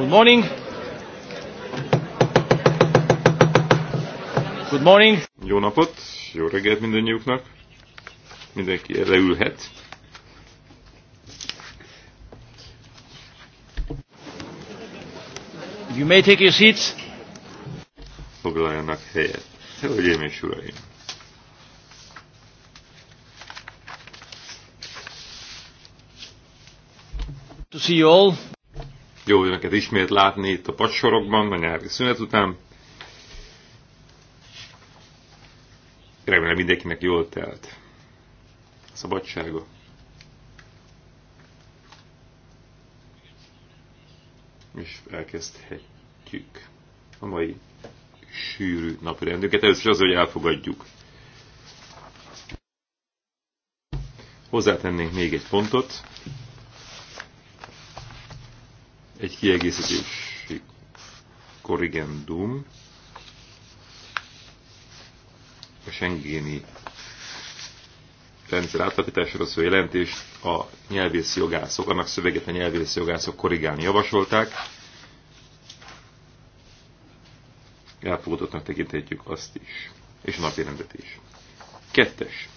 Good morning. Good morning. Jó napot, jó reggelt mindannyiuknak. Mindenki leülhet. You may take your seats. Foglaljanak helyet. Hölgyeim és uraim. To see you all. Jó önöket ismét látni itt a pacsorokban, a nyári szünet után. Remélem mindenkinek jól telt. Szabadsága. És elkezdhetjük a mai sűrű napi rendünket. Először is az, hogy elfogadjuk. Hozzátennénk még egy pontot, egy kiegészítési korrigendum a Schengeni rendszer átlapításra szó jelentést a nyelvész jogászok, annak szöveget a nyelvész jogászok korrigálni javasolták. Elfogadottnak tekinthetjük azt is, és a napirendet is. Kettes.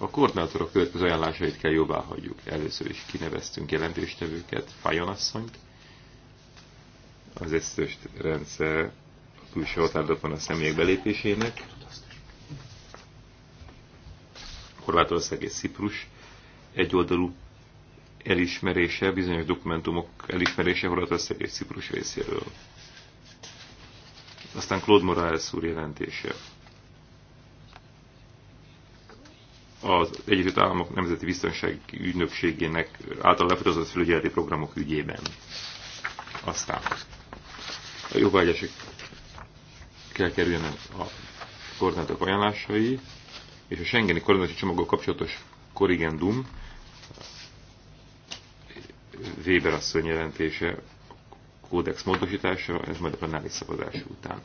A koordinátorok következő ajánlásait kell jobbá hagyjuk. Először is kineveztünk jelentéstevőket, fajonasszonyt. az esztös rendszer a külső határokon a személyek belépésének, Horvátország és Ciprus egyoldalú elismerése, bizonyos dokumentumok elismerése Horvátország és Ciprus részéről. Aztán Claude Morales úr jelentése az Egyesült Államok Nemzeti Biztonsági Ügynökségének által lefutatott felügyeleti programok ügyében. Aztán a jogvágyások kell kerüljenek a koordinátok ajánlásai, és a Schengeni koordinációs csomagok kapcsolatos korrigendum Weber asszony jelentése kódex módosítása, ez majd a plenáris szavazás után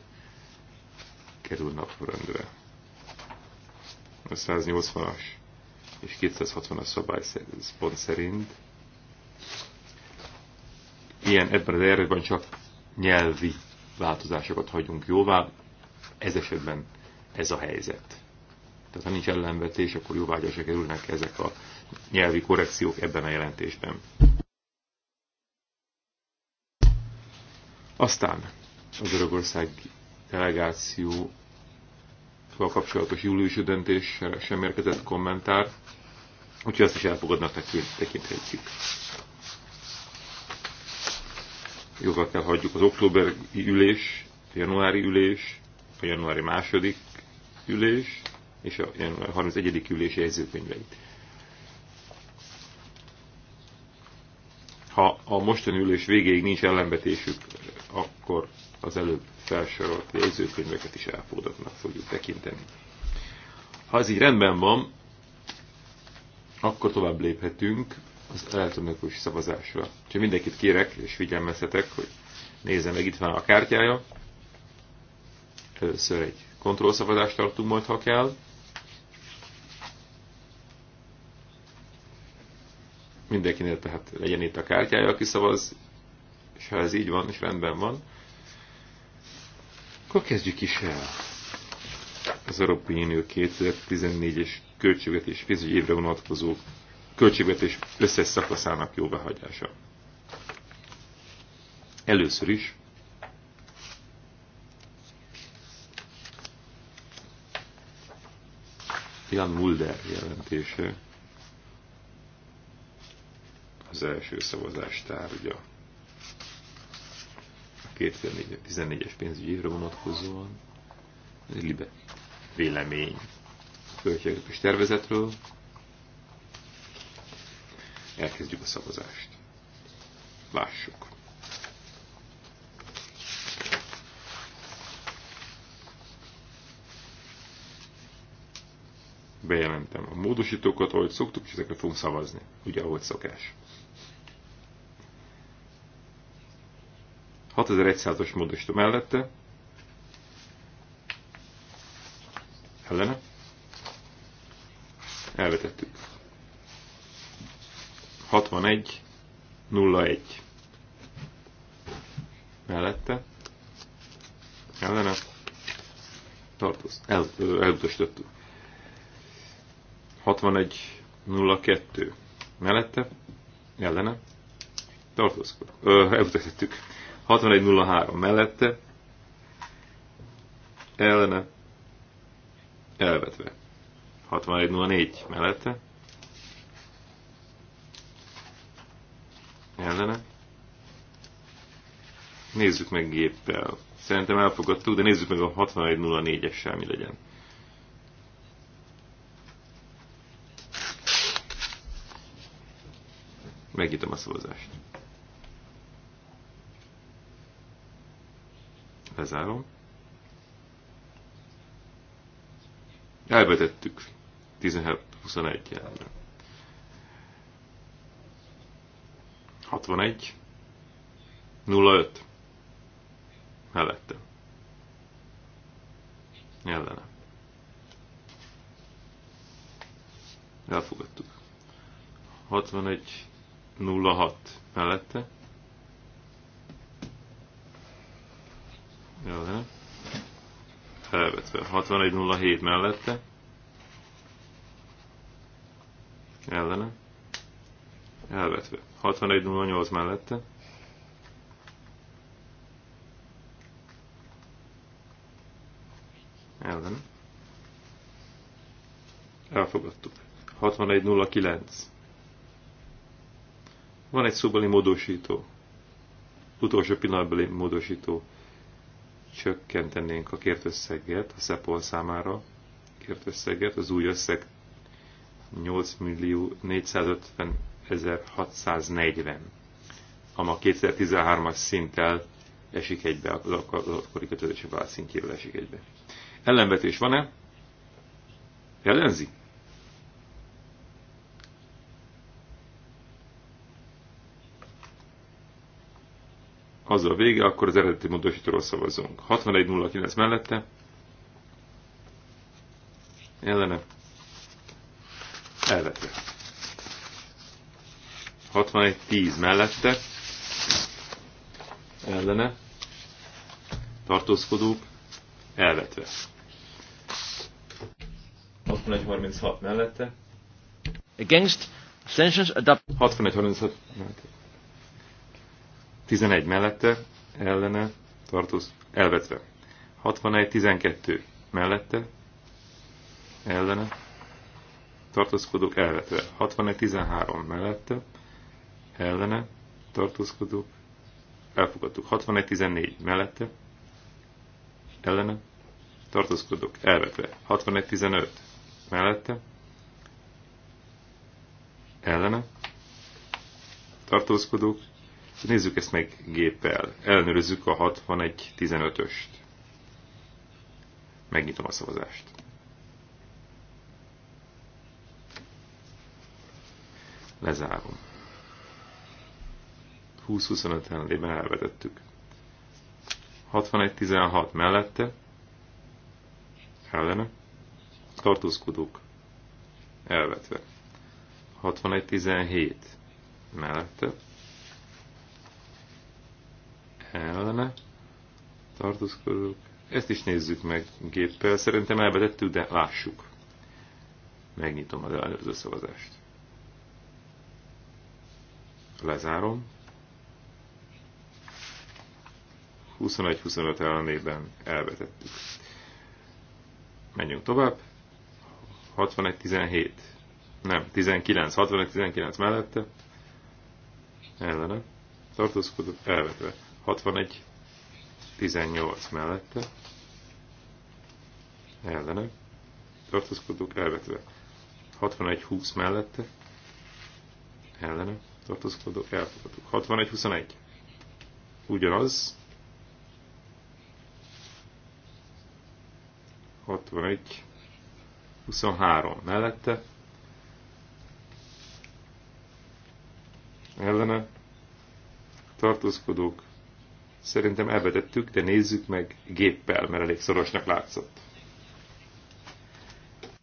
kerül rendőre a 180-as és 260-as szabály pont szerint ilyen ebben az erőben csak nyelvi változásokat hagyunk jóvá, ez esetben ez a helyzet. Tehát ha nincs ellenvetés, akkor se kerülnek ezek a nyelvi korrekciók ebben a jelentésben. Aztán az Görögország delegáció kapcsolatos júliusi döntés sem érkezett kommentár, úgyhogy azt is elfogadnak tekinthetjük. Jóval kell hagyjuk az októberi ülés, a januári ülés, a januári második ülés és a január 31. ülés jegyzőkönyveit. Ha a mostani ülés végéig nincs ellenvetésük, akkor az előbb felsorolt jegyzőkönyveket is elfogadatnak fogjuk tekinteni. Ha ez így rendben van, akkor tovább léphetünk az elektronikus szavazásra. Csak mindenkit kérek és figyelmeztetek, hogy nézze meg, itt van a kártyája. Először egy kontrollszavazást tartunk majd, ha kell. Mindenkinél tehát legyen itt a kártyája, aki szavaz, és ha ez így van, és rendben van, akkor kezdjük is el. Az Európai Unió 2014-es költségvetés pénzügyi évre vonatkozó költségvetés összes szakaszának jóváhagyása. Először is Jan Mulder jelentése az első szavazás tárgya. 2014-es pénzügyi évre vonatkozóan libe vélemény költségvetés tervezetről. Elkezdjük a szavazást. Lássuk. Bejelentem a módosítókat, ahogy szoktuk, és ezekre fogunk szavazni, ugye ahogy szokás. 6100-os módosító mellette, ellene, elvetettük. 61, 01 mellette, ellene, tartoz, el, elutasítottuk. 6102 mellette, ellene, tartózkodott. Elutasítottuk. 6103 mellette, ellene, elvetve. 6104 mellette, ellene. Nézzük meg géppel. Szerintem elfogadtuk, de nézzük meg a 6104-essel mi legyen. Megnyitom a szavazást. lezárom. Elvetettük 17-21 jelenre. 61 05 mellette. Ellene. Elfogadtuk. 61 06 mellette Jó, ne? Felvetve. 6107 mellette. Ellene. Elvetve. 6108 mellette. Ellene. Elfogadtuk. 6109. Van egy szóbeli módosító. Utolsó pillanatbeli módosító csökkentenénk a kért összeget a Szepol számára, kért összeget, az új összeg 8 millió 450 640, ami a 2013-as szinttel esik egybe, az akkori kötődési válasz esik egybe. Ellenvetés van-e? Ellenzi? az a vége, akkor az eredeti módosítóról szavazunk. 61.09 mellette, ellene, elvetve. 61.10 mellette, ellene, tartózkodók, elvetve. 61.36 mellette, against, abstentions, adopt. 61.36 mellette 11 mellette, ellene, tartóz, elvetve. 61, 12 mellette, ellene, tartózkodók elvetve. 61, 13 mellette, ellene, tartózkodók, elfogadtuk. 61, 14 mellette, ellene, tartózkodók, elvetve. 61, 15 mellette, ellene, tartózkodók, Nézzük ezt meg géppel. Ellenőrizzük a 6115-öst. Megnyitom a szavazást. Lezárom. 20-25 ellenében elvetettük. 61-16 mellette, ellene, tartózkodók, elvetve. 61-17 mellette, ellene tartózkodók. Ezt is nézzük meg géppel. Szerintem elvetettük, de lássuk. Megnyitom az előző szavazást. Lezárom. 21-25 ellenében elvetettük. Menjünk tovább. 61-17. Nem, 19. 61-19 mellette. Ellene. Tartózkodott, elvetve. 61, 18 mellette, ellene, tartózkodók elvetve. 61, 20 mellette, ellene, tartózkodók elfogadók. 61, 21, ugyanaz. 61, 23 mellette, ellene, tartózkodók 61-23. Szerintem elvetettük, de nézzük meg géppel, mert elég szorosnak látszott.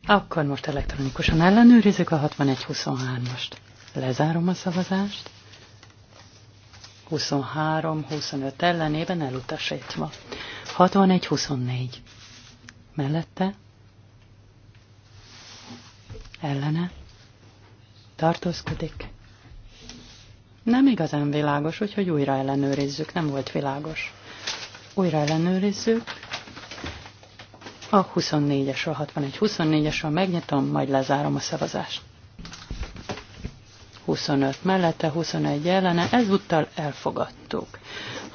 Akkor most elektronikusan ellenőrizzük a 61-23-ast. Lezárom a szavazást. 23-25 ellenében elutasítva. 61-24. Mellette? Ellene? Tartózkodik? Nem igazán világos, úgyhogy újra ellenőrizzük. Nem volt világos. Újra ellenőrizzük. A 24 a 61 24 es megnyitom, majd lezárom a szavazást. 25 mellette, 21 ellene, ezúttal elfogadtuk.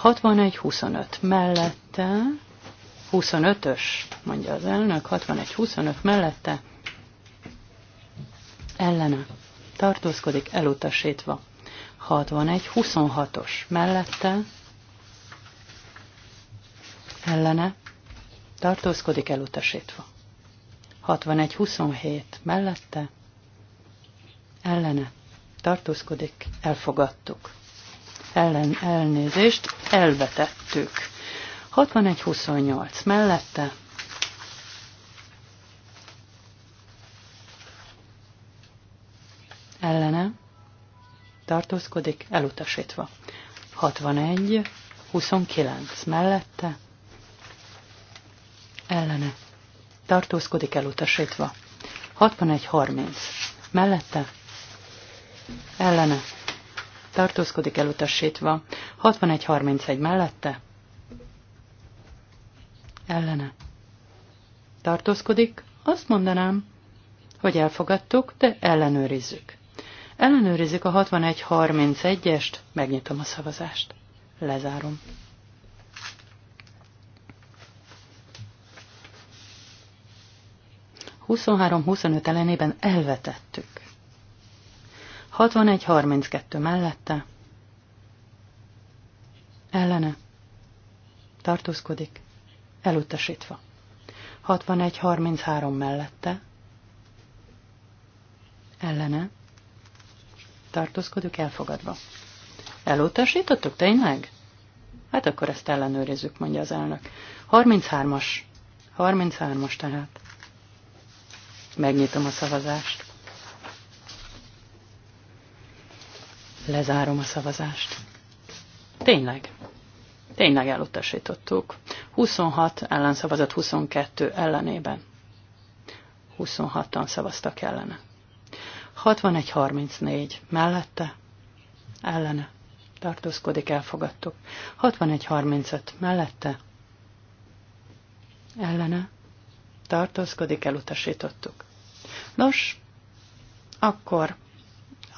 61-25 mellette, 25-ös, mondja az elnök, 61-25 mellette, ellene, tartózkodik elutasítva. 61-26-os mellette ellene tartózkodik elutasítva. 61-27 mellette ellene tartózkodik, elfogadtuk. Ellen elnézést elvetettük. 61-28 mellette tartózkodik, elutasítva. 61, 29 mellette, ellene, tartózkodik, elutasítva. 61, 30 mellette, ellene, tartózkodik, elutasítva. 61, 31 mellette, ellene. Tartózkodik, azt mondanám, hogy elfogadtuk, de ellenőrizzük. Ellenőrizzük a 6131-est, megnyitom a szavazást. Lezárom. Huszonhárom 25 ellenében elvetettük. 6132 mellette. Ellene. Tartózkodik. Elutasítva. 6133 mellette. Ellene tartózkodik elfogadva. Elutasítottuk tényleg? Hát akkor ezt ellenőrizzük, mondja az elnök. 33-as. 33-as tehát. Megnyitom a szavazást. Lezárom a szavazást. Tényleg. Tényleg elutasítottuk. 26 ellen szavazott, 22 ellenében. 26-an szavaztak ellene. 6134 mellette, ellene, tartózkodik, elfogadtuk. 6135 mellette, ellene, tartózkodik, elutasítottuk. Nos, akkor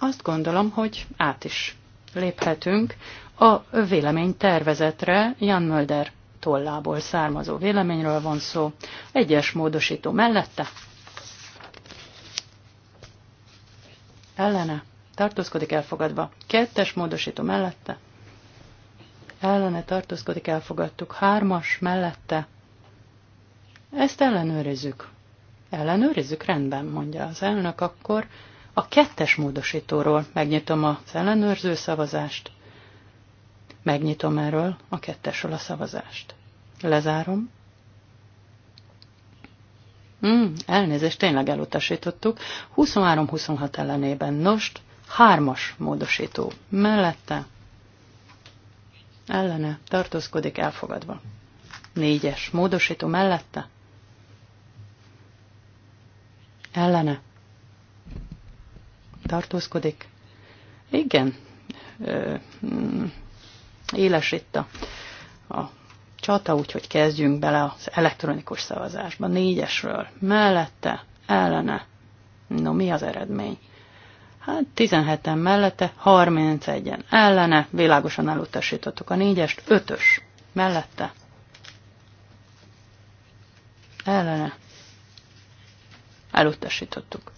azt gondolom, hogy át is léphetünk a véleménytervezetre Jan Mölder tollából származó véleményről van szó, egyes módosító mellette, ellene, tartózkodik elfogadva. Kettes módosító mellette, ellene tartózkodik elfogadtuk. Hármas mellette, ezt ellenőrizzük. Ellenőrizzük, rendben, mondja az elnök, akkor a kettes módosítóról megnyitom az ellenőrző szavazást. Megnyitom erről a kettesről a szavazást. Lezárom. Mm, elnézést, tényleg elutasítottuk. 23-26 ellenében. nost, hármas módosító. Mellette ellene tartózkodik elfogadva. Négyes módosító mellette ellene tartózkodik. Igen, ö, hmm, éles itt a, a csata, úgyhogy kezdjünk bele az elektronikus szavazásba. Négyesről. Mellette, ellene. No, mi az eredmény? Hát 17-en mellette, 31-en ellene, világosan elutasítottuk a négyest, ötös mellette. Ellene. Elutasítottuk.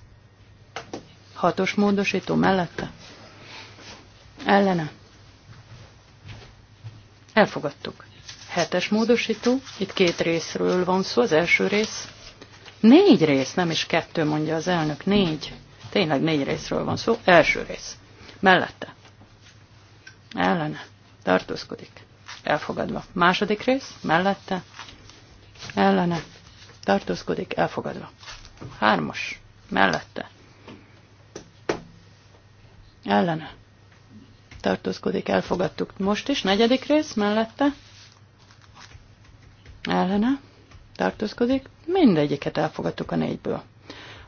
Hatos módosító mellette. Ellene. Elfogadtuk. Hetes módosító, itt két részről van szó, az első rész. Négy rész, nem is kettő, mondja az elnök, négy. Tényleg négy részről van szó, első rész. Mellette. Ellene. Tartózkodik. Elfogadva. Második rész, mellette. Ellene. Tartózkodik, elfogadva. Hármas. Mellette. Ellene. Tartózkodik, elfogadtuk. Most is negyedik rész, mellette ellene tartózkodik, mindegyiket elfogadtuk a négyből.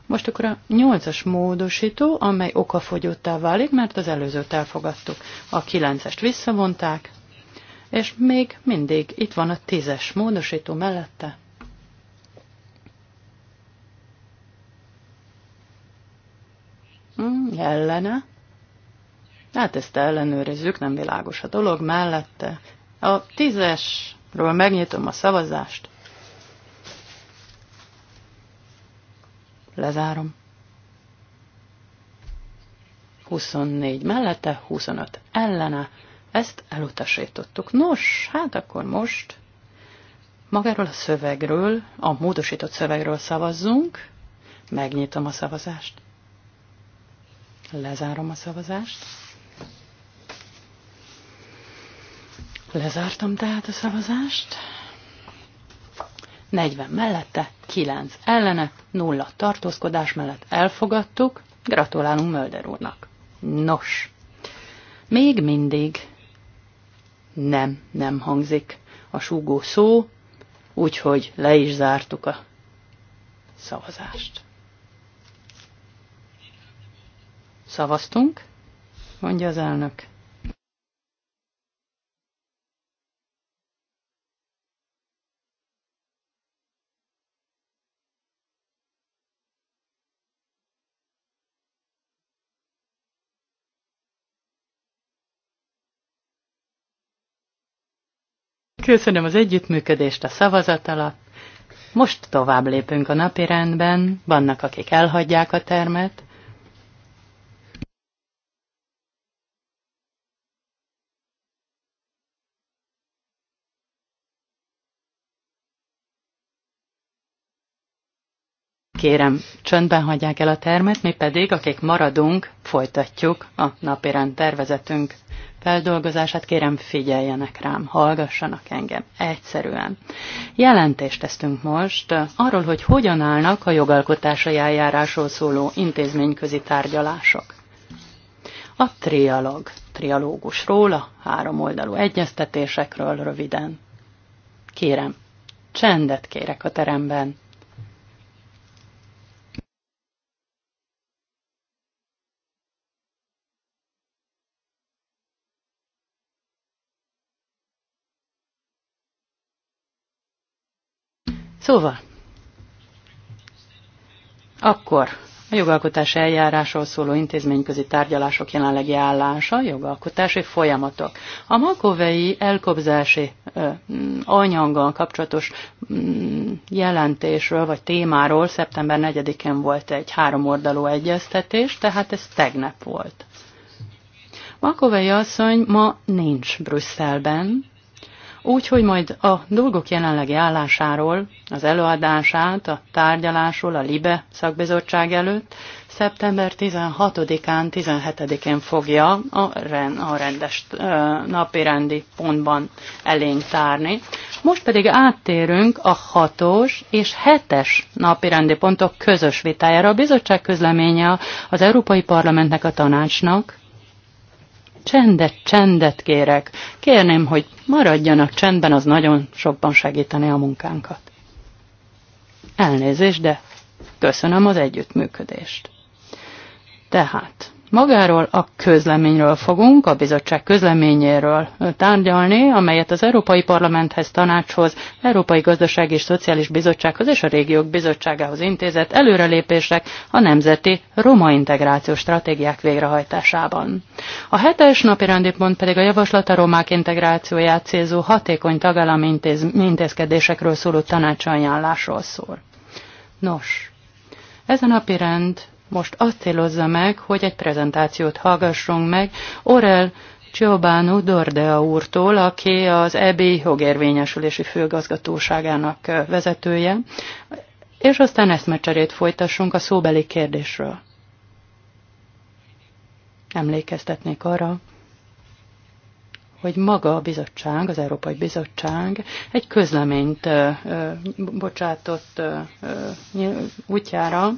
Most akkor a nyolcas módosító, amely okafogyottá válik, mert az előzőt elfogadtuk. A kilencest visszavonták, és még mindig itt van a tízes módosító mellette. Mm, ellene. Hát ezt ellenőrizzük, nem világos a dolog mellette. A tízes ről megnyitom a szavazást. Lezárom. 24 mellette, 25 ellene. Ezt elutasítottuk. Nos, hát akkor most magáról a szövegről, a módosított szövegről szavazzunk. Megnyitom a szavazást. Lezárom a szavazást. Lezártam tehát a szavazást. 40 mellette, 9 ellene, 0 tartózkodás mellett elfogadtuk. Gratulálunk Mölder úrnak. Nos, még mindig nem, nem hangzik a súgó szó, úgyhogy le is zártuk a szavazást. Szavaztunk, mondja az elnök. Köszönöm az együttműködést a szavazat alatt. Most tovább lépünk a rendben. vannak, akik elhagyják a termet, Kérem, csöndben hagyják el a termet, mi pedig, akik maradunk, folytatjuk a napirend tervezetünk feldolgozását. Kérem, figyeljenek rám, hallgassanak engem egyszerűen. Jelentést tesztünk most eh, arról, hogy hogyan állnak a jogalkotásai eljárásról szóló intézményközi tárgyalások. A trialog, trialógusról, a oldalú egyeztetésekről röviden. Kérem, csendet kérek a teremben. Szóval, akkor a jogalkotás eljárásról szóló intézményközi tárgyalások jelenlegi állása, jogalkotási folyamatok. A makovei elkobzási ö, mm, anyaggal kapcsolatos ö, mm, jelentésről vagy témáról szeptember 4-én volt egy oldalú egyeztetés, tehát ez tegnap volt. Makovei asszony ma nincs Brüsszelben, úgy, hogy majd a dolgok jelenlegi állásáról, az előadását, a tárgyalásról a LIBE szakbizottság előtt szeptember 16-án, 17-én fogja a, rend, a rendes napi rendi pontban elénk tárni. Most pedig áttérünk a 6 és 7-es rendi pontok közös vitájára. A bizottság közleménye az Európai Parlamentnek, a tanácsnak, Csendet, csendet kérek. Kérném, hogy maradjanak csendben, az nagyon sokban segíteni a munkánkat. Elnézést, de köszönöm az együttműködést. Tehát Magáról a közleményről fogunk, a bizottság közleményéről tárgyalni, amelyet az Európai Parlamenthez, Tanácshoz, Európai Gazdaság és Szociális Bizottsághoz és a Régiók Bizottságához intézett előrelépések a nemzeti roma integrációs stratégiák végrehajtásában. A hetes napi rendőpont pedig a javaslat a romák integrációját célzó hatékony tagállami intéz intézkedésekről szóló tanácsajánlásról szól. Nos, ez a napi rend most azt célozza meg, hogy egy prezentációt hallgassunk meg Orel Csobánu Dordea úrtól, aki az EB jogérvényesülési főgazgatóságának vezetője, és aztán ezt mecserét folytassunk a szóbeli kérdésről. Emlékeztetnék arra, hogy maga a bizottság, az Európai Bizottság egy közleményt ö, ö, bocsátott ö, útjára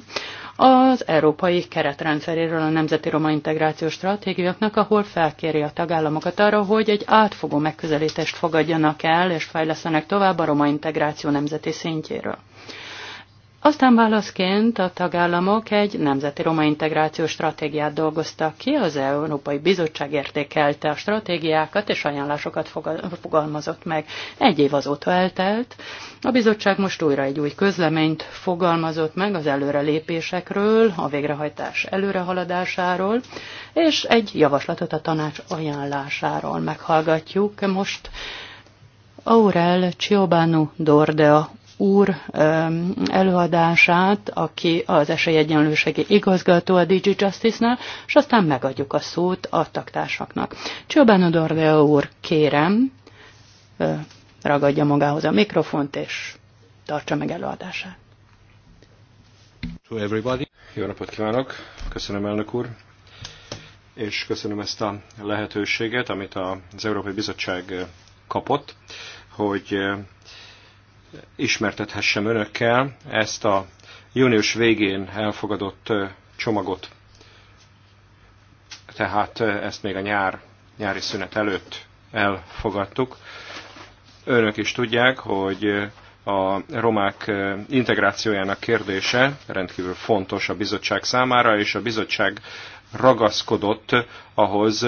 az európai keretrendszeréről a Nemzeti Roma Integrációs Stratégiaknak, ahol felkéri a tagállamokat arra, hogy egy átfogó megközelítést fogadjanak el és fejlesztenek tovább a roma integráció nemzeti szintjéről. Aztán válaszként a tagállamok egy nemzeti roma integrációs stratégiát dolgoztak ki, az Európai Bizottság értékelte a stratégiákat és ajánlásokat fogalmazott meg. Egy év azóta eltelt, a bizottság most újra egy új közleményt fogalmazott meg az előrelépésekről, a végrehajtás előrehaladásáról, és egy javaslatot a tanács ajánlásáról meghallgatjuk most. Aurel Ciobanu Dordea úr előadását, aki az esélyegyenlőségi igazgató a DG Justice-nál, és aztán megadjuk a szót a taktársaknak. Csobáno Dordeo úr, kérem, ragadja magához a mikrofont, és tartsa meg előadását. To everybody. Jó napot kívánok! Köszönöm, elnök úr! És köszönöm ezt a lehetőséget, amit az Európai Bizottság kapott, hogy ismertethessem önökkel ezt a június végén elfogadott csomagot. Tehát ezt még a nyár, nyári szünet előtt elfogadtuk. Önök is tudják, hogy a romák integrációjának kérdése rendkívül fontos a bizottság számára, és a bizottság ragaszkodott ahhoz,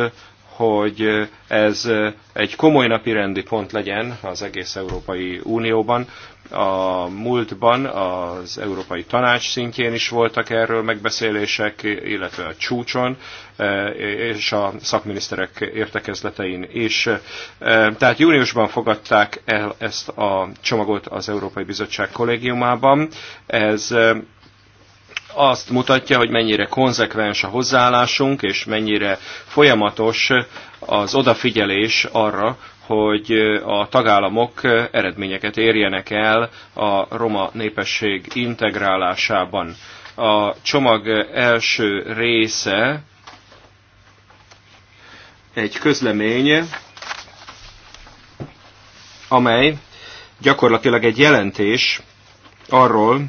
hogy ez egy komoly napi rendi pont legyen az egész Európai Unióban. A múltban az Európai Tanács szintjén is voltak erről megbeszélések, illetve a csúcson, és a szakminiszterek értekezletein is. Tehát júniusban fogadták el ezt a csomagot az Európai Bizottság kollégiumában. Ez azt mutatja, hogy mennyire konzekvens a hozzáállásunk, és mennyire folyamatos az odafigyelés arra, hogy a tagállamok eredményeket érjenek el a roma népesség integrálásában. A csomag első része egy közlemény, amely gyakorlatilag egy jelentés arról,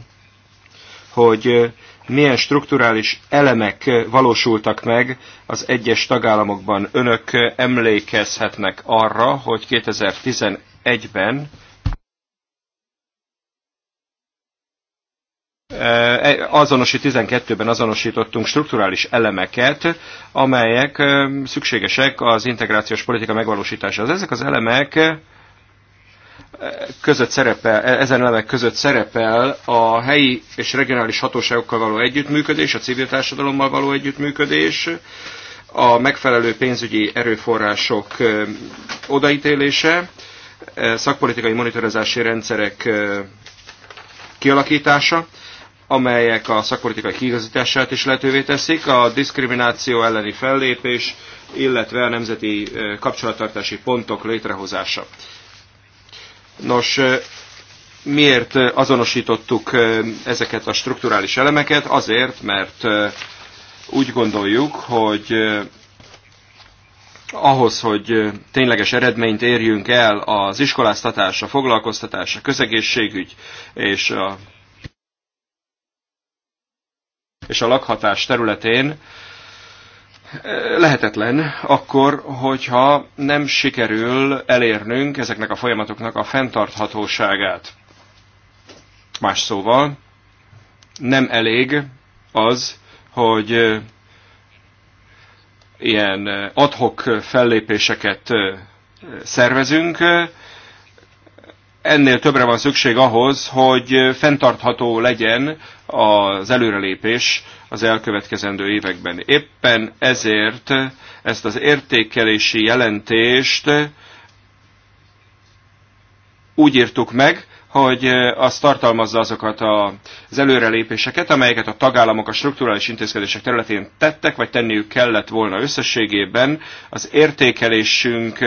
hogy milyen strukturális elemek valósultak meg az egyes tagállamokban. Önök emlékezhetnek arra, hogy 2011-ben azonosít, 12-ben azonosítottunk strukturális elemeket, amelyek eh, szükségesek az integrációs politika megvalósításához. Ezek az elemek között szerepel, ezen elemek között szerepel a helyi és regionális hatóságokkal való együttműködés, a civil társadalommal való együttműködés, a megfelelő pénzügyi erőforrások odaítélése, szakpolitikai monitorozási rendszerek kialakítása, amelyek a szakpolitikai kiigazítását is lehetővé teszik, a diszkrimináció elleni fellépés, illetve a nemzeti kapcsolattartási pontok létrehozása. Nos, miért azonosítottuk ezeket a strukturális elemeket? Azért, mert úgy gondoljuk, hogy ahhoz, hogy tényleges eredményt érjünk el az iskoláztatás, a foglalkoztatás, a közegészségügy és a, és a lakhatás területén, lehetetlen akkor, hogyha nem sikerül elérnünk ezeknek a folyamatoknak a fenntarthatóságát. Más szóval, nem elég az, hogy ilyen adhok fellépéseket szervezünk, ennél többre van szükség ahhoz, hogy fenntartható legyen az előrelépés az elkövetkezendő években. Éppen ezért ezt az értékelési jelentést úgy írtuk meg, hogy az tartalmazza azokat az előrelépéseket, amelyeket a tagállamok a strukturális intézkedések területén tettek, vagy tenniük kellett volna összességében. Az értékelésünk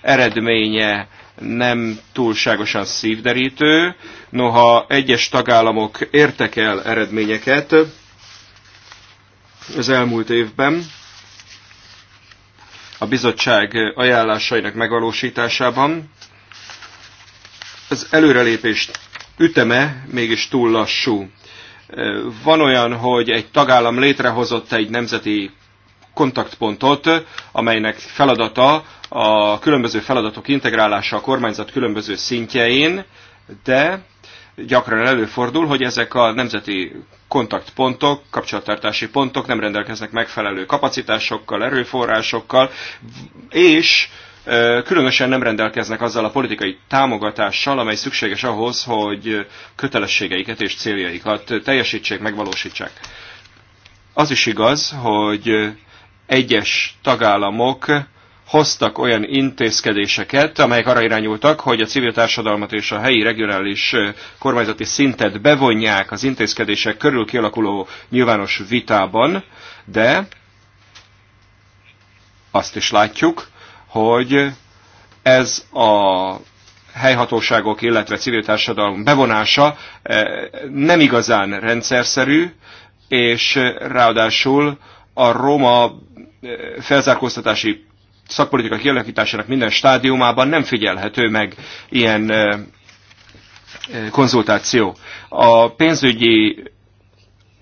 eredménye nem túlságosan szívderítő, noha egyes tagállamok értek el eredményeket az elmúlt évben a bizottság ajánlásainak megvalósításában. Az előrelépés üteme mégis túl lassú. Van olyan, hogy egy tagállam létrehozott egy nemzeti kontaktpontot, amelynek feladata a különböző feladatok integrálása a kormányzat különböző szintjein, de gyakran előfordul, hogy ezek a nemzeti kontaktpontok, kapcsolattartási pontok nem rendelkeznek megfelelő kapacitásokkal, erőforrásokkal, és különösen nem rendelkeznek azzal a politikai támogatással, amely szükséges ahhoz, hogy kötelességeiket és céljaikat teljesítsék, megvalósítsák. Az is igaz, hogy egyes tagállamok hoztak olyan intézkedéseket, amelyek arra irányultak, hogy a civil társadalmat és a helyi regionális kormányzati szintet bevonják az intézkedések körül kialakuló nyilvános vitában, de azt is látjuk, hogy ez a helyhatóságok, illetve civil társadalom bevonása nem igazán rendszerszerű, és ráadásul a roma felzárkóztatási szakpolitika kialakításának minden stádiumában nem figyelhető meg ilyen konzultáció. A pénzügyi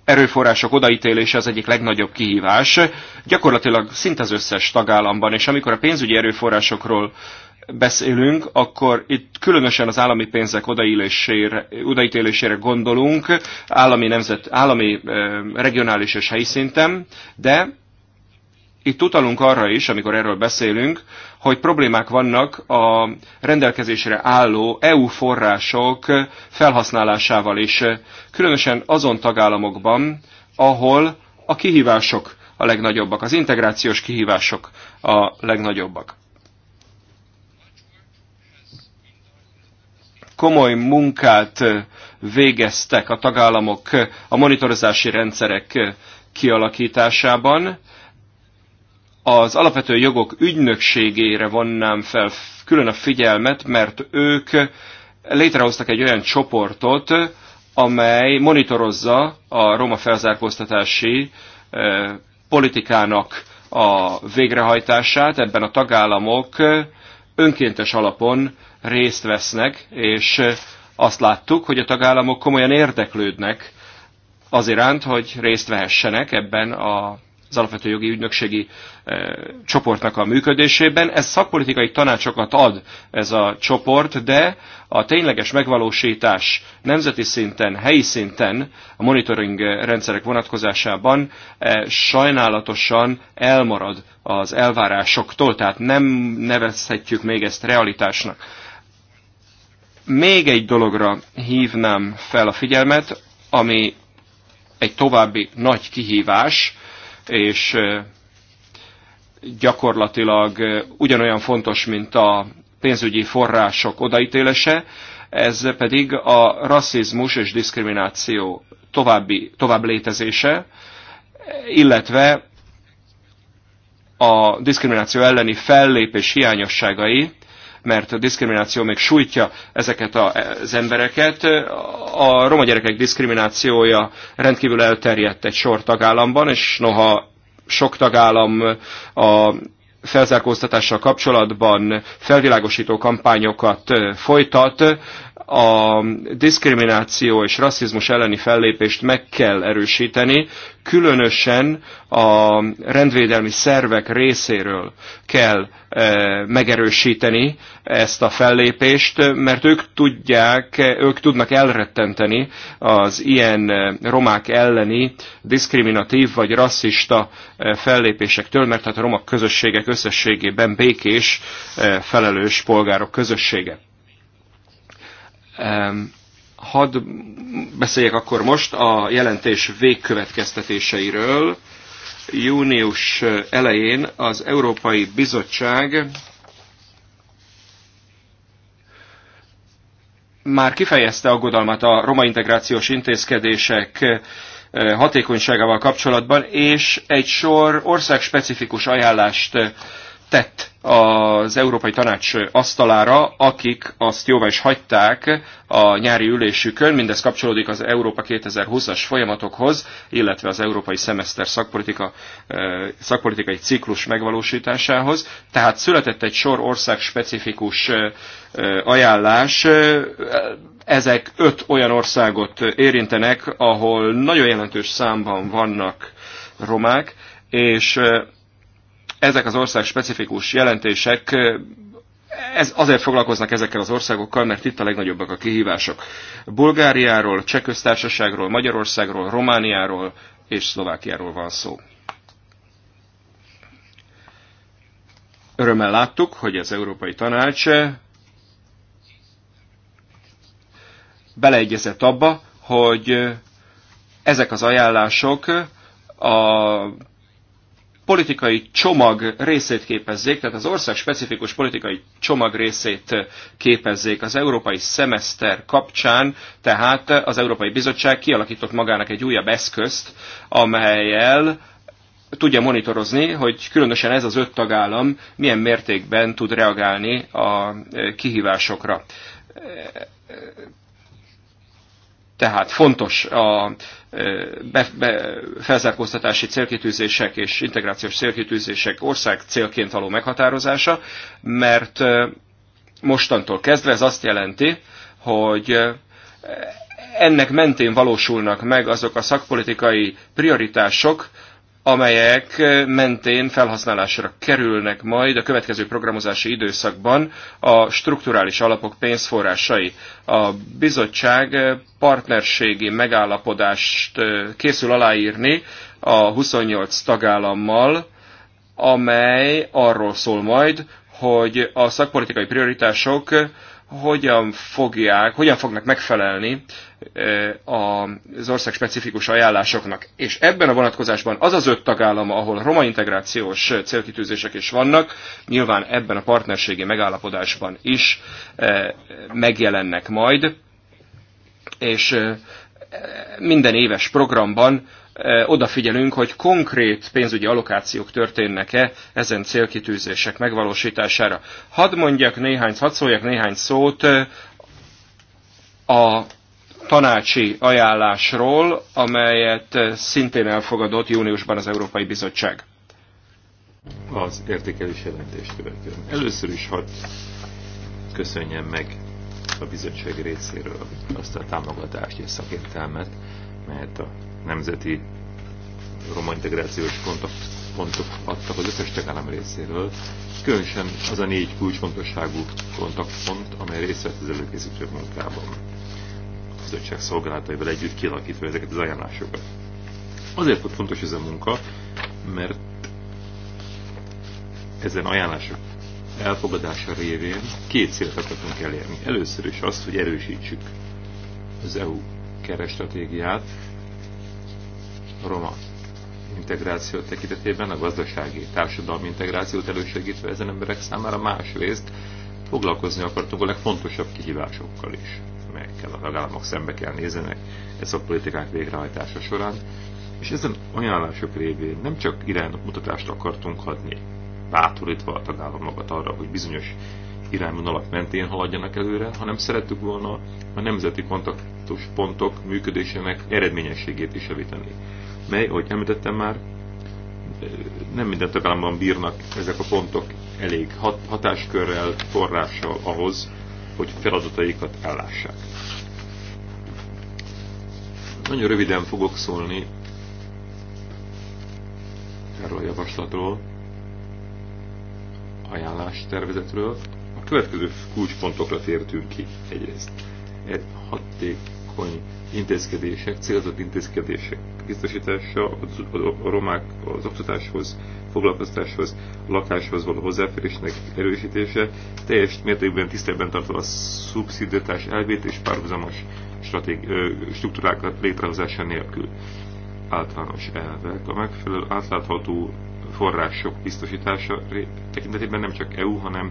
erőforrások odaítélése az egyik legnagyobb kihívás. Gyakorlatilag szinte az összes tagállamban, és amikor a pénzügyi erőforrásokról beszélünk, akkor itt különösen az állami pénzek odaítélésére, odaítélésére gondolunk, állami, nemzet, állami regionális és helyi szinten, de itt utalunk arra is, amikor erről beszélünk, hogy problémák vannak a rendelkezésre álló EU források felhasználásával is, különösen azon tagállamokban, ahol a kihívások a legnagyobbak, az integrációs kihívások a legnagyobbak. Komoly munkát végeztek a tagállamok a monitorozási rendszerek kialakításában, az alapvető jogok ügynökségére vonnám fel külön a figyelmet, mert ők létrehoztak egy olyan csoportot, amely monitorozza a roma felzárkóztatási politikának a végrehajtását. Ebben a tagállamok önkéntes alapon részt vesznek, és azt láttuk, hogy a tagállamok komolyan érdeklődnek az iránt, hogy részt vehessenek ebben a az alapvető jogi ügynökségi e, csoportnak a működésében. Ez szakpolitikai tanácsokat ad ez a csoport, de a tényleges megvalósítás nemzeti szinten, helyi szinten a monitoring rendszerek vonatkozásában e, sajnálatosan elmarad az elvárásoktól, tehát nem nevezhetjük még ezt realitásnak. Még egy dologra hívnám fel a figyelmet, ami egy további nagy kihívás, és gyakorlatilag ugyanolyan fontos, mint a pénzügyi források odaítélése, ez pedig a rasszizmus és diszkrimináció további, tovább létezése, illetve a diszkrimináció elleni fellépés hiányosságai, mert a diszkrimináció még sújtja ezeket az embereket. A roma gyerekek diszkriminációja rendkívül elterjedt egy sor tagállamban, és noha sok tagállam a felzárkóztatással kapcsolatban felvilágosító kampányokat folytat, a diszkrimináció és rasszizmus elleni fellépést meg kell erősíteni, különösen a rendvédelmi szervek részéről kell eh, megerősíteni ezt a fellépést, mert ők tudják, ők tudnak elrettenteni az ilyen eh, romák elleni diszkriminatív vagy rasszista eh, fellépésektől, mert hát a romak közösségek összességében békés, felelős polgárok közössége. Hadd beszéljek akkor most a jelentés végkövetkeztetéseiről. Június elején az Európai Bizottság már kifejezte aggodalmat a roma integrációs intézkedések eh, hatékonyságával kapcsolatban, és egy sor országspecifikus ajánlást eh, tett az Európai Tanács asztalára, akik azt jóvá is hagyták a nyári ülésükön. Mindez kapcsolódik az Európa 2020-as folyamatokhoz, illetve az Európai Szemeszter szakpolitika, szakpolitikai ciklus megvalósításához. Tehát született egy sor ország specifikus ajánlás. Ezek öt olyan országot érintenek, ahol nagyon jelentős számban vannak romák, és ezek az ország specifikus jelentések ez, azért foglalkoznak ezekkel az országokkal, mert itt a legnagyobbak a kihívások. Bulgáriáról, Csehköztársaságról, Magyarországról, Romániáról és Szlovákiáról van szó. Örömmel láttuk, hogy az Európai Tanács beleegyezett abba, hogy ezek az ajánlások a politikai csomag részét képezzék, tehát az ország specifikus politikai csomag részét képezzék az európai szemeszter kapcsán, tehát az Európai Bizottság kialakított magának egy újabb eszközt, amelyel tudja monitorozni, hogy különösen ez az öt tagállam milyen mértékben tud reagálni a kihívásokra tehát fontos a be, be, felzárkóztatási célkitűzések és integrációs célkitűzések ország célként való meghatározása, mert mostantól kezdve ez azt jelenti, hogy ennek mentén valósulnak meg azok a szakpolitikai prioritások, amelyek mentén felhasználásra kerülnek majd a következő programozási időszakban a strukturális alapok pénzforrásai. A bizottság partnerségi megállapodást készül aláírni a 28 tagállammal, amely arról szól majd, hogy a szakpolitikai prioritások hogyan fogják, hogyan fognak megfelelni az ország specifikus ajánlásoknak. És ebben a vonatkozásban az az öt tagállam, ahol roma integrációs célkitűzések is vannak, nyilván ebben a partnerségi megállapodásban is megjelennek majd, és minden éves programban Eh, odafigyelünk, hogy konkrét pénzügyi allokációk történnek-e ezen célkitűzések megvalósítására. Hadd mondjak néhány, hadd szóljak néhány szót eh, a tanácsi ajánlásról, amelyet eh, szintén elfogadott júniusban az Európai Bizottság. Az értékelés jelentést követően. Először is hadd köszönjem meg a bizottság részéről azt a támogatást és szakértelmet, mert a nemzeti roma integrációs pontok, pontok adtak az összes tagállam részéről, különösen az a négy kulcsfontosságú kontaktpont, amely részt vett az előkészítő munkában. A közösség szolgálataival együtt kialakítva ezeket az ajánlásokat. Azért volt fontos ez a munka, mert ezen ajánlások elfogadása révén két célt akartunk elérni. Először is azt, hogy erősítsük az EU stratégiát, roma integráció tekintetében, a gazdasági, társadalmi integrációt elősegítve ezen emberek számára másrészt foglalkozni akartunk a legfontosabb kihívásokkal is, melyekkel a tagállamok szembe kell nézenek ez politikák végrehajtása során, és ezen ajánlások révén nem csak iránymutatást akartunk adni, bátorítva a tagállamokat arra, hogy bizonyos irányvonalak mentén haladjanak előre, hanem szerettük volna a nemzeti pontok működésének eredményességét is javítani mely, ahogy említettem már, nem minden tagállamban bírnak ezek a pontok elég hat, hatáskörrel, forrással ahhoz, hogy feladataikat ellássák. Nagyon röviden fogok szólni erről a javaslatról, ajánlás tervezetről. A következő kulcspontokra tértünk ki egyrészt. Hatékony intézkedések, célzott intézkedések biztosítása, a romák az oktatáshoz, foglalkoztáshoz, a lakáshoz való hozzáférésnek erősítése, teljes mértékben tisztelben tartva a szubszidiatás elvét és párhuzamos struktúrákat létrehozása nélkül. Általános elvek a megfelelő átlátható források biztosítása tekintetében nem csak EU, hanem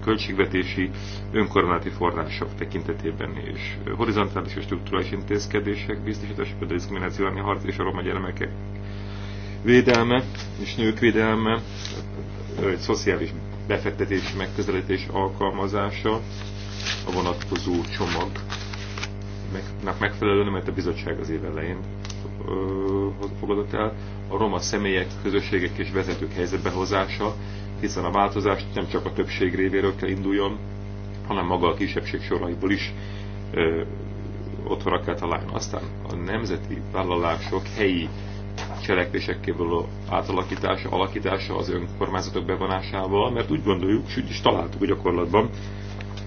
költségvetési, önkormányzati források tekintetében és horizontális és struktúrális intézkedések biztosítása, például a diszkrimináció harc és a roma gyermekek védelme és nők védelme, egy szociális befektetési megközelítés alkalmazása, a vonatkozó csomagnak megfelelően, mert a bizottság az év elején fogadott el, a roma személyek, közösségek és vezetők helyzetbehozása, hiszen a változás nem csak a többség révéről kell induljon, hanem maga a kisebbség soraiból is ö, otthonra kell találni. Aztán a nemzeti vállalások helyi cselekvésekkéből átalakítása, alakítása az önkormányzatok bevonásával, mert úgy gondoljuk, és úgy is találtuk a gyakorlatban,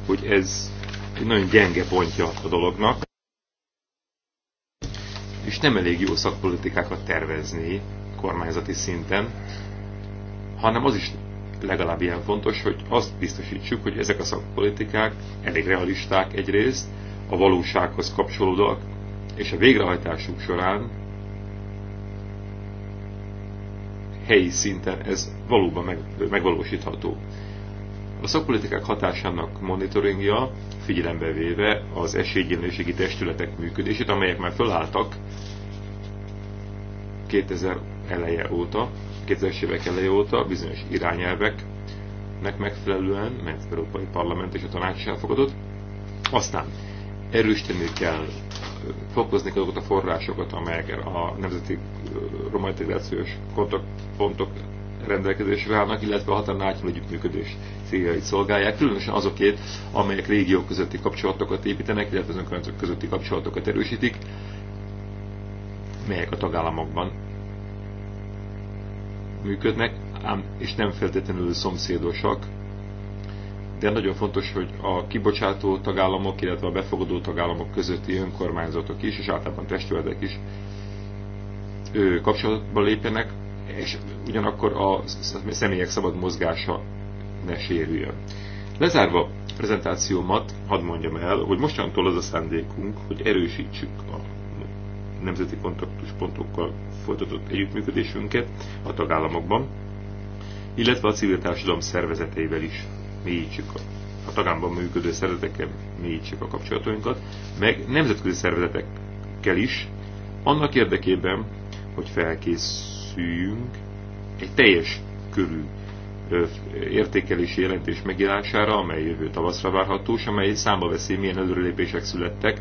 hogy ez egy nagyon gyenge pontja a dolognak, és nem elég jó szakpolitikákat tervezni kormányzati szinten, hanem az is legalább ilyen fontos, hogy azt biztosítsuk, hogy ezek a szakpolitikák elég realisták egyrészt, a valósághoz kapcsolódóak, és a végrehajtásuk során helyi szinten ez valóban meg, megvalósítható. A szakpolitikák hatásának monitoringja figyelembe véve az esélygyenlőségi testületek működését, amelyek már fölálltak 2000 eleje óta, 2000-es évek elejé óta bizonyos irányelveknek megfelelően, mert az Európai Parlament és a Tanács is elfogadott. Aztán erősíteni kell, fokozni kell azokat a forrásokat, amelyek a nemzeti roma integrációs pontok rendelkezésre állnak, illetve a határon átnyúló együttműködés céljait szolgálják, különösen azokért, amelyek régiók közötti kapcsolatokat építenek, illetve az önkormányzatok közötti kapcsolatokat erősítik, melyek a tagállamokban működnek, ám és nem feltétlenül szomszédosak, de nagyon fontos, hogy a kibocsátó tagállamok, illetve a befogadó tagállamok közötti önkormányzatok is, és általában testületek is kapcsolatba lépjenek, és ugyanakkor a személyek szabad mozgása ne sérüljön. Lezárva a prezentációmat, hadd mondjam el, hogy mostantól az a szándékunk, hogy erősítsük a nemzeti kontaktuspontokkal folytatott együttműködésünket a tagállamokban, illetve a civil társadalom szervezeteivel is mélyítsük a, a tagámban működő szervezetekkel mélyítsük a kapcsolatainkat, meg nemzetközi szervezetekkel is, annak érdekében, hogy felkészüljünk egy teljes körű értékelési jelentés megírására, amely jövő tavaszra várható, és amely számba veszi, milyen előrelépések születtek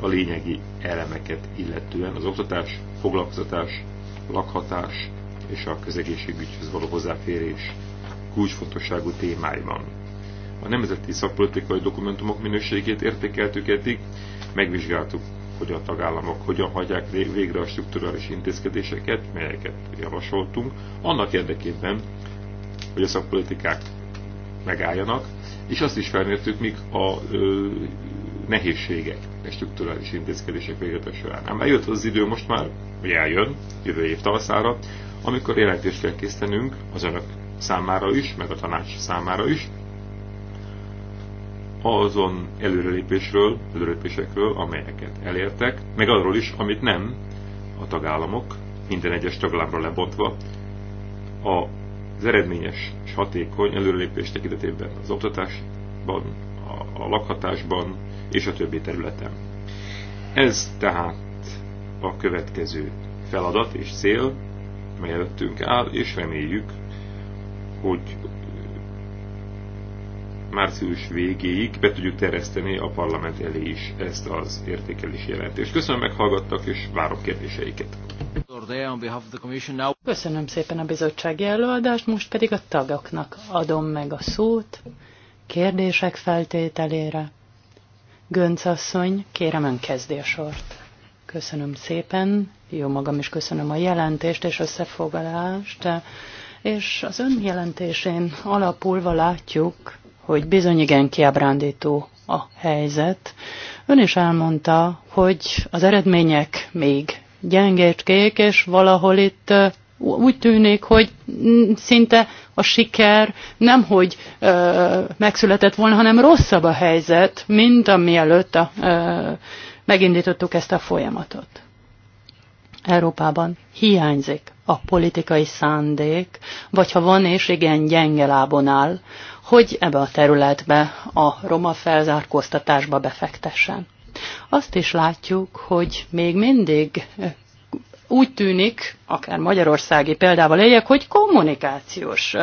a lényegi elemeket illetően, az oktatás, foglalkoztatás, lakhatás és a közegészségügyhöz való hozzáférés kulcsfontosságú témáiban. A nemzeti szakpolitikai dokumentumok minőségét értékeltük eddig, megvizsgáltuk, hogy a tagállamok hogyan hagyják végre a strukturális intézkedéseket, melyeket javasoltunk, annak érdekében, hogy a szakpolitikák megálljanak, és azt is felmértük, mik a ö, nehézségek és strukturális intézkedések végzete során. Ám eljött az idő most már, hogy eljön, jövő év tavaszára, amikor jelentést kell készítenünk az önök számára is, meg a tanács számára is, azon előrelépésről, előrelépésekről, amelyeket elértek, meg arról is, amit nem a tagállamok, minden egyes tagállamra lebontva, az eredményes és hatékony előrelépés tekintetében az oktatásban, a, a lakhatásban, és a többi területen. Ez tehát a következő feladat és cél, mely előttünk áll, és reméljük, hogy március végéig be tudjuk terjeszteni a parlament elé is ezt az értékelési jelentést. Köszönöm, meghallgattak, és várok kérdéseiket. Köszönöm szépen a bizottsági előadást, most pedig a tagoknak adom meg a szót kérdések feltételére. Gönc asszony, kérem ön kezdi a sort. Köszönöm szépen, jó magam is köszönöm a jelentést és összefoglalást, és az ön jelentésén alapulva látjuk, hogy bizony igen kiábrándító a helyzet. Ön is elmondta, hogy az eredmények még gyengécskék, és valahol itt úgy tűnik, hogy szinte a siker nem hogy ö, megszületett volna, hanem rosszabb a helyzet, mint amielőtt a, ö, megindítottuk ezt a folyamatot. Európában hiányzik a politikai szándék, vagy ha van és igen gyenge lábon áll, hogy ebbe a területbe a roma felzárkóztatásba befektessen. Azt is látjuk, hogy még mindig úgy tűnik, akár magyarországi példával éljek, hogy kommunikációs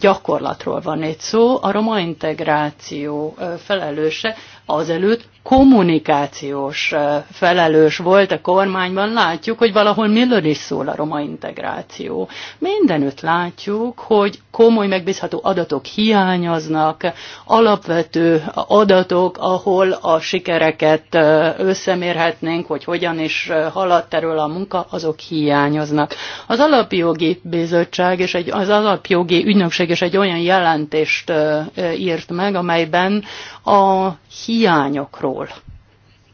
gyakorlatról van egy szó, a roma integráció felelőse azelőtt kommunikációs felelős volt a kormányban, látjuk, hogy valahol miről is szól a roma integráció. Mindenütt látjuk, hogy komoly megbízható adatok hiányoznak, alapvető adatok, ahol a sikereket összemérhetnénk, hogy hogyan is haladt erről a munka, azok hiányoznak hiányoznak. Az alapjogi bizottság és egy, az alapjogi ügynökség is egy olyan jelentést írt meg, amelyben a hiányokról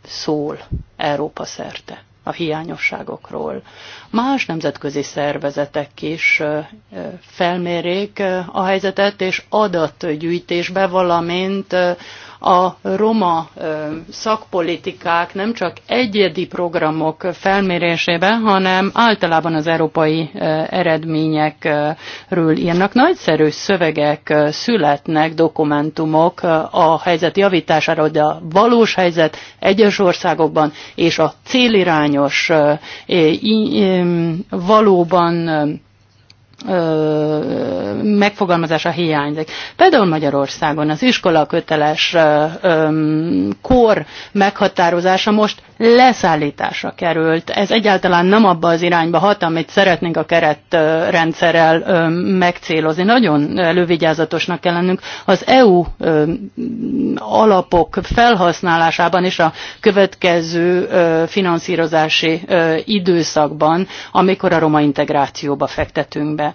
szól Európa szerte a hiányosságokról. Más nemzetközi szervezetek is felmérik a helyzetet, és adatgyűjtésbe, valamint a roma szakpolitikák nem csak egyedi programok felmérésébe, hanem általában az európai eredményekről írnak. Nagyszerű szövegek születnek, dokumentumok a helyzet javítására, de a valós helyzet egyes országokban és a célirányos valóban megfogalmazása hiányzik. Például Magyarországon az iskola köteles kor meghatározása most leszállításra került. Ez egyáltalán nem abba az irányba hat, amit szeretnénk a keretrendszerrel megcélozni. Nagyon elővigyázatosnak kell lennünk az EU alapok felhasználásában és a következő finanszírozási időszakban, amikor a roma integrációba fektetünk be.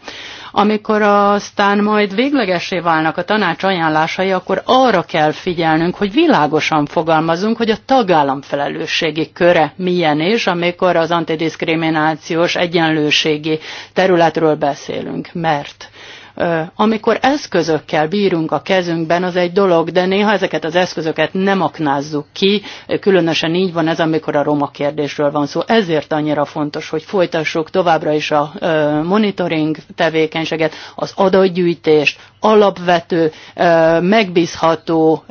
Amikor aztán majd véglegesé válnak a tanács ajánlásai, akkor arra kell figyelnünk, hogy világosan fogalmazunk, hogy a tagállam felelősségi köre milyen és, amikor az antidiszkriminációs egyenlőségi területről beszélünk. Mert amikor eszközökkel bírunk a kezünkben, az egy dolog, de néha ezeket az eszközöket nem aknázzuk ki, különösen így van ez, amikor a roma kérdésről van szó. Ezért annyira fontos, hogy folytassuk továbbra is a monitoring tevékenységet, az adatgyűjtést, alapvető, megbízható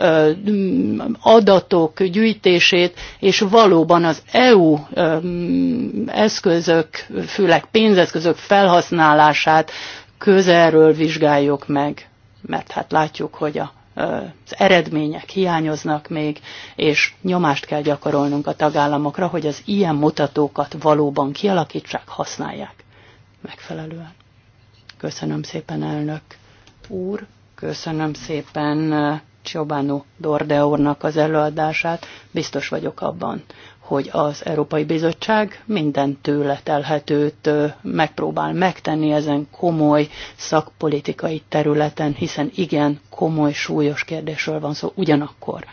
adatok gyűjtését, és valóban az EU eszközök, főleg pénzeszközök felhasználását közelről vizsgáljuk meg, mert hát látjuk, hogy a az eredmények hiányoznak még, és nyomást kell gyakorolnunk a tagállamokra, hogy az ilyen mutatókat valóban kialakítsák, használják megfelelően. Köszönöm szépen, elnök úr, köszönöm szépen Csobánu Dorde úrnak az előadását. Biztos vagyok abban, hogy az Európai Bizottság minden tőle telhetőt megpróbál megtenni ezen komoly szakpolitikai területen, hiszen igen, komoly, súlyos kérdésről van szó ugyanakkor.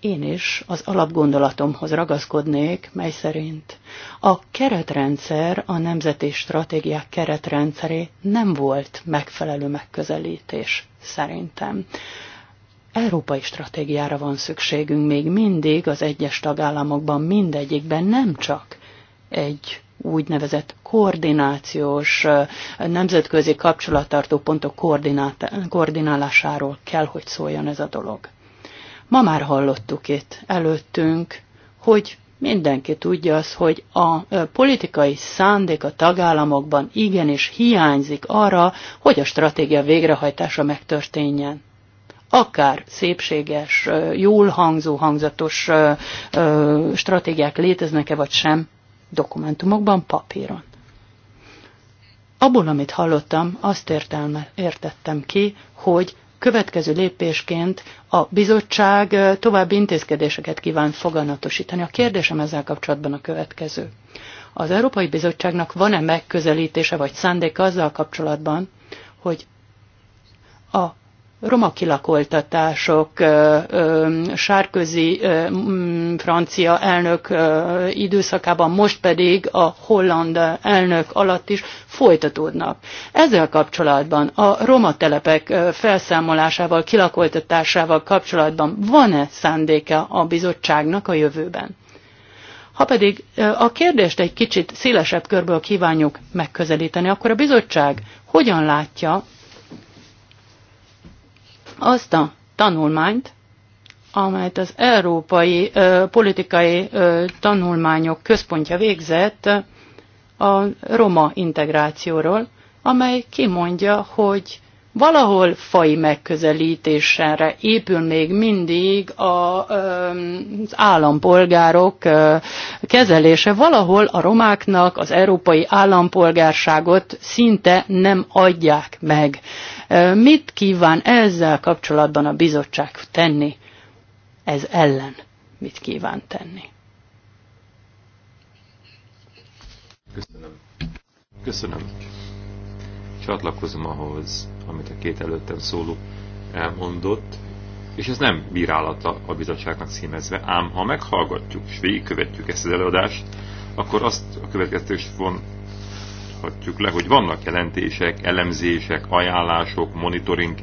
Én is az alapgondolatomhoz ragaszkodnék, mely szerint a keretrendszer, a nemzeti stratégiák keretrendszeré nem volt megfelelő megközelítés, szerintem. Európai stratégiára van szükségünk még mindig az egyes tagállamokban, mindegyikben nem csak egy úgynevezett koordinációs, nemzetközi kapcsolattartó pontok koordinálásáról kell, hogy szóljon ez a dolog. Ma már hallottuk itt előttünk, hogy mindenki tudja az, hogy a politikai szándék a tagállamokban igenis hiányzik arra, hogy a stratégia végrehajtása megtörténjen akár szépséges, jól hangzó, hangzatos stratégiák léteznek-e vagy sem, dokumentumokban, papíron. Abból, amit hallottam, azt értelme, értettem ki, hogy következő lépésként a bizottság további intézkedéseket kíván foganatosítani. A kérdésem ezzel kapcsolatban a következő. Az Európai Bizottságnak van-e megközelítése vagy szándéka azzal kapcsolatban, hogy a roma kilakoltatások, sárközi francia elnök időszakában, most pedig a holland elnök alatt is folytatódnak. Ezzel kapcsolatban a roma telepek felszámolásával, kilakoltatásával kapcsolatban van-e szándéka a bizottságnak a jövőben? Ha pedig a kérdést egy kicsit szélesebb körből kívánjuk megközelíteni, akkor a bizottság hogyan látja azt a tanulmányt, amelyet az Európai ö, Politikai ö, Tanulmányok Központja végzett a roma integrációról, amely kimondja, hogy valahol fai megközelítésre épül még mindig a, az állampolgárok kezelése, valahol a romáknak az európai állampolgárságot szinte nem adják meg. Mit kíván ezzel kapcsolatban a bizottság tenni? Ez ellen mit kíván tenni? Köszönöm. Köszönöm. Csatlakozom ahhoz, amit a két előttem szóló elmondott, és ez nem bírálata a bizottságnak színezve, ám ha meghallgatjuk és végigkövetjük ezt az előadást, akkor azt a következtetést von, zárhatjuk le, hogy vannak jelentések, elemzések, ajánlások, monitoring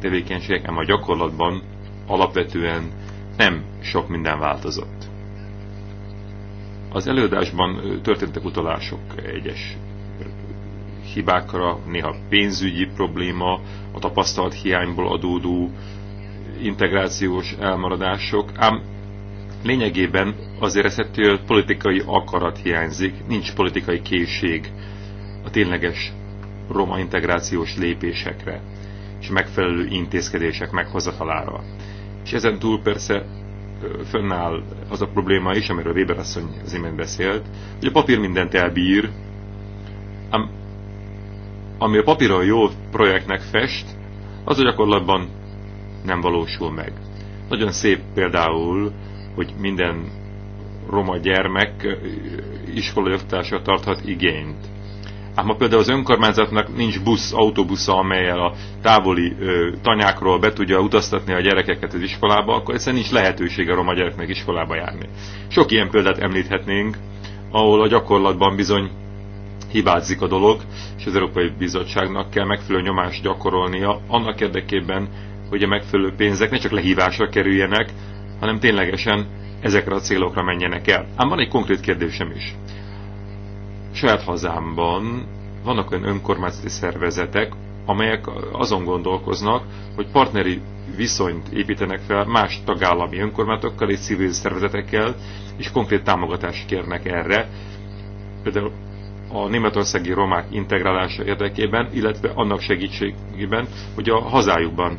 tevékenységek, ám a gyakorlatban alapvetően nem sok minden változott. Az előadásban történtek utalások egyes hibákra, néha pénzügyi probléma, a tapasztalt hiányból adódó integrációs elmaradások, ám lényegében azért eszettől politikai akarat hiányzik, nincs politikai készség a tényleges roma integrációs lépésekre és megfelelő intézkedések meghozatalára. És ezen túl persze fönnáll az a probléma is, amiről Weber asszony az imént beszélt, hogy a papír mindent elbír, ám ami a papíron jó projektnek fest, az a gyakorlatban nem valósul meg. Nagyon szép például, hogy minden roma gyermek iskolai tarthat igényt. Ám ha például az önkormányzatnak nincs busz, autóbusza, amelyel a távoli ö, tanyákról be tudja utaztatni a gyerekeket az iskolába, akkor egyszerűen nincs lehetősége a roma gyereknek iskolába járni. Sok ilyen példát említhetnénk, ahol a gyakorlatban bizony hibázik a dolog, és az Európai Bizottságnak kell megfelelő nyomást gyakorolnia annak érdekében, hogy a megfelelő pénzek ne csak lehívásra kerüljenek, hanem ténylegesen ezekre a célokra menjenek el. Ám van egy konkrét kérdésem is. Saját hazámban vannak olyan önkormányzati szervezetek, amelyek azon gondolkoznak, hogy partneri viszonyt építenek fel más tagállami önkormányzatokkal és civil szervezetekkel, és konkrét támogatást kérnek erre, például a németországi romák integrálása érdekében, illetve annak segítségében, hogy a hazájukban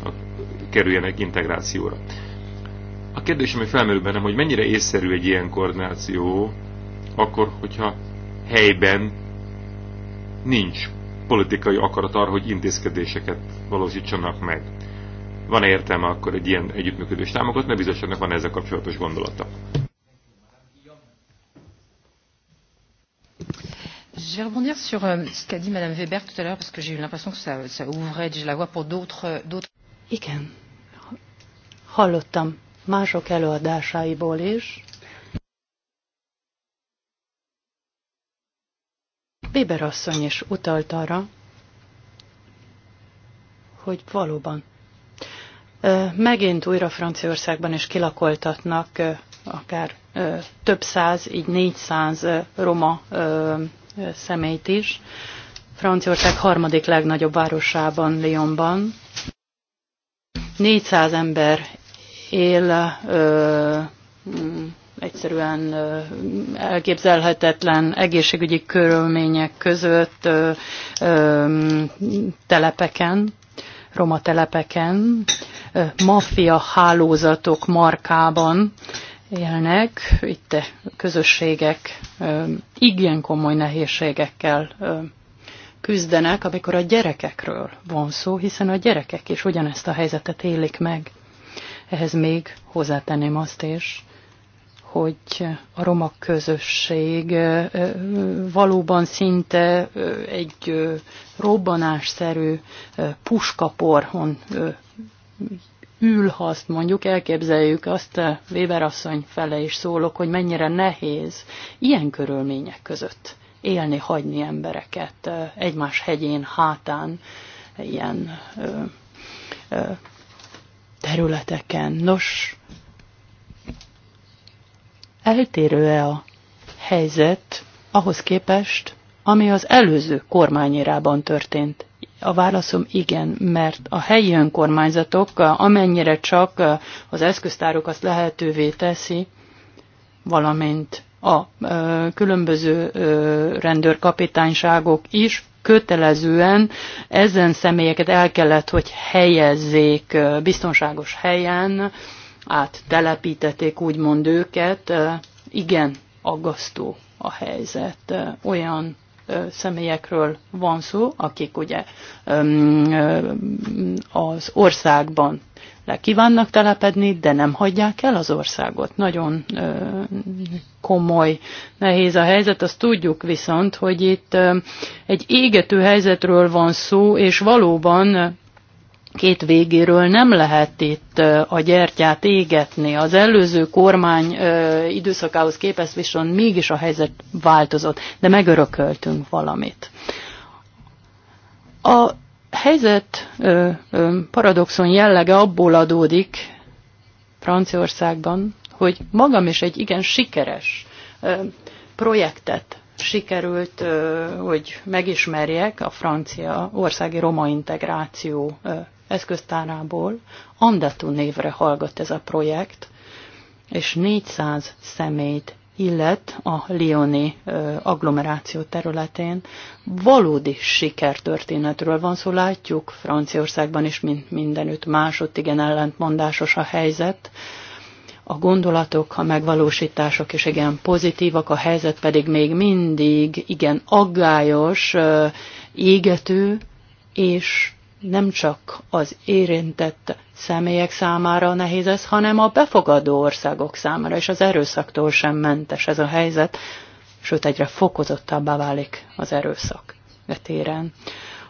kerüljenek integrációra. A kérdés, ami felmerül bennem, hogy mennyire észszerű egy ilyen koordináció, akkor, hogyha helyben nincs politikai akarat arra, hogy intézkedéseket valósítsanak meg. Van -e értelme akkor egy ilyen együttműködés támogat, mert bizottságnak van -e ezzel kapcsolatos gondolata. Je vais rebondir sur euh, ce qu'a dit Madame Weber tout à l'heure parce que j'ai eu l'impression que ça, ça ouvrait déjà la voie pour d'autres. Igen. Hallottam mások előadásaiból is. Béber asszony is utalt arra, hogy valóban megint újra Franciaországban is kilakoltatnak akár több száz, így 400 roma személyt is. Franciaország harmadik legnagyobb városában, Lyonban. 400 ember él, ö, mm, egyszerűen elképzelhetetlen egészségügyi körülmények között ö, ö, telepeken, roma telepeken, maffia hálózatok markában élnek, itt a közösségek ö, igen komoly nehézségekkel ö, küzdenek, amikor a gyerekekről van szó, hiszen a gyerekek is ugyanezt a helyzetet élik meg. Ehhez még hozzátenném azt is, hogy a roma közösség valóban szinte egy robbanásszerű puskaporhon ül, ha azt mondjuk, elképzeljük azt, Weber asszony fele is szólok, hogy mennyire nehéz ilyen körülmények között élni, hagyni embereket egymás hegyén, hátán, ilyen területeken. Nos, eltérő-e a helyzet ahhoz képest, ami az előző kormányérában történt? A válaszom igen, mert a helyi önkormányzatok, amennyire csak az eszköztáruk azt lehetővé teszi, valamint a különböző rendőrkapitányságok is kötelezően ezen személyeket el kellett, hogy helyezzék biztonságos helyen, áttelepítették úgymond őket. Igen, aggasztó a helyzet. Olyan személyekről van szó, akik ugye az országban le kívánnak telepedni, de nem hagyják el az országot. Nagyon ö, komoly, nehéz a helyzet. Azt tudjuk viszont, hogy itt ö, egy égető helyzetről van szó, és valóban két végéről nem lehet itt a gyertyát égetni. Az előző kormány időszakához képest viszont mégis a helyzet változott, de megörököltünk valamit. A helyzet paradoxon jellege abból adódik Franciaországban, hogy magam is egy igen sikeres projektet sikerült, hogy megismerjek a francia országi roma integráció eszköztárából. Andatu névre hallgat ez a projekt, és 400 személyt illet a Lioni agglomeráció területén valódi sikertörténetről van szó, látjuk Franciaországban is, mint mindenütt másodt, igen ellentmondásos a helyzet. A gondolatok, a megvalósítások is igen pozitívak, a helyzet pedig még mindig igen aggályos, égető, és nem csak az érintett személyek számára nehéz ez, hanem a befogadó országok számára, és az erőszaktól sem mentes ez a helyzet, sőt egyre fokozottabbá válik az erőszak e téren.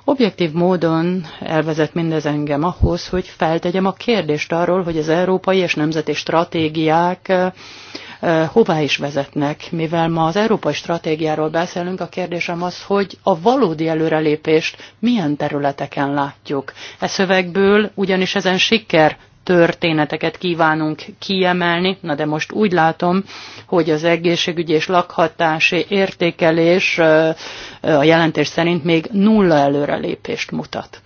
Objektív módon elvezet mindez engem ahhoz, hogy feltegyem a kérdést arról, hogy az európai és nemzeti stratégiák hová is vezetnek. Mivel ma az európai stratégiáról beszélünk, a kérdésem az, hogy a valódi előrelépést milyen területeken látjuk. E szövegből ugyanis ezen siker történeteket kívánunk kiemelni, na de most úgy látom, hogy az egészségügyi és lakhatási értékelés a jelentés szerint még nulla előrelépést mutat.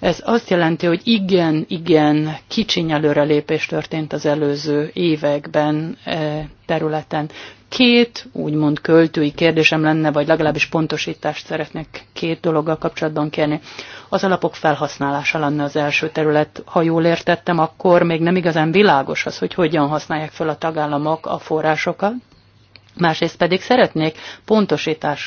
Ez azt jelenti, hogy igen, igen, kicsiny előrelépés történt az előző években e, területen. Két úgymond költői kérdésem lenne, vagy legalábbis pontosítást szeretnék két dologgal kapcsolatban kérni. Az alapok felhasználása lenne az első terület. Ha jól értettem, akkor még nem igazán világos az, hogy hogyan használják fel a tagállamok a forrásokat. Másrészt pedig szeretnék pontosítást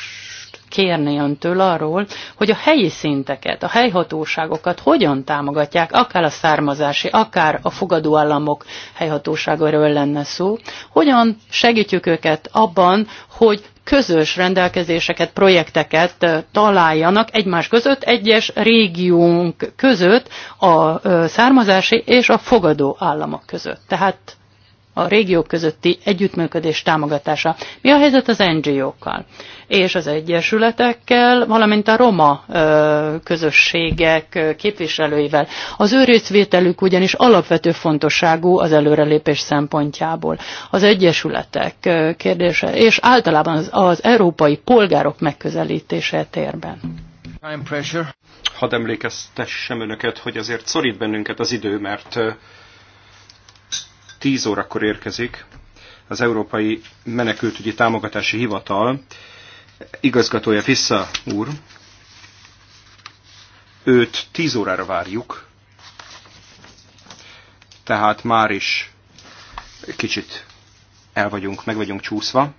kérni öntől arról, hogy a helyi szinteket, a helyhatóságokat hogyan támogatják, akár a származási, akár a fogadóállamok helyhatóságairól lenne szó, hogyan segítjük őket abban, hogy közös rendelkezéseket, projekteket találjanak egymás között, egyes régiónk között, a származási és a fogadó államok között. Tehát a régiók közötti együttműködés támogatása. Mi a helyzet az NGO-kkal és az egyesületekkel, valamint a roma közösségek képviselőivel? Az ő részvételük ugyanis alapvető fontosságú az előrelépés szempontjából. Az egyesületek kérdése, és általában az, az európai polgárok megközelítése térben. Hadd emlékeztessem önöket, hogy azért szorít bennünket az idő, mert 10 órakor érkezik az Európai Menekültügyi Támogatási Hivatal igazgatója Fissa úr. Őt 10 órára várjuk, tehát már is kicsit el vagyunk, meg vagyunk csúszva.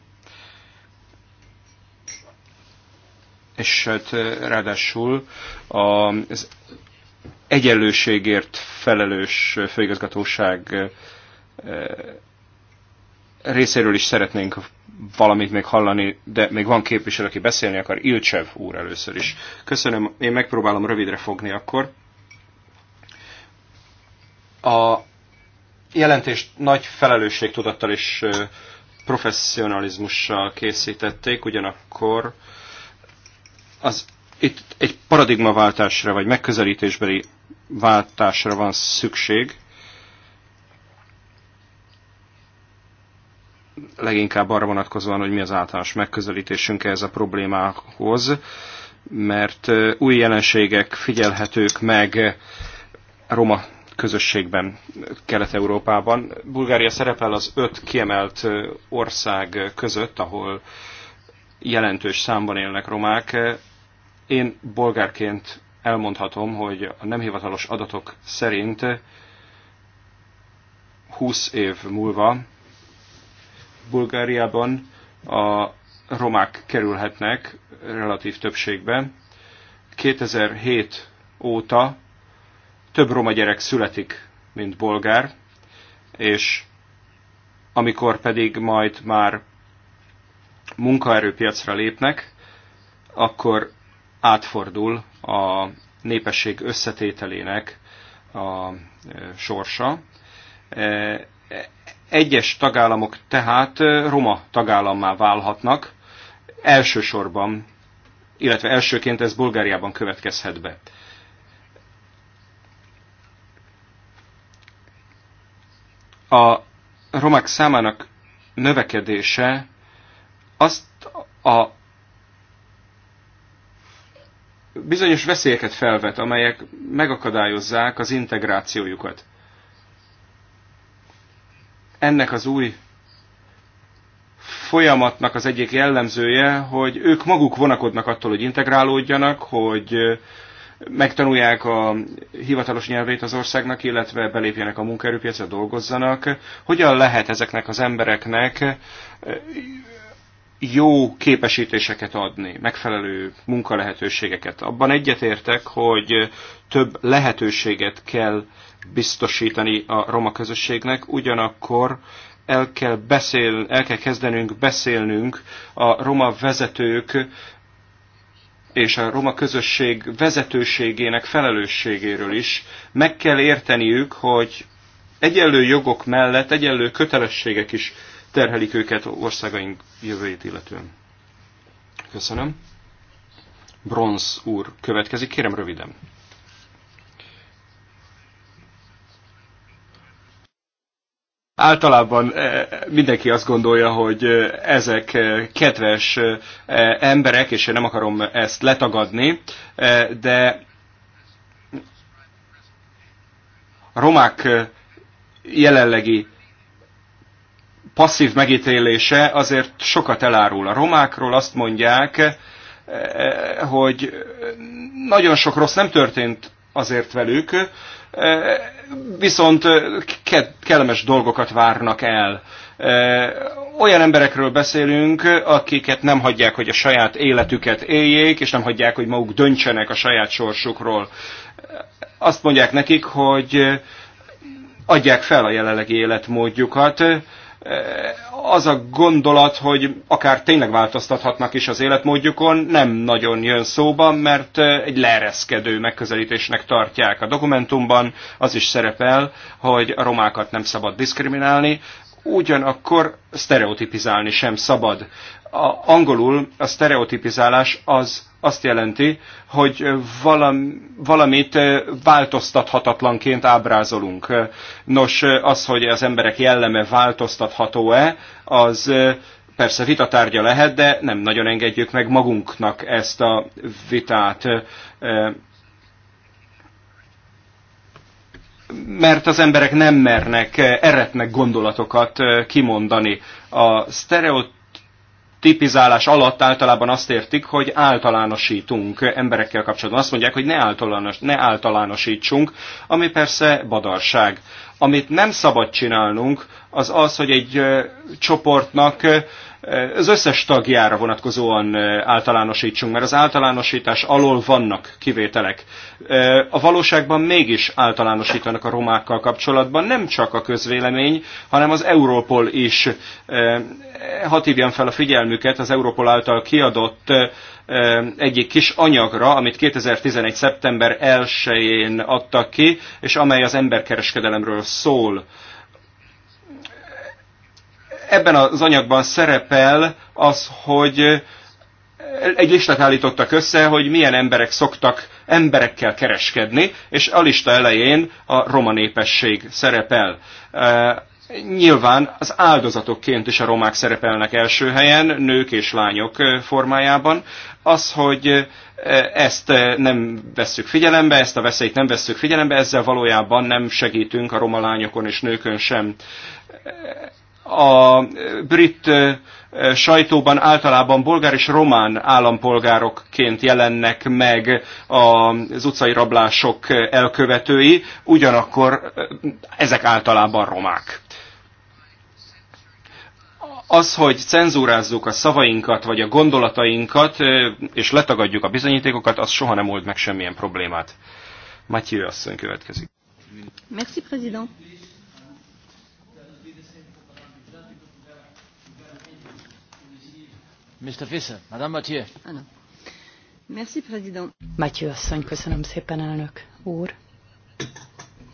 És hát eh, ráadásul az egyenlőségért felelős főigazgatóság eh, részéről is szeretnénk valamit még hallani, de még van képviselő, aki beszélni akar, Ilcsev úr először is. Köszönöm, én megpróbálom rövidre fogni akkor. A jelentést nagy felelősségtudattal és professzionalizmussal készítették, ugyanakkor az, itt egy paradigmaváltásra, vagy megközelítésbeli váltásra van szükség, leginkább arra vonatkozóan, hogy mi az általános megközelítésünk ehhez a problémához, mert új jelenségek figyelhetők meg roma közösségben, Kelet-Európában. Bulgária szerepel az öt kiemelt ország között, ahol jelentős számban élnek romák. Én bolgárként elmondhatom, hogy a nem hivatalos adatok szerint 20 év múlva Bulgáriában a romák kerülhetnek relatív többségbe. 2007 óta több roma gyerek születik, mint bolgár, és amikor pedig majd már munkaerőpiacra lépnek, akkor átfordul a népesség összetételének a e, sorsa. E, egyes tagállamok tehát roma tagállammá válhatnak, elsősorban, illetve elsőként ez Bulgáriában következhet be. A romák számának növekedése azt a bizonyos veszélyeket felvet, amelyek megakadályozzák az integrációjukat ennek az új folyamatnak az egyik jellemzője, hogy ők maguk vonakodnak attól, hogy integrálódjanak, hogy megtanulják a hivatalos nyelvét az országnak, illetve belépjenek a munkaerőpiacra, dolgozzanak. Hogyan lehet ezeknek az embereknek jó képesítéseket adni, megfelelő munkalehetőségeket? Abban egyetértek, hogy több lehetőséget kell biztosítani a roma közösségnek, ugyanakkor el kell, beszél, el kell kezdenünk beszélnünk a roma vezetők és a roma közösség vezetőségének felelősségéről is. Meg kell érteniük, hogy egyenlő jogok mellett egyenlő kötelességek is terhelik őket országaink jövőjét illetően. Köszönöm. Bronz úr következik, kérem röviden. általában eh, mindenki azt gondolja, hogy eh, ezek eh, kedves emberek, és én nem akarom ezt letagadni, de a romák jelenlegi passzív megítélése azért sokat elárul. A romákról azt mondják, hogy nagyon sok rossz nem történt azért velük, e, viszont e, kellemes dolgokat várnak el. E, olyan emberekről beszélünk, akiket nem hagyják, hogy a saját életüket éljék, és nem hagyják, hogy maguk döntsenek a saját sorsukról. Azt mondják nekik, hogy adják fel a jelenlegi életmódjukat, az a gondolat, hogy akár tényleg változtathatnak is az életmódjukon, nem nagyon jön szóba, mert egy leereszkedő megközelítésnek tartják a dokumentumban. Az is szerepel, hogy a romákat nem szabad diszkriminálni, ugyanakkor sztereotipizálni sem szabad. A, angolul a sztereotipizálás az azt jelenti, hogy valamit változtathatatlanként ábrázolunk. Nos, az, hogy az emberek jelleme változtatható-e, az persze vitatárgya lehet, de nem nagyon engedjük meg magunknak ezt a vitát. Mert az emberek nem mernek, eretnek gondolatokat kimondani. A sztereotíp tipizálás alatt általában azt értik, hogy általánosítunk emberekkel kapcsolatban. Azt mondják, hogy ne, általános, ne általánosítsunk, ami persze badarság. Amit nem szabad csinálnunk, az az, hogy egy csoportnak az összes tagjára vonatkozóan általánosítsunk, mert az általánosítás alól vannak kivételek. A valóságban mégis általánosítanak a romákkal kapcsolatban, nem csak a közvélemény, hanem az Európol is. Hadd hívjam fel a figyelmüket az Európol által kiadott egyik kis anyagra, amit 2011. szeptember 1-én adtak ki, és amely az emberkereskedelemről szól Ebben az anyagban szerepel az, hogy egy listát állítottak össze, hogy milyen emberek szoktak emberekkel kereskedni, és a lista elején a roma népesség szerepel. E, nyilván az áldozatokként is a romák szerepelnek első helyen, nők és lányok e, formájában. Az, hogy e, ezt nem vesszük figyelembe, ezt a veszélyt nem vesszük figyelembe, ezzel valójában nem segítünk a roma lányokon és nőkön sem a brit sajtóban általában bolgár és román állampolgárokként jelennek meg az utcai rablások elkövetői, ugyanakkor ezek általában romák. Az, hogy cenzúrázzuk a szavainkat, vagy a gondolatainkat, és letagadjuk a bizonyítékokat, az soha nem old meg semmilyen problémát. Matthieu asszony következik. Merci, président. Mr. Fischer, Madame Mathieu. Anna. Merci, Président. Mathieu asszony, köszönöm szépen, elnök úr.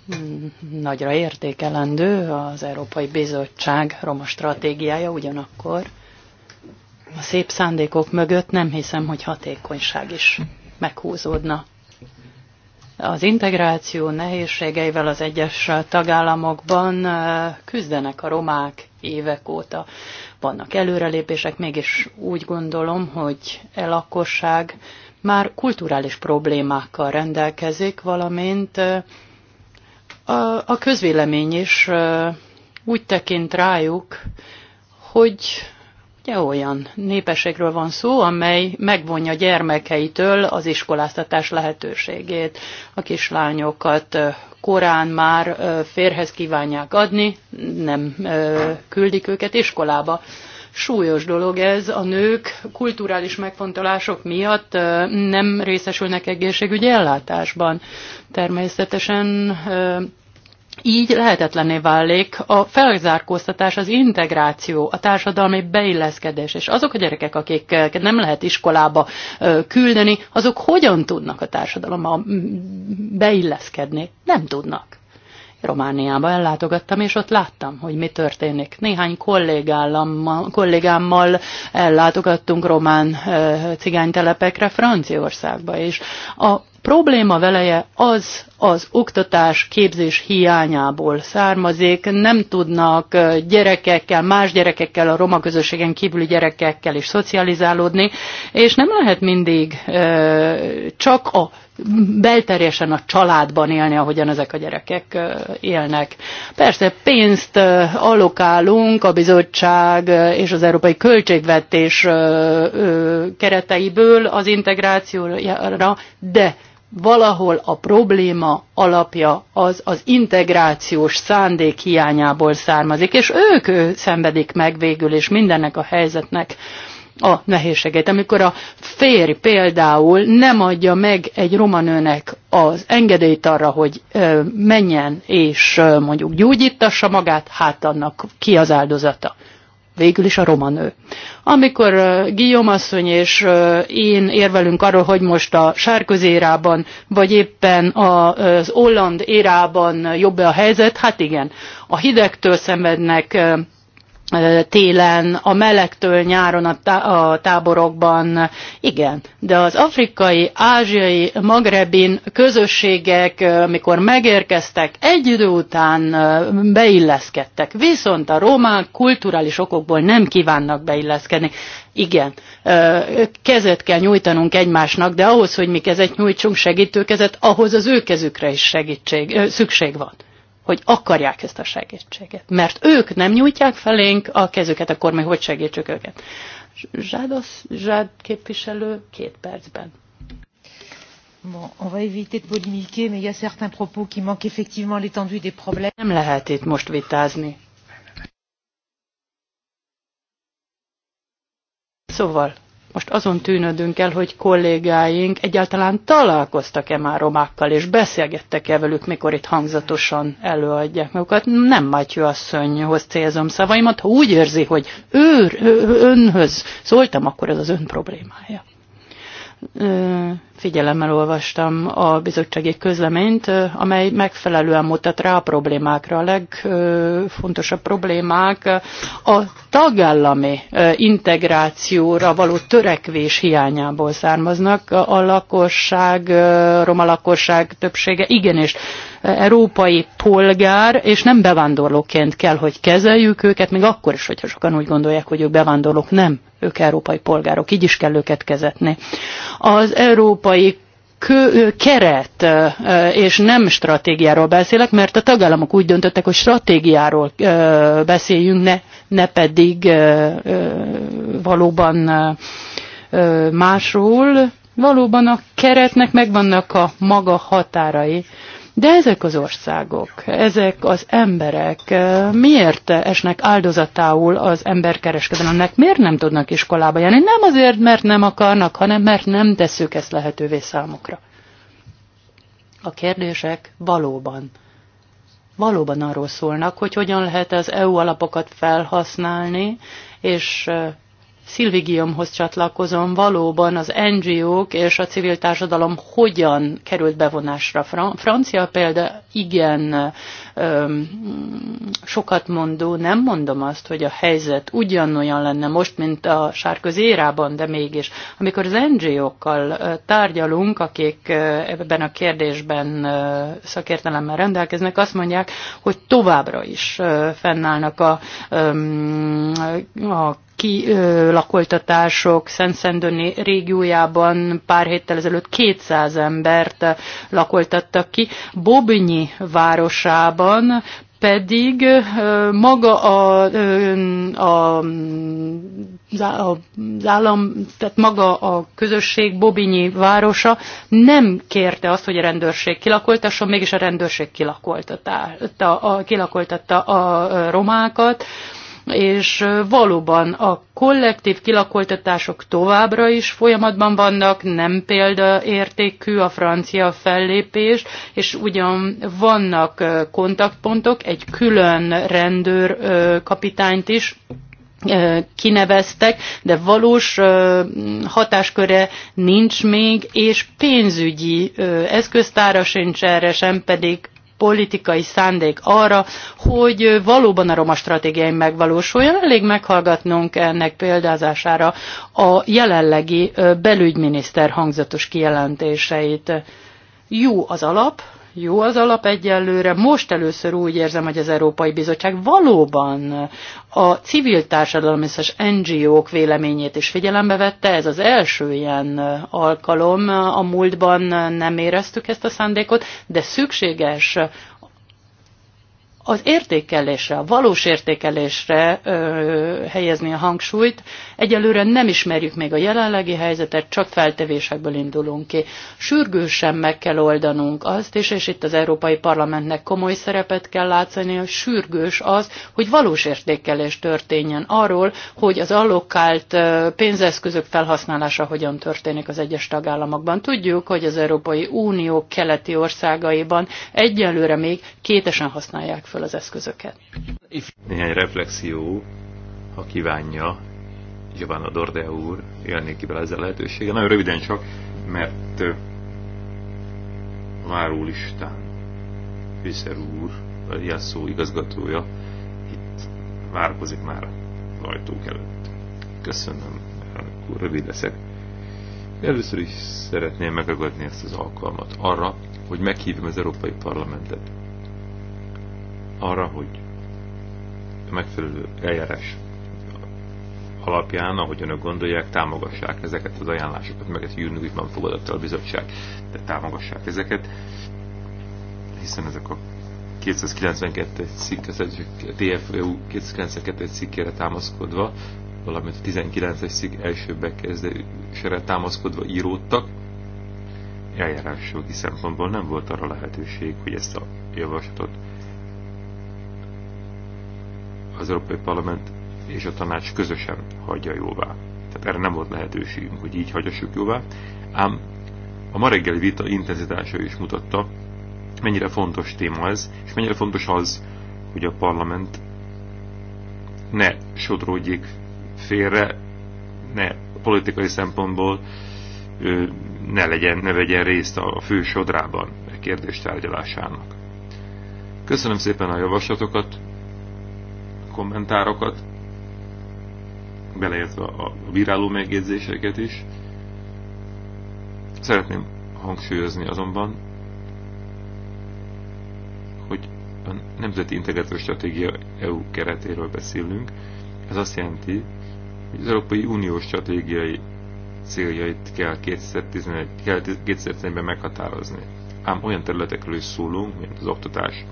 Hmm, nagyra értékelendő az Európai Bizottság roma stratégiája, ugyanakkor a szép szándékok mögött nem hiszem, hogy hatékonyság is meghúzódna. Az integráció nehézségeivel az egyes tagállamokban eh, küzdenek a romák, évek óta vannak előrelépések, mégis úgy gondolom, hogy e lakosság már kulturális problémákkal rendelkezik, valamint a közvélemény is úgy tekint rájuk, hogy ugye olyan népességről van szó, amely megvonja gyermekeitől az iskoláztatás lehetőségét, a kislányokat korán már férhez kívánják adni, nem küldik őket iskolába. Súlyos dolog ez, a nők kulturális megfontolások miatt nem részesülnek egészségügyi ellátásban. Természetesen így lehetetlené válik a felzárkóztatás, az integráció, a társadalmi beilleszkedés, és azok a gyerekek, akiket eh, nem lehet iskolába eh, küldeni, azok hogyan tudnak a társadalomba mm, beilleszkedni? Nem tudnak. Romániába ellátogattam, és ott láttam, hogy mi történik. Néhány kollégámmal ellátogattunk román eh, cigánytelepekre Franciaországba, és a probléma veleje az az oktatás képzés hiányából származik, nem tudnak gyerekekkel, más gyerekekkel, a roma közösségen kívüli gyerekekkel is szocializálódni, és nem lehet mindig csak a belterjesen a családban élni, ahogyan ezek a gyerekek élnek. Persze pénzt allokálunk a bizottság és az európai költségvetés kereteiből az integrációra, de valahol a probléma alapja az az integrációs szándék hiányából származik, és ők szenvedik meg végül és mindennek a helyzetnek a nehézségét. Amikor a férj például nem adja meg egy romanőnek az engedélyt arra, hogy menjen és mondjuk gyógyítassa magát, hát annak ki az áldozata? végül is a roma nő. Amikor Guillaume asszony és én érvelünk arról, hogy most a sárközérában, vagy éppen az Holland érában jobb -e a helyzet, hát igen, a hidegtől szenvednek télen, a melegtől nyáron a, tá a táborokban. Igen, de az afrikai, ázsiai, magrebin közösségek, amikor megérkeztek, egy idő után beilleszkedtek. Viszont a romák kulturális okokból nem kívánnak beilleszkedni. Igen, kezet kell nyújtanunk egymásnak, de ahhoz, hogy mi kezet nyújtsunk, segítőkezet, ahhoz az ő kezükre is segítség, szükség van hogy akarják ezt a segítséget. Mert ők nem nyújtják felénk a kezüket, akkor meg hogy segítsük őket. Zsád, zsád képviselő két percben. Bon, on va éviter de polémiquer, mais il y a certains propos qui manquent effectivement l'étendue des problèmes. Nem lehet itt most vitázni. Szóval, most azon tűnödünk el, hogy kollégáink egyáltalán találkoztak-e már romákkal, és beszélgettek-e velük, mikor itt hangzatosan előadják magukat. Nem Mátyú asszonyhoz célzom szavaimat, ha úgy érzi, hogy ő, ő önhöz szóltam, akkor ez az ön problémája figyelemmel olvastam a bizottsági közleményt, amely megfelelően mutat rá a problémákra. A legfontosabb problémák a tagállami integrációra való törekvés hiányából származnak. A lakosság, roma lakosság többsége igenis európai polgár, és nem bevándorlóként kell, hogy kezeljük őket, még akkor is, hogyha sokan úgy gondolják, hogy ők bevándorlók, nem, ők európai polgárok, így is kell őket kezetni. Az Európa európai keret és nem stratégiáról beszélek, mert a tagállamok úgy döntöttek, hogy stratégiáról beszéljünk, ne, ne pedig valóban másról. Valóban a keretnek megvannak a maga határai. De ezek az országok, ezek az emberek eh, miért esnek áldozatául az emberkereskedelemnek? Miért nem tudnak iskolába járni? Nem azért, mert nem akarnak, hanem mert nem tesszük ezt lehetővé számukra. A kérdések valóban valóban arról szólnak, hogy hogyan lehet az EU alapokat felhasználni, és eh, Szilvigiumhoz csatlakozom, valóban az NGO-k és a civil társadalom hogyan került bevonásra. Francia példa igen öm, sokat mondó, nem mondom azt, hogy a helyzet ugyanolyan lenne most, mint a sárközi érában, de mégis. Amikor az NGO-kkal tárgyalunk, akik ebben a kérdésben szakértelemmel rendelkeznek, azt mondják, hogy továbbra is fennállnak a, a kilakoltatások Szentszendőni régiójában pár héttel ezelőtt 200 embert lakoltattak ki. Bobnyi városában pedig maga a, a, az állam, tehát maga a közösség Bobinyi városa nem kérte azt, hogy a rendőrség kilakoltasson, mégis a rendőrség kilakoltatta, a, kilakoltatta a romákat és valóban a kollektív kilakoltatások továbbra is folyamatban vannak, nem példaértékű a francia fellépés, és ugyan vannak kontaktpontok, egy külön rendőr kapitányt is kineveztek, de valós hatásköre nincs még, és pénzügyi eszköztára sincs erre, sem pedig politikai szándék arra, hogy valóban a roma stratégiai megvalósuljon. Elég meghallgatnunk ennek példázására a jelenlegi belügyminiszter hangzatos kijelentéseit. Jó az alap, jó az alap egyelőre. Most először úgy érzem, hogy az Európai Bizottság valóban a civil társadalom és NGO-k véleményét is figyelembe vette. Ez az első ilyen alkalom. A múltban nem éreztük ezt a szándékot, de szükséges az értékelésre, a valós értékelésre ö, helyezni a hangsúlyt, Egyelőre nem ismerjük még a jelenlegi helyzetet, csak feltevésekből indulunk ki. Sürgősen meg kell oldanunk azt, és, és itt az Európai Parlamentnek komoly szerepet kell látszani, hogy sürgős az, hogy valós értékelés történjen arról, hogy az allokált pénzeszközök felhasználása hogyan történik az egyes tagállamokban. Tudjuk, hogy az Európai Unió keleti országaiban egyelőre még kétesen használják fel az eszközöket. Néhány reflexió, ha kívánja, Giovanna Dordea úr élnék ki vele ezzel a lehetősége. Nagyon röviden csak, mert Listán Fischer úr, a Jászó igazgatója itt várkozik már az ajtók előtt. Köszönöm, akkor rövid leszek. Először is szeretném megragadni ezt az alkalmat arra, hogy meghívom az Európai Parlamentet arra, hogy megfelelő eljárás alapján, ahogy önök gondolják, támogassák ezeket az ajánlásokat, meg ezt júniusban fogadott el a bizottság, de támogassák ezeket, hiszen ezek a 292 cikk, az TFEU 292 cikkére támaszkodva, valamint a 19-es cikk első bekezdésére támaszkodva íródtak. Eljárásjogi szempontból nem volt arra lehetőség, hogy ezt a javaslatot az Európai Parlament és a tanács közösen hagyja jóvá. Tehát erre nem volt lehetőségünk, hogy így hagyassuk jóvá. Ám a ma reggeli vita intenzitása is mutatta, mennyire fontos téma ez, és mennyire fontos az, hogy a parlament ne sodródjék félre, ne politikai szempontból ne legyen, ne vegyen részt a fő sodrában a e kérdés tárgyalásának. Köszönöm szépen a javaslatokat, kommentárokat, beleértve a viráló megjegyzéseket is. Szeretném hangsúlyozni azonban, hogy a Nemzeti Integrációs Stratégia EU keretéről beszélünk. Ez azt jelenti, hogy az Európai Unió stratégiai céljait kell 2011-ben meghatározni. Ám olyan területekről is szólunk, mint az oktatás,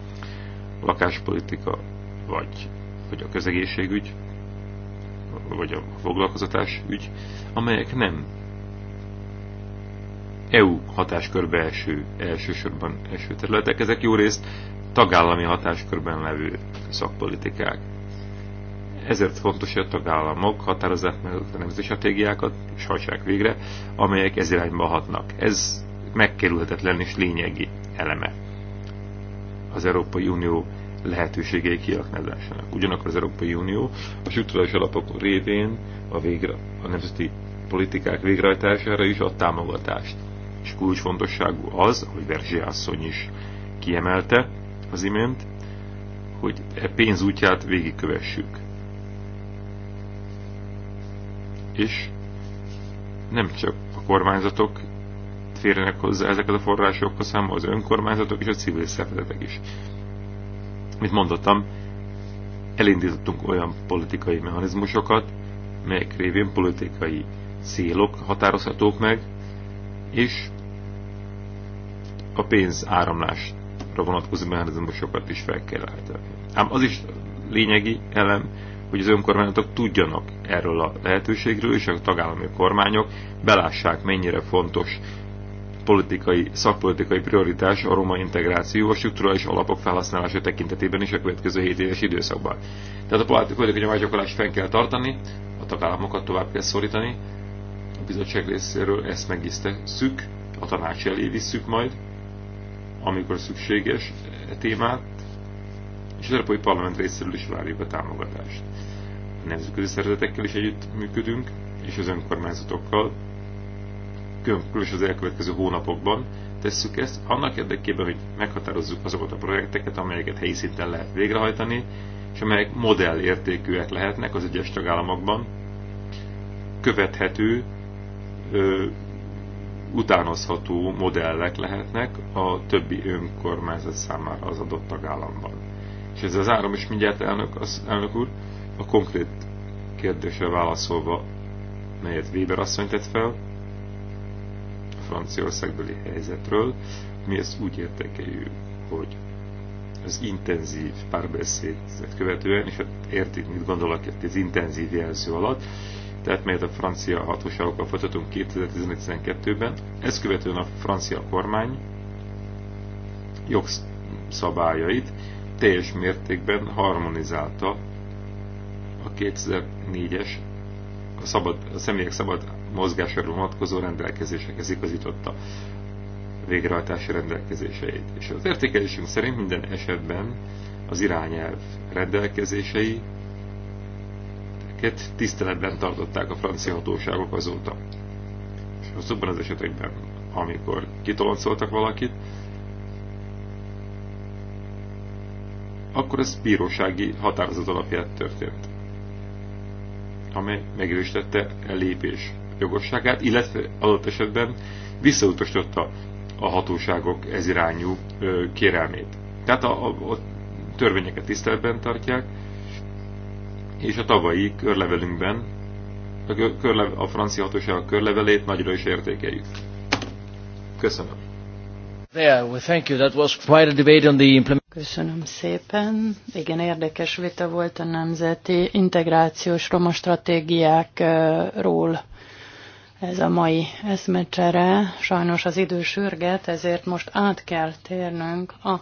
a lakáspolitika, vagy, vagy a közegészségügy, vagy a foglalkozatás ügy, amelyek nem EU hatáskörbe eső, elsősorban eső területek, ezek jó részt tagállami hatáskörben levő szakpolitikák. Ezért fontos, hogy a tagállamok határozzák meg a nemzeti stratégiákat, és hajtsák végre, amelyek ez irányba hatnak. Ez megkerülhetetlen és lényegi eleme az Európai Unió lehetőségei kiaknázásának. Ugyanakkor az Európai Unió a struktúrális alapok révén a, végre, a nemzeti politikák végrehajtására is ad támogatást. És kulcsfontosságú az, hogy Verzsé asszony is kiemelte az imént, hogy e pénz útját végigkövessük. És nem csak a kormányzatok férjenek hozzá ezeket a forrásokhoz, hanem az önkormányzatok és a civil szervezetek is mint mondottam, elindítottunk olyan politikai mechanizmusokat, melyek révén politikai célok határozhatók meg, és a pénz áramlásra vonatkozó mechanizmusokat is fel kell állítani. Ám az is lényegi elem, hogy az önkormányzatok tudjanak erről a lehetőségről, és a tagállami kormányok belássák, mennyire fontos politikai, szakpolitikai prioritás a roma integráció a struktúrális alapok felhasználása tekintetében is a következő 7 éves időszakban. Tehát a politikai nyomásgyakorlást fenn kell tartani, a tagállamokat tovább kell szorítani, a bizottság részéről ezt szük, a tanács elé visszük majd, amikor szükséges e témát, és az Európai Parlament részéről is várjuk a támogatást. A nemzetközi szervezetekkel is együtt működünk, és az önkormányzatokkal, különösen az elkövetkező hónapokban tesszük ezt, annak érdekében, hogy meghatározzuk azokat a projekteket, amelyeket helyi szinten lehet végrehajtani, és amelyek modellértékűek lehetnek az egyes tagállamokban, követhető, ö, utánozható modellek lehetnek a többi önkormányzat számára az adott tagállamban. És ez az áram is mindjárt elnök, az, elnök úr a konkrét kérdésre válaszolva, melyet Weber asszony tett fel, franciaországbeli helyzetről. Mi ezt úgy értekeljük, hogy az intenzív párbeszédet követően, és hát értik, mit gondolok itt az intenzív jelző alatt, tehát melyet a francia hatóságokkal folytatunk 2012-ben. Ezt követően a francia kormány jogszabályait teljes mértékben harmonizálta a 2004-es a, szabad, a személyek szabad mozgásra vonatkozó rendelkezésekhez igazította végrehajtási rendelkezéseit. És az értékelésünk szerint minden esetben az irányelv rendelkezései tiszteletben tartották a francia hatóságok azóta. És azokban az esetekben, amikor kitoloncoltak valakit, akkor ez bírósági határozat alapját történt, amely megerősítette elépés jogosságát, illetve adott esetben visszautasította a hatóságok ezirányú kérelmét. Tehát a, a, a törvényeket tiszteletben tartják, és a tavalyi körlevelünkben a, körle, a francia hatóságok körlevelét nagyra is értékeljük. Köszönöm. Köszönöm szépen. Igen, érdekes vita volt a nemzeti integrációs roma stratégiákról ez a mai eszmecsere. Sajnos az idő sürget, ezért most át kell térnünk a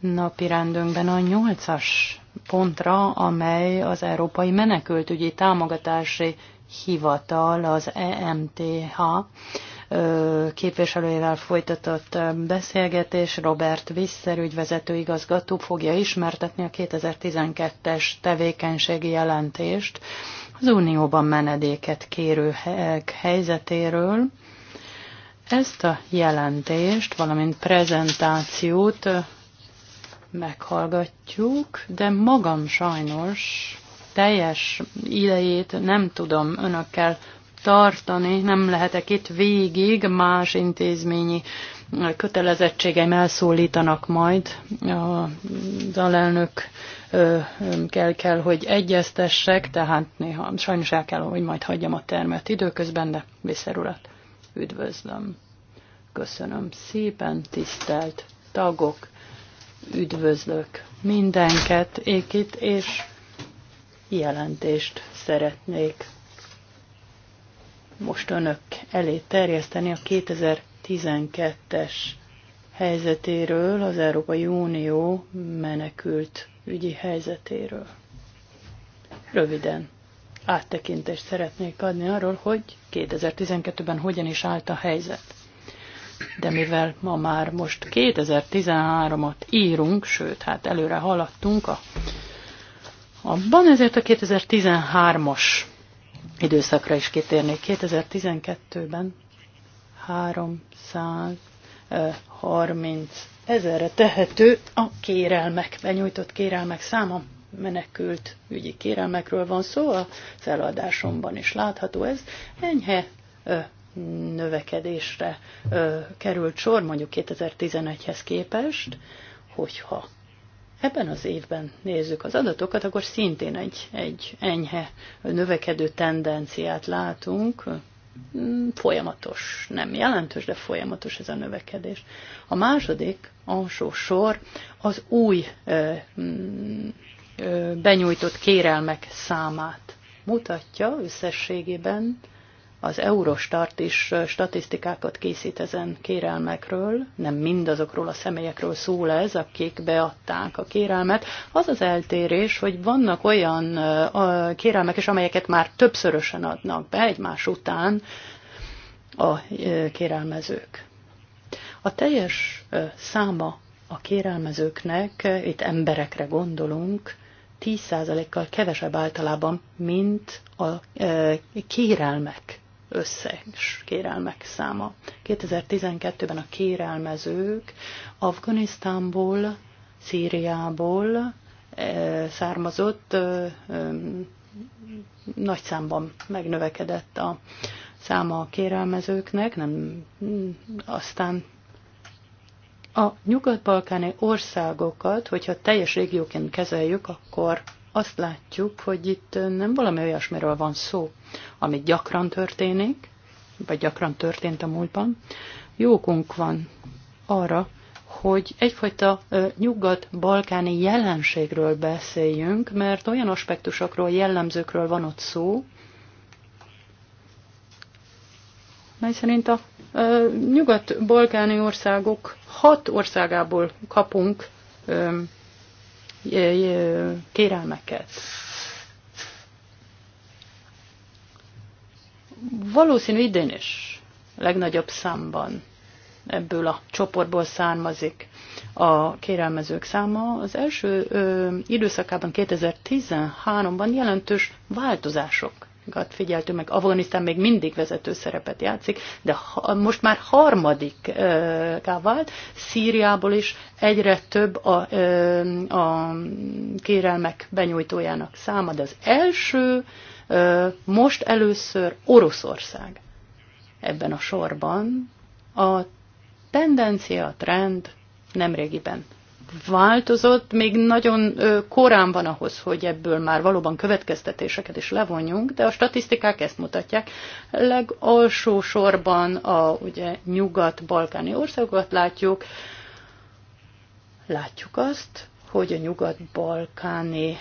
napi rendünkben a nyolcas pontra, amely az Európai Menekültügyi Támogatási Hivatal, az EMTH képviselőjével folytatott beszélgetés. Robert Visszer ügyvezető igazgató fogja ismertetni a 2012-es tevékenységi jelentést az Unióban menedéket kérő helyzetéről. Ezt a jelentést, valamint prezentációt meghallgatjuk, de magam sajnos teljes idejét nem tudom önökkel tartani, nem lehetek itt végig, más intézményi kötelezettségeim elszólítanak majd az alelnök kell, kell, hogy egyeztessek, tehát néha sajnos el kell, hogy majd hagyjam a termet időközben, de visszarulat. Üdvözlöm. Köszönöm szépen, tisztelt tagok, üdvözlök mindenket ékit, és jelentést szeretnék most önök elé terjeszteni a 2012-es helyzetéről az Európai Unió menekült ügyi helyzetéről. Röviden áttekintést szeretnék adni arról, hogy 2012-ben hogyan is állt a helyzet. De mivel ma már most 2013-at írunk, sőt, hát előre haladtunk a, abban, ezért a 2013-as időszakra is kitérnék. 2012-ben 330 ezerre tehető a kérelmek, benyújtott kérelmek száma menekült ügyi kérelmekről van szó, a feladásomban is látható ez, enyhe ö, növekedésre ö, került sor, mondjuk 2011-hez képest, hogyha ebben az évben nézzük az adatokat, akkor szintén egy, egy enyhe növekedő tendenciát látunk, Mm, folyamatos, nem jelentős, de folyamatos ez a növekedés. A második alsó sor az új ö, mm, ö, benyújtott kérelmek számát mutatja összességében az Eurostart is statisztikákat készít ezen kérelmekről, nem mindazokról a személyekről szól ez, akik beadták a kérelmet. Az az eltérés, hogy vannak olyan kérelmek is, amelyeket már többszörösen adnak be egymás után a kérelmezők. A teljes száma a kérelmezőknek, itt emberekre gondolunk, 10%-kal kevesebb általában, mint a kérelmek összes kérelmek száma. 2012-ben a kérelmezők Afganisztánból, Szíriából eh, származott eh, nagy számban megnövekedett a száma a kérelmezőknek, nem, hmm, aztán a nyugat-balkáni országokat, hogyha teljes régióként kezeljük, akkor azt látjuk, hogy itt nem valami olyasmiről van szó, ami gyakran történik, vagy gyakran történt a múltban. Jókunk van arra, hogy egyfajta nyugat-balkáni jelenségről beszéljünk, mert olyan aspektusokról, jellemzőkről van ott szó, mely szerint a nyugat-balkáni országok hat országából kapunk kérelmeket. Valószínű idén is legnagyobb számban ebből a csoportból származik a kérelmezők száma. Az első ö, időszakában 2013-ban jelentős változások figyeltő, meg. Afganisztán még mindig vezető szerepet játszik, de ha, most már harmadik e, vált. Szíriából is egyre több a, e, a kérelmek benyújtójának száma, de az első e, most először Oroszország ebben a sorban. A tendencia, a trend nemrégiben változott, még nagyon korán van ahhoz, hogy ebből már valóban következtetéseket is levonjunk, de a statisztikák ezt mutatják. Legalsó sorban a ugye, nyugat-balkáni országokat látjuk, látjuk azt, hogy a nyugat-balkáni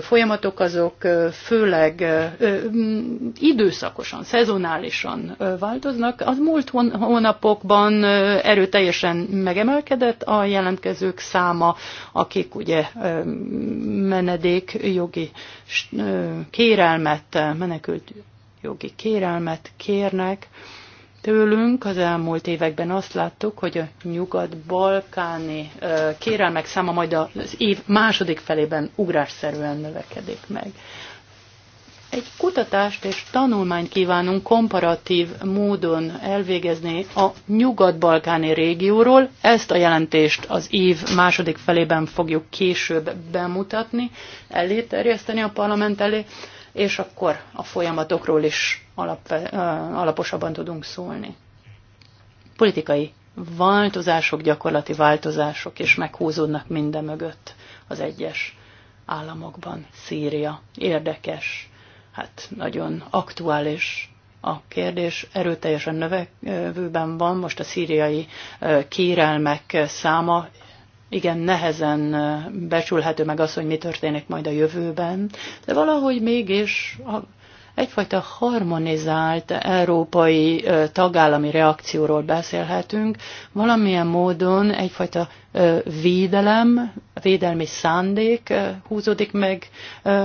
folyamatok azok főleg időszakosan, szezonálisan változnak. Az múlt hónapokban erőteljesen megemelkedett a jelentkezők száma, akik ugye menedékjogi kérelmet, menekült jogi kérelmet kérnek Tőlünk az elmúlt években azt láttuk, hogy a nyugat-balkáni kérelmek száma majd az év második felében ugrásszerűen növekedik meg. Egy kutatást és tanulmányt kívánunk komparatív módon elvégezni a nyugat-balkáni régióról. Ezt a jelentést az év második felében fogjuk később bemutatni, elé terjeszteni a parlament elé, és akkor a folyamatokról is alap, alaposabban tudunk szólni. Politikai változások, gyakorlati változások, és meghúzódnak minden mögött az egyes államokban. Szíria érdekes, hát nagyon aktuális a kérdés erőteljesen növekvőben van. Most a szíriai kérelmek száma igen nehezen becsülhető meg az, hogy mi történik majd a jövőben, de valahogy mégis a egyfajta harmonizált európai tagállami reakcióról beszélhetünk, valamilyen módon egyfajta védelem, védelmi szándék húzódik meg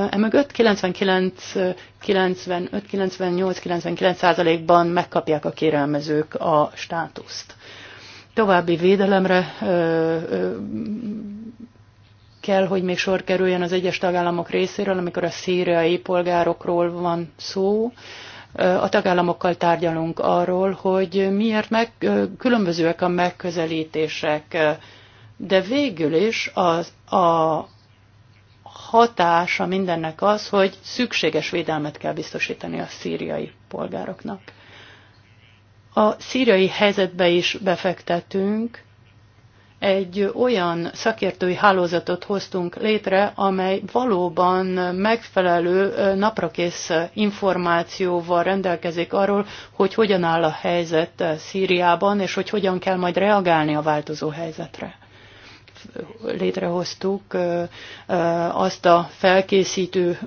emögött. 99, 95, 98, 99 százalékban megkapják a kérelmezők a státuszt. További védelemre kell, hogy még sor kerüljön az egyes tagállamok részéről, amikor a szíriai polgárokról van szó. A tagállamokkal tárgyalunk arról, hogy miért meg, különbözőek a megközelítések, de végül is az, a hatása mindennek az, hogy szükséges védelmet kell biztosítani a szíriai polgároknak. A szíriai helyzetbe is befektetünk, egy olyan szakértői hálózatot hoztunk létre, amely valóban megfelelő naprakész információval rendelkezik arról, hogy hogyan áll a helyzet Szíriában, és hogy hogyan kell majd reagálni a változó helyzetre létrehoztuk azt a felkészítő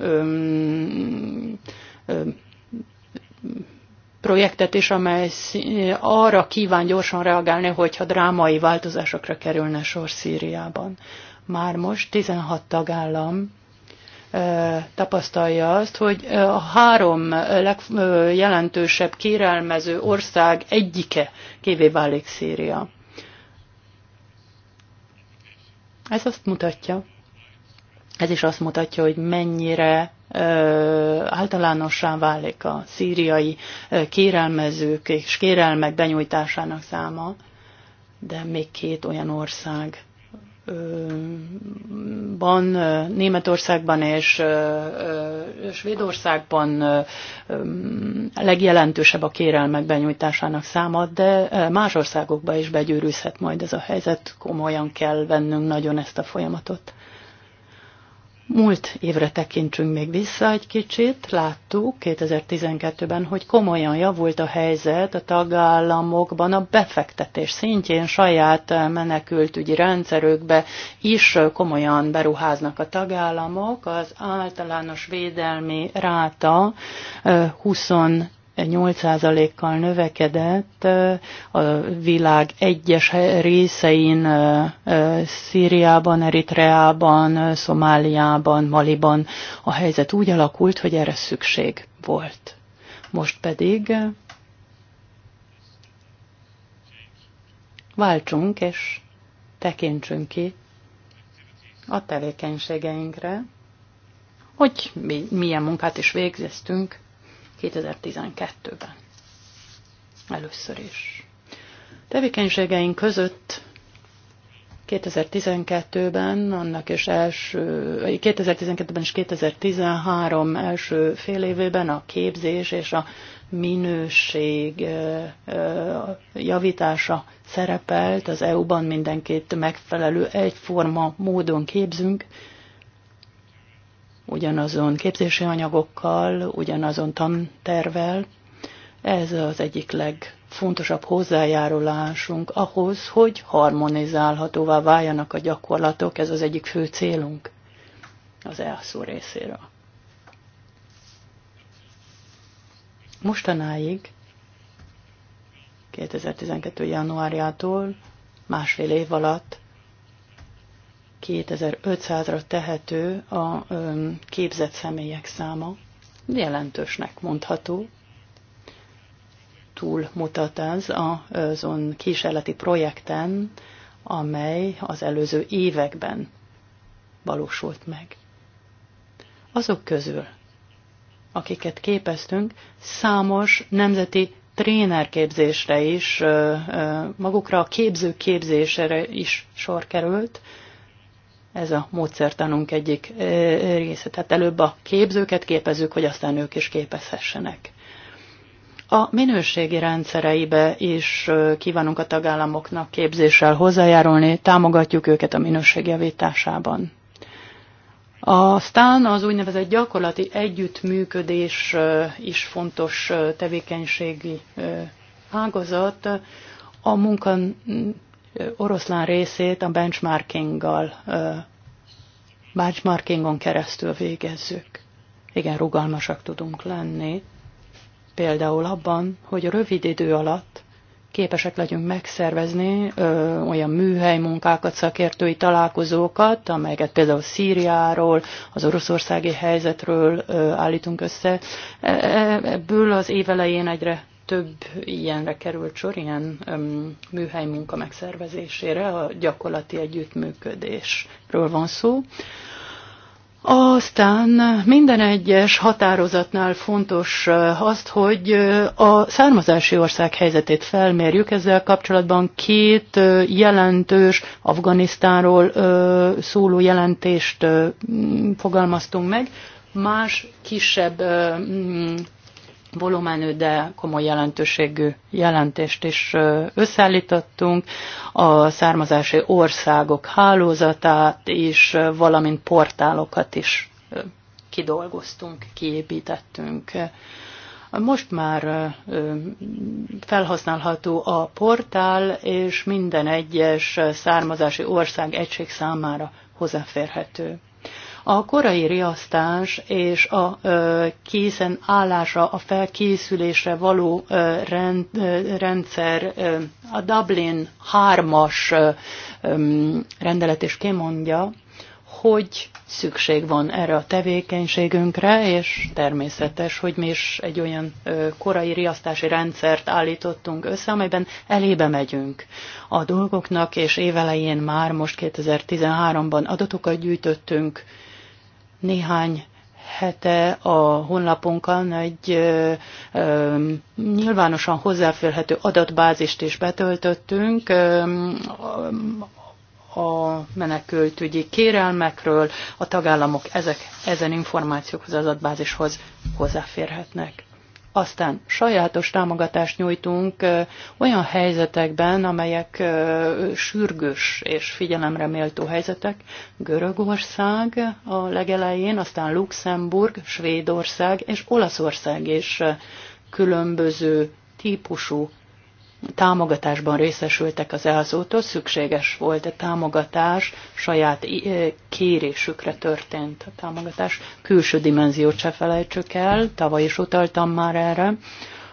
projektet is, amely arra kíván gyorsan reagálni, hogyha drámai változásokra kerülne sor Szíriában. Már most 16 tagállam tapasztalja azt, hogy a három legjelentősebb kérelmező ország egyike kévé válik Szíria. Ez azt mutatja, ez is azt mutatja, hogy mennyire általánossá válik a szíriai kérelmezők és kérelmek benyújtásának száma, de még két olyan ország van Németországban és Svédországban legjelentősebb a kérelmek benyújtásának száma, de más országokba is begyűrűzhet majd ez a helyzet. Komolyan kell vennünk nagyon ezt a folyamatot. Múlt évre tekintsünk még vissza egy kicsit, láttuk 2012-ben, hogy komolyan javult a helyzet a tagállamokban a befektetés szintjén, saját menekültügyi rendszerükbe is komolyan beruháznak a tagállamok. Az általános védelmi ráta 20 eh, 8%-kal növekedett a világ egyes részein, Szíriában, Eritreában, Szomáliában, Maliban a helyzet úgy alakult, hogy erre szükség volt. Most pedig váltsunk és tekintsünk ki a tevékenységeinkre, hogy mi, milyen munkát is végeztünk 2012-ben. Először is. Tevékenységeink között 2012-ben, annak és első, 2012-ben és 2013 első fél évében a képzés és a minőség javítása szerepelt. Az EU-ban mindenkit megfelelő egyforma módon képzünk, ugyanazon képzési anyagokkal, ugyanazon tantervel. Ez az egyik legfontosabb hozzájárulásunk ahhoz, hogy harmonizálhatóvá váljanak a gyakorlatok, ez az egyik fő célunk az elszó részéről. Mostanáig, 2012. januárjától másfél év alatt 2500-ra tehető a képzett személyek száma. Jelentősnek mondható. Túl mutat ez azon kísérleti projekten, amely az előző években valósult meg. Azok közül, akiket képeztünk, számos nemzeti trénerképzésre is, magukra a képzőképzésre is sor került, ez a módszertanunk egyik része. Tehát előbb a képzőket képezzük, hogy aztán ők is képezhessenek. A minőségi rendszereibe is kívánunk a tagállamoknak képzéssel hozzájárulni, támogatjuk őket a minőségjavításában. Aztán az úgynevezett gyakorlati együttműködés is fontos tevékenységi ágazat. A munkan oroszlán részét a benchmarkinggal, benchmarkingon keresztül végezzük. Igen, rugalmasak tudunk lenni, például abban, hogy rövid idő alatt képesek legyünk megszervezni ö, olyan műhely munkákat, szakértői találkozókat, amelyeket például Szíriáról, az oroszországi helyzetről ö, állítunk össze. E, e, ebből az évelején egyre több ilyenre került sor, ilyen öm, műhely munka megszervezésére, a gyakorlati együttműködésről van szó. Aztán minden egyes határozatnál fontos azt, hogy a származási ország helyzetét felmérjük. Ezzel kapcsolatban két jelentős Afganisztánról szóló jelentést fogalmaztunk meg. Más kisebb volumenű, de komoly jelentőségű jelentést is összeállítottunk, a származási országok hálózatát is, valamint portálokat is kidolgoztunk, kiépítettünk. Most már felhasználható a portál, és minden egyes származási ország egység számára hozzáférhető. A korai riasztás és a készen állása, a felkészülésre való rendszer, a Dublin 3-as rendelet is kimondja, hogy szükség van erre a tevékenységünkre, és természetes, hogy mi is egy olyan korai riasztási rendszert állítottunk össze, amelyben elébe megyünk a dolgoknak, és évelején már most 2013-ban adatokat gyűjtöttünk, néhány hete a honlapunkon egy ö, ö, nyilvánosan hozzáférhető adatbázist is betöltöttünk ö, a menekültügyi kérelmekről. A tagállamok ezek, ezen információkhoz, az adatbázishoz hozzáférhetnek. Aztán sajátos támogatást nyújtunk olyan helyzetekben, amelyek sürgős és figyelemre méltó helyzetek. Görögország a legelején, aztán Luxemburg, Svédország és Olaszország is különböző típusú támogatásban részesültek az easz szükséges volt a támogatás, saját kérésükre történt a támogatás. Külső dimenziót se felejtsük el, tavaly is utaltam már erre,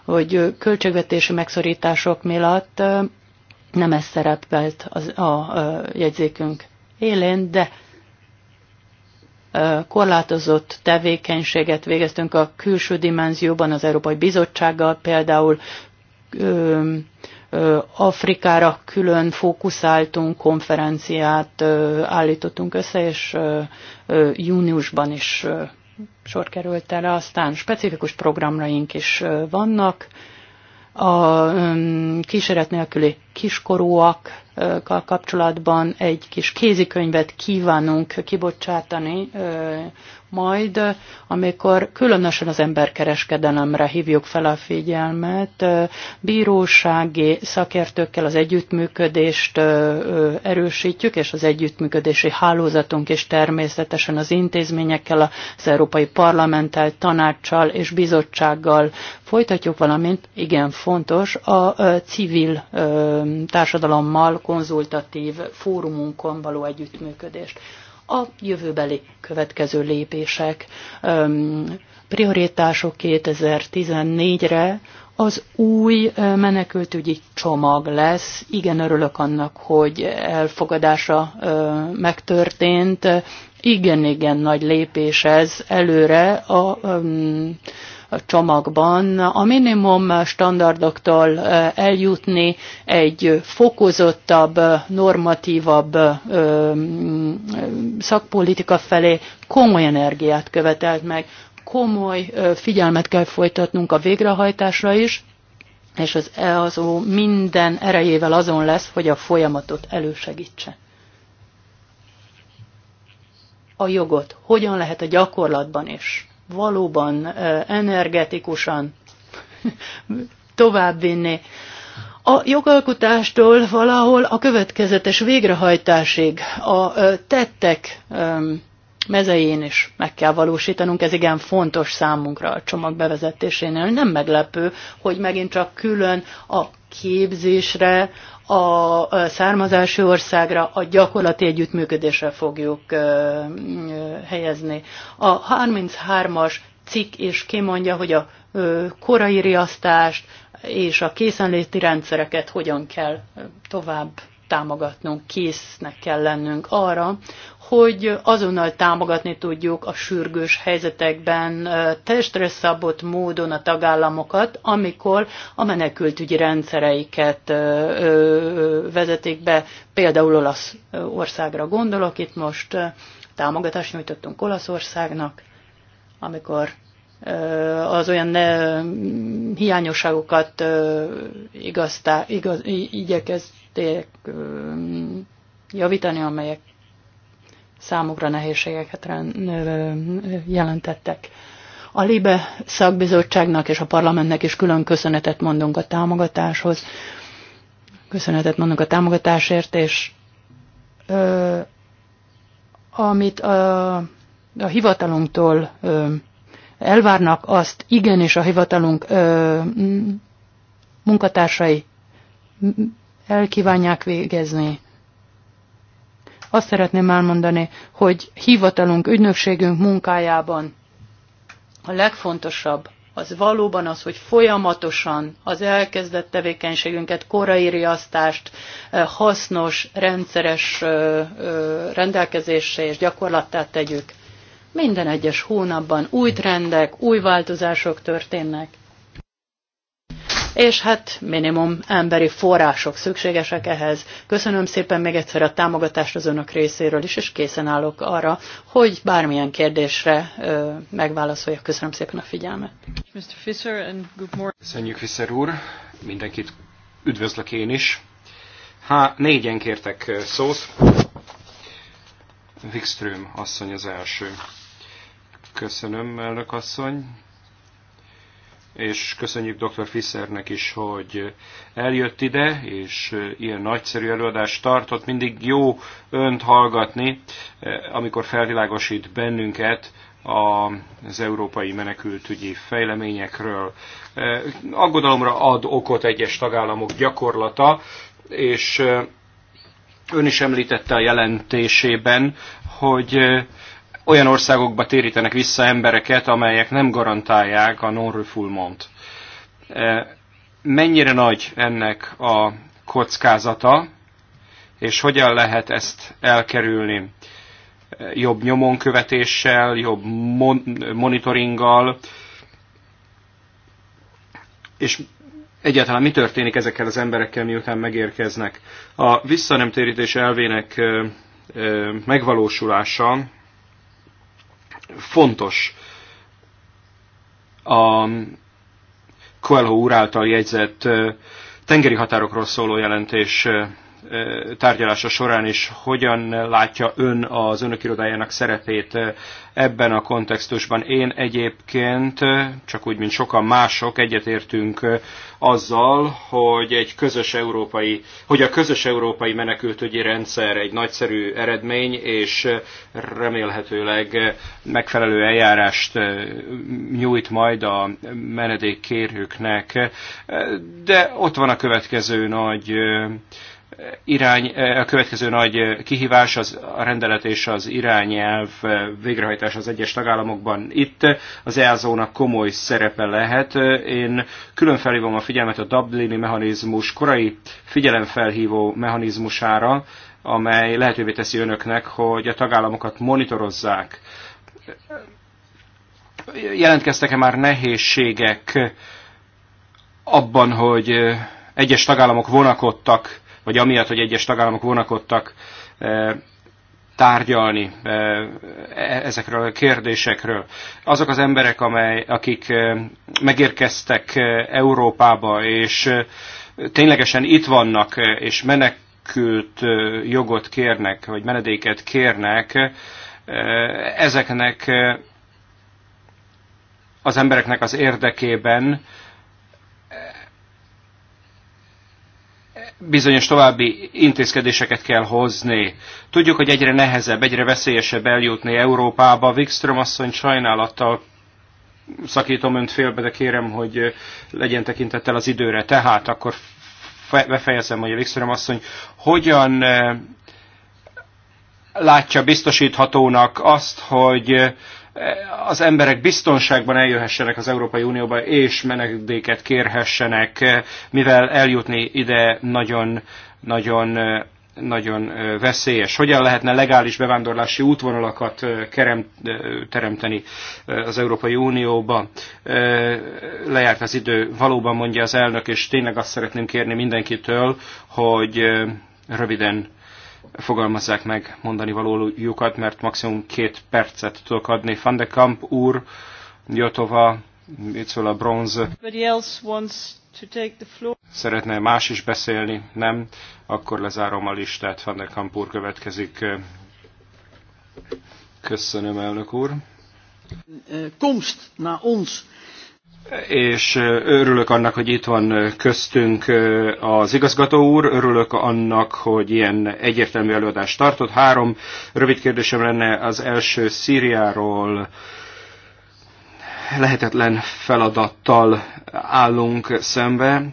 hogy költségvetési megszorítások miatt nem ez szerepelt az, a, a jegyzékünk élén, de korlátozott tevékenységet végeztünk a külső dimenzióban, az Európai Bizottsággal például Afrikára külön fókuszáltunk, konferenciát állítottunk össze, és júniusban is sor került erre. Aztán specifikus programraink is vannak. A kíséret nélküli kiskorúakkal kapcsolatban egy kis kézikönyvet kívánunk kibocsátani majd amikor különösen az emberkereskedelemre hívjuk fel a figyelmet, bírósági szakértőkkel az együttműködést erősítjük, és az együttműködési hálózatunk is természetesen az intézményekkel, az Európai Parlamenttel, tanácssal és bizottsággal folytatjuk, valamint igen fontos a civil társadalommal konzultatív fórumunkon való együttműködést a jövőbeli következő lépések, prioritások 2014-re, az új menekültügyi csomag lesz. Igen, örülök annak, hogy elfogadása megtörtént. Igen, igen, nagy lépés ez előre a csomagban a minimum standardoktól eljutni egy fokozottabb, normatívabb szakpolitika felé komoly energiát követelt meg. Komoly figyelmet kell folytatnunk a végrehajtásra is, és az EASO minden erejével azon lesz, hogy a folyamatot elősegítse. A jogot hogyan lehet a gyakorlatban is valóban energetikusan továbbvinni. A jogalkotástól valahol a következetes végrehajtásig a tettek mezején is meg kell valósítanunk, ez igen fontos számunkra a csomag bevezetésénél. Nem meglepő, hogy megint csak külön a képzésre, a származási országra, a gyakorlati együttműködésre fogjuk helyezni. A 33-as cikk is kimondja, hogy a korai riasztást és a készenléti rendszereket hogyan kell tovább támogatnunk, késznek kell lennünk arra, hogy azonnal támogatni tudjuk a sürgős helyzetekben testre szabott módon a tagállamokat, amikor a menekültügyi rendszereiket vezetik be, például Olaszországra gondolok, itt most támogatást nyújtottunk Olaszországnak, amikor az olyan hiányosságokat igaztá, igaz, igyekezték javítani, amelyek számukra nehézségeket jelentettek. A LIBE szakbizottságnak és a parlamentnek is külön köszönetet mondunk a támogatáshoz, köszönetet mondunk a támogatásért, és ö, amit a, a hivatalunktól ö, elvárnak, azt igenis a hivatalunk ö, munkatársai elkívánják végezni. Azt szeretném elmondani, hogy hivatalunk, ügynökségünk munkájában a legfontosabb az valóban az, hogy folyamatosan az elkezdett tevékenységünket, korai riasztást, eh, hasznos, rendszeres eh, eh, rendelkezésre és gyakorlattá tegyük. Minden egyes hónapban új trendek, új változások történnek és hát minimum emberi források szükségesek ehhez. Köszönöm szépen még egyszer a támogatást az önök részéről is, és készen állok arra, hogy bármilyen kérdésre ö, megválaszoljak. Köszönöm szépen a figyelmet. Mr. Fischer, and good morning. Köszönjük, Fischer úr. Mindenkit üdvözlök én is. Há, négyen kértek szót. Wikström asszony az első. Köszönöm, elnök asszony és köszönjük dr. Fissernek is, hogy eljött ide, és ilyen nagyszerű előadást tartott. Mindig jó önt hallgatni, amikor felvilágosít bennünket az európai menekültügyi fejleményekről. Aggodalomra ad okot egyes tagállamok gyakorlata, és ön is említette a jelentésében, hogy olyan országokba térítenek vissza embereket, amelyek nem garantálják a non-refoulement. E, mennyire nagy ennek a kockázata, és hogyan lehet ezt elkerülni? E, jobb nyomonkövetéssel, jobb mon- monitoringgal, és egyáltalán mi történik ezekkel az emberekkel, miután megérkeznek. A visszanemtérítés elvének e, megvalósulása fontos a Coelho úr által jegyzett tengeri határokról szóló jelentés tárgyalása során is hogyan látja ön az önök irodájának szerepét ebben a kontextusban. Én egyébként, csak úgy, mint sokan mások, egyetértünk azzal, hogy egy közös európai, hogy a közös európai menekültügyi rendszer egy nagyszerű eredmény, és remélhetőleg megfelelő eljárást nyújt majd a menedékkérőknek. De ott van a következő nagy irány, a következő nagy kihívás az a rendelet és az irányelv végrehajtás az egyes tagállamokban. Itt az EASO-nak komoly szerepe lehet. Én külön felhívom a figyelmet a Dublini mechanizmus korai figyelemfelhívó mechanizmusára, amely lehetővé teszi önöknek, hogy a tagállamokat monitorozzák. Jelentkeztek-e már nehézségek abban, hogy egyes tagállamok vonakodtak vagy amiatt, hogy egyes tagállamok vonakodtak eh, tárgyalni eh, e- ezekről a kérdésekről. Azok az emberek, amely, akik eh, megérkeztek Európába, és ténylegesen itt vannak, és menekült jogot kérnek, vagy menedéket kérnek, ezeknek az embereknek az érdekében bizonyos további intézkedéseket kell hozni. Tudjuk, hogy egyre nehezebb, egyre veszélyesebb eljutni Európába. Wikström asszony sajnálattal szakítom önt félbe, de kérem, hogy legyen tekintettel az időre. Tehát akkor befejezem, hogy a Wikström asszony hogyan eh, látja biztosíthatónak azt, hogy eh, az emberek biztonságban eljöhessenek az Európai Unióba, és menedéket kérhessenek, mivel eljutni ide nagyon, nagyon nagyon veszélyes. Hogyan lehetne legális bevándorlási útvonalakat teremteni az Európai Unióba? Lejárt az idő, valóban mondja az elnök, és tényleg azt szeretném kérni mindenkitől, hogy röviden fogalmazzák meg mondani valójukat, mert maximum két percet tudok adni. Van de Kamp úr, Jotova, Micola Bronz. Szeretne más is beszélni? Nem? Akkor lezárom a listát. Van de Kamp úr következik. Köszönöm, elnök úr. Eh, komst na ons és örülök annak, hogy itt van köztünk az igazgató úr, örülök annak, hogy ilyen egyértelmű előadást tartott. Három rövid kérdésem lenne az első Szíriáról lehetetlen feladattal állunk szembe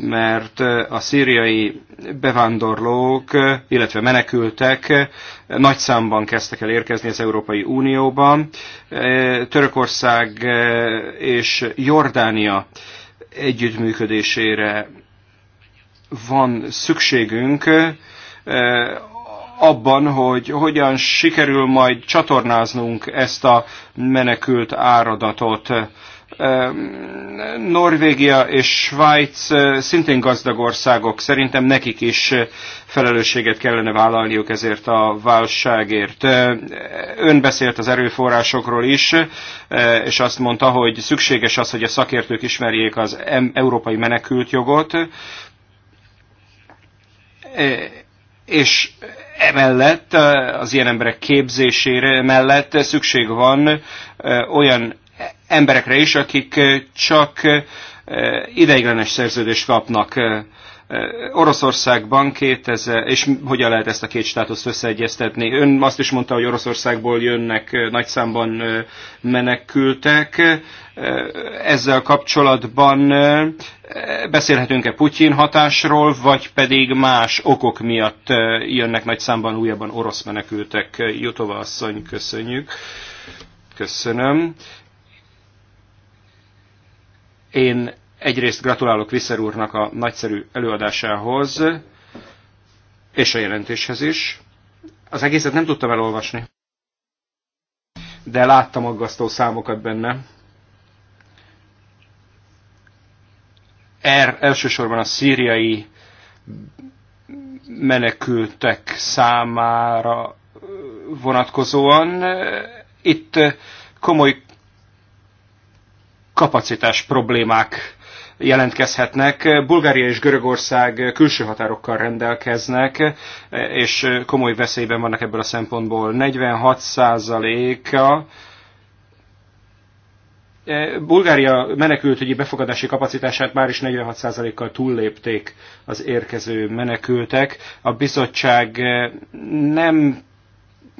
mert a szíriai bevándorlók, illetve menekültek nagy számban kezdtek el érkezni az Európai Unióban. Törökország és Jordánia együttműködésére van szükségünk abban, hogy hogyan sikerül majd csatornáznunk ezt a menekült áradatot Ehm, Norvégia és Svájc eh, szintén gazdag országok, szerintem nekik is eh, felelősséget kellene vállalniuk ezért a válságért. Eh, ön beszélt az erőforrásokról is, és azt mondta, hogy szükséges az, hogy a szakértők ismerjék az európai menekült jogot, és emellett, az ilyen emberek képzésére mellett szükség van olyan emberekre is, akik csak ideiglenes szerződést kapnak Oroszországban 2000, és hogyan lehet ezt a két státuszt összeegyeztetni? Ön azt is mondta, hogy Oroszországból jönnek nagy számban menekültek. Ezzel kapcsolatban beszélhetünk-e Putyin hatásról, vagy pedig más okok miatt jönnek nagy számban újabban orosz menekültek? Jutova asszony, köszönjük. Köszönöm. Én egyrészt gratulálok Viszer úrnak a nagyszerű előadásához, és a jelentéshez is. Az egészet nem tudtam elolvasni, de láttam aggasztó számokat benne. Er, elsősorban a szíriai menekültek számára vonatkozóan. Itt komoly kapacitás problémák jelentkezhetnek. Bulgária és Görögország külső határokkal rendelkeznek, és komoly veszélyben vannak ebből a szempontból. 46%-a Bulgária menekültügyi befogadási kapacitását már is 46%-kal túllépték az érkező menekültek. A bizottság nem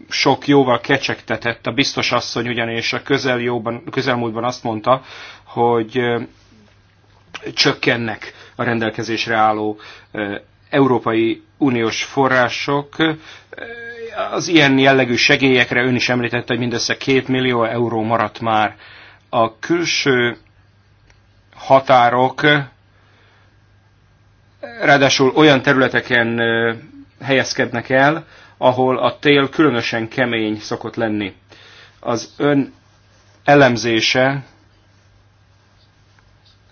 sok jóval kecsegtetett. A biztos asszony ugyanis a jóban, közelmúltban azt mondta, hogy csökkennek a rendelkezésre álló Európai Uniós források. Az ilyen jellegű segélyekre ön is említette, hogy mindössze két millió euró maradt már. A külső határok ráadásul olyan területeken helyezkednek el, ahol a tél különösen kemény szokott lenni. Az ön elemzése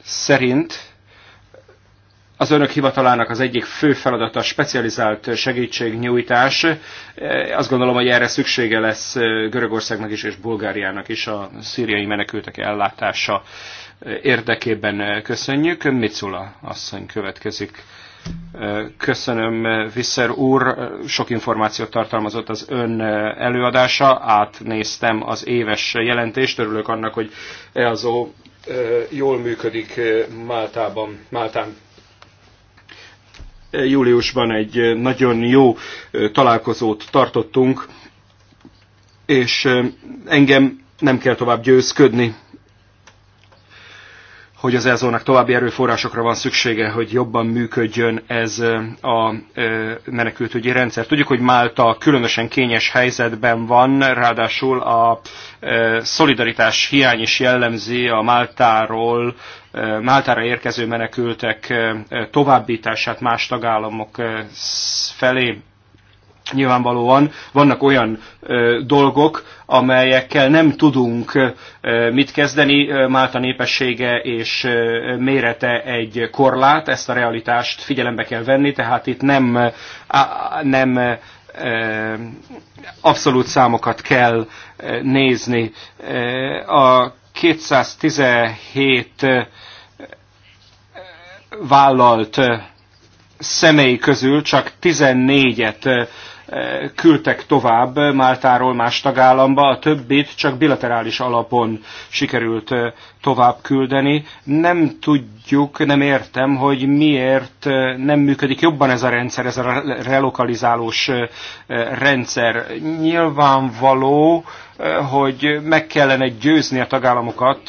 szerint az önök hivatalának az egyik fő feladata specializált segítségnyújtás. Azt gondolom, hogy erre szüksége lesz Görögországnak is és Bulgáriának is a szíriai menekültek ellátása érdekében. Köszönjük. Micula asszony következik. Köszönöm, visszer úr, sok információt tartalmazott az ön előadása, átnéztem az éves jelentést, örülök annak, hogy EASO jól működik Máltában, Máltán júliusban egy nagyon jó találkozót tartottunk, és engem nem kell tovább győzködni hogy az ELZO-nak további erőforrásokra van szüksége, hogy jobban működjön ez a menekültügyi rendszer. Tudjuk, hogy Málta különösen kényes helyzetben van, ráadásul a szolidaritás hiány is jellemzi a Máltáról, Máltára érkező menekültek továbbítását más tagállamok felé nyilvánvalóan vannak olyan ö, dolgok, amelyekkel nem tudunk ö, mit kezdeni. Málta népessége és ö, mérete egy korlát, ezt a realitást figyelembe kell venni, tehát itt nem, á, nem ö, abszolút számokat kell ö, nézni. A 217 vállalt személy közül csak 14-et küldtek tovább Máltáról más tagállamba, a többit csak bilaterális alapon sikerült tovább küldeni. Nem tudjuk, nem értem, hogy miért nem működik jobban ez a rendszer, ez a relokalizálós rendszer. Nyilvánvaló, hogy meg kellene győzni a tagállamokat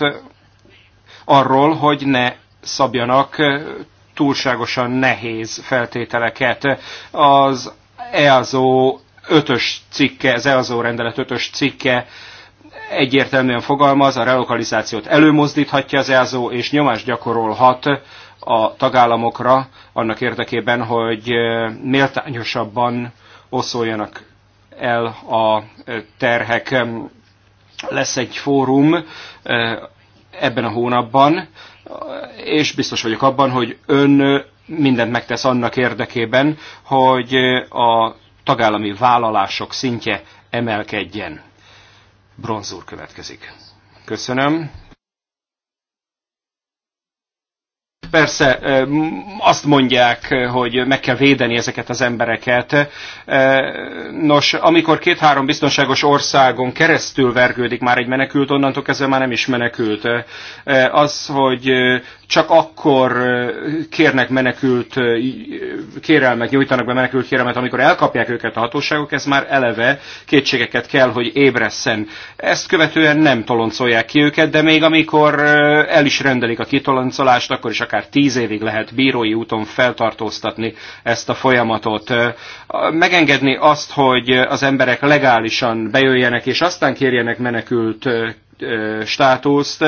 arról, hogy ne szabjanak túlságosan nehéz feltételeket. Az EASO 5-ös cikke, az EASO rendelet 5-ös cikke egyértelműen fogalmaz, a relokalizációt előmozdíthatja az EASO, és nyomást gyakorolhat a tagállamokra annak érdekében, hogy méltányosabban oszoljanak el a terhek. Lesz egy fórum ebben a hónapban, és biztos vagyok abban, hogy ön mindent megtesz annak érdekében, hogy a tagállami vállalások szintje emelkedjen. Bronzúr következik. Köszönöm. Persze azt mondják, hogy meg kell védeni ezeket az embereket. Nos, amikor két-három biztonságos országon keresztül vergődik már egy menekült, onnantól kezdve már nem is menekült. Az, hogy csak akkor kérnek menekült kérelmet, nyújtanak be menekült kérelmet, amikor elkapják őket a hatóságok, ez már eleve kétségeket kell, hogy ébreszen. Ezt követően nem toloncolják ki őket, de még amikor el is rendelik a kitoloncolást, akkor is akár tíz évig lehet bírói úton feltartóztatni ezt a folyamatot. Megengedni azt, hogy az emberek legálisan bejöjjenek, és aztán kérjenek menekült státuszt,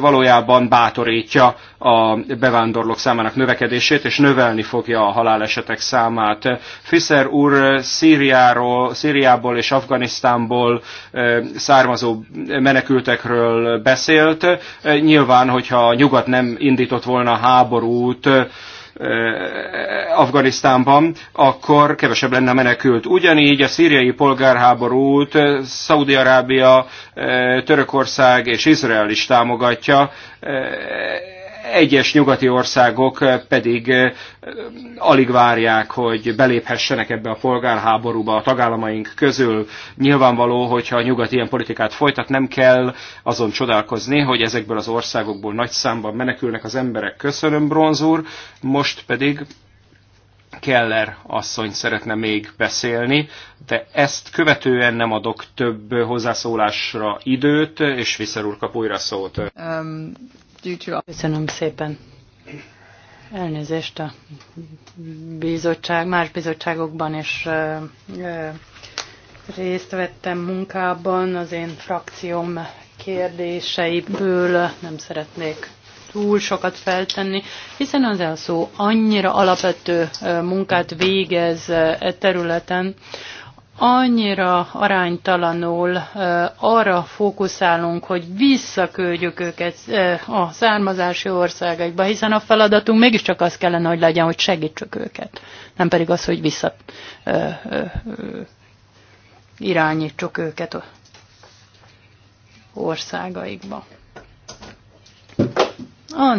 valójában bátorítja a bevándorlók számának növekedését, és növelni fogja a halálesetek számát. Fiszer úr Szíriáról, Szíriából és Afganisztánból származó menekültekről beszélt. Nyilván, hogyha a nyugat nem indított volna háborút, Eh, Afganisztánban, akkor kevesebb lenne menekült. Ugyanígy a szíriai polgárháborút eh, Szaudi-Arábia, eh, Törökország és Izrael is támogatja egyes nyugati országok pedig alig várják, hogy beléphessenek ebbe a polgárháborúba a tagállamaink közül. Nyilvánvaló, hogyha a nyugat ilyen politikát folytat, nem kell azon csodálkozni, hogy ezekből az országokból nagy számban menekülnek az emberek. Köszönöm, Bronz úr. Most pedig Keller asszony szeretne még beszélni, de ezt követően nem adok több hozzászólásra időt, és Viszer úr kap újra szót. Um, Köszönöm szépen. Elnézést a bizottság, más bizottságokban is részt vettem munkában. Az én frakcióm kérdéseiből nem szeretnék túl sokat feltenni, hiszen az elszó annyira alapvető munkát végez e területen, annyira aránytalanul arra fókuszálunk, hogy visszaküldjük őket a származási országaikba, hiszen a feladatunk mégiscsak az kellene, hogy legyen, hogy segítsük őket, nem pedig az, hogy vissza irányítsuk őket országaikba a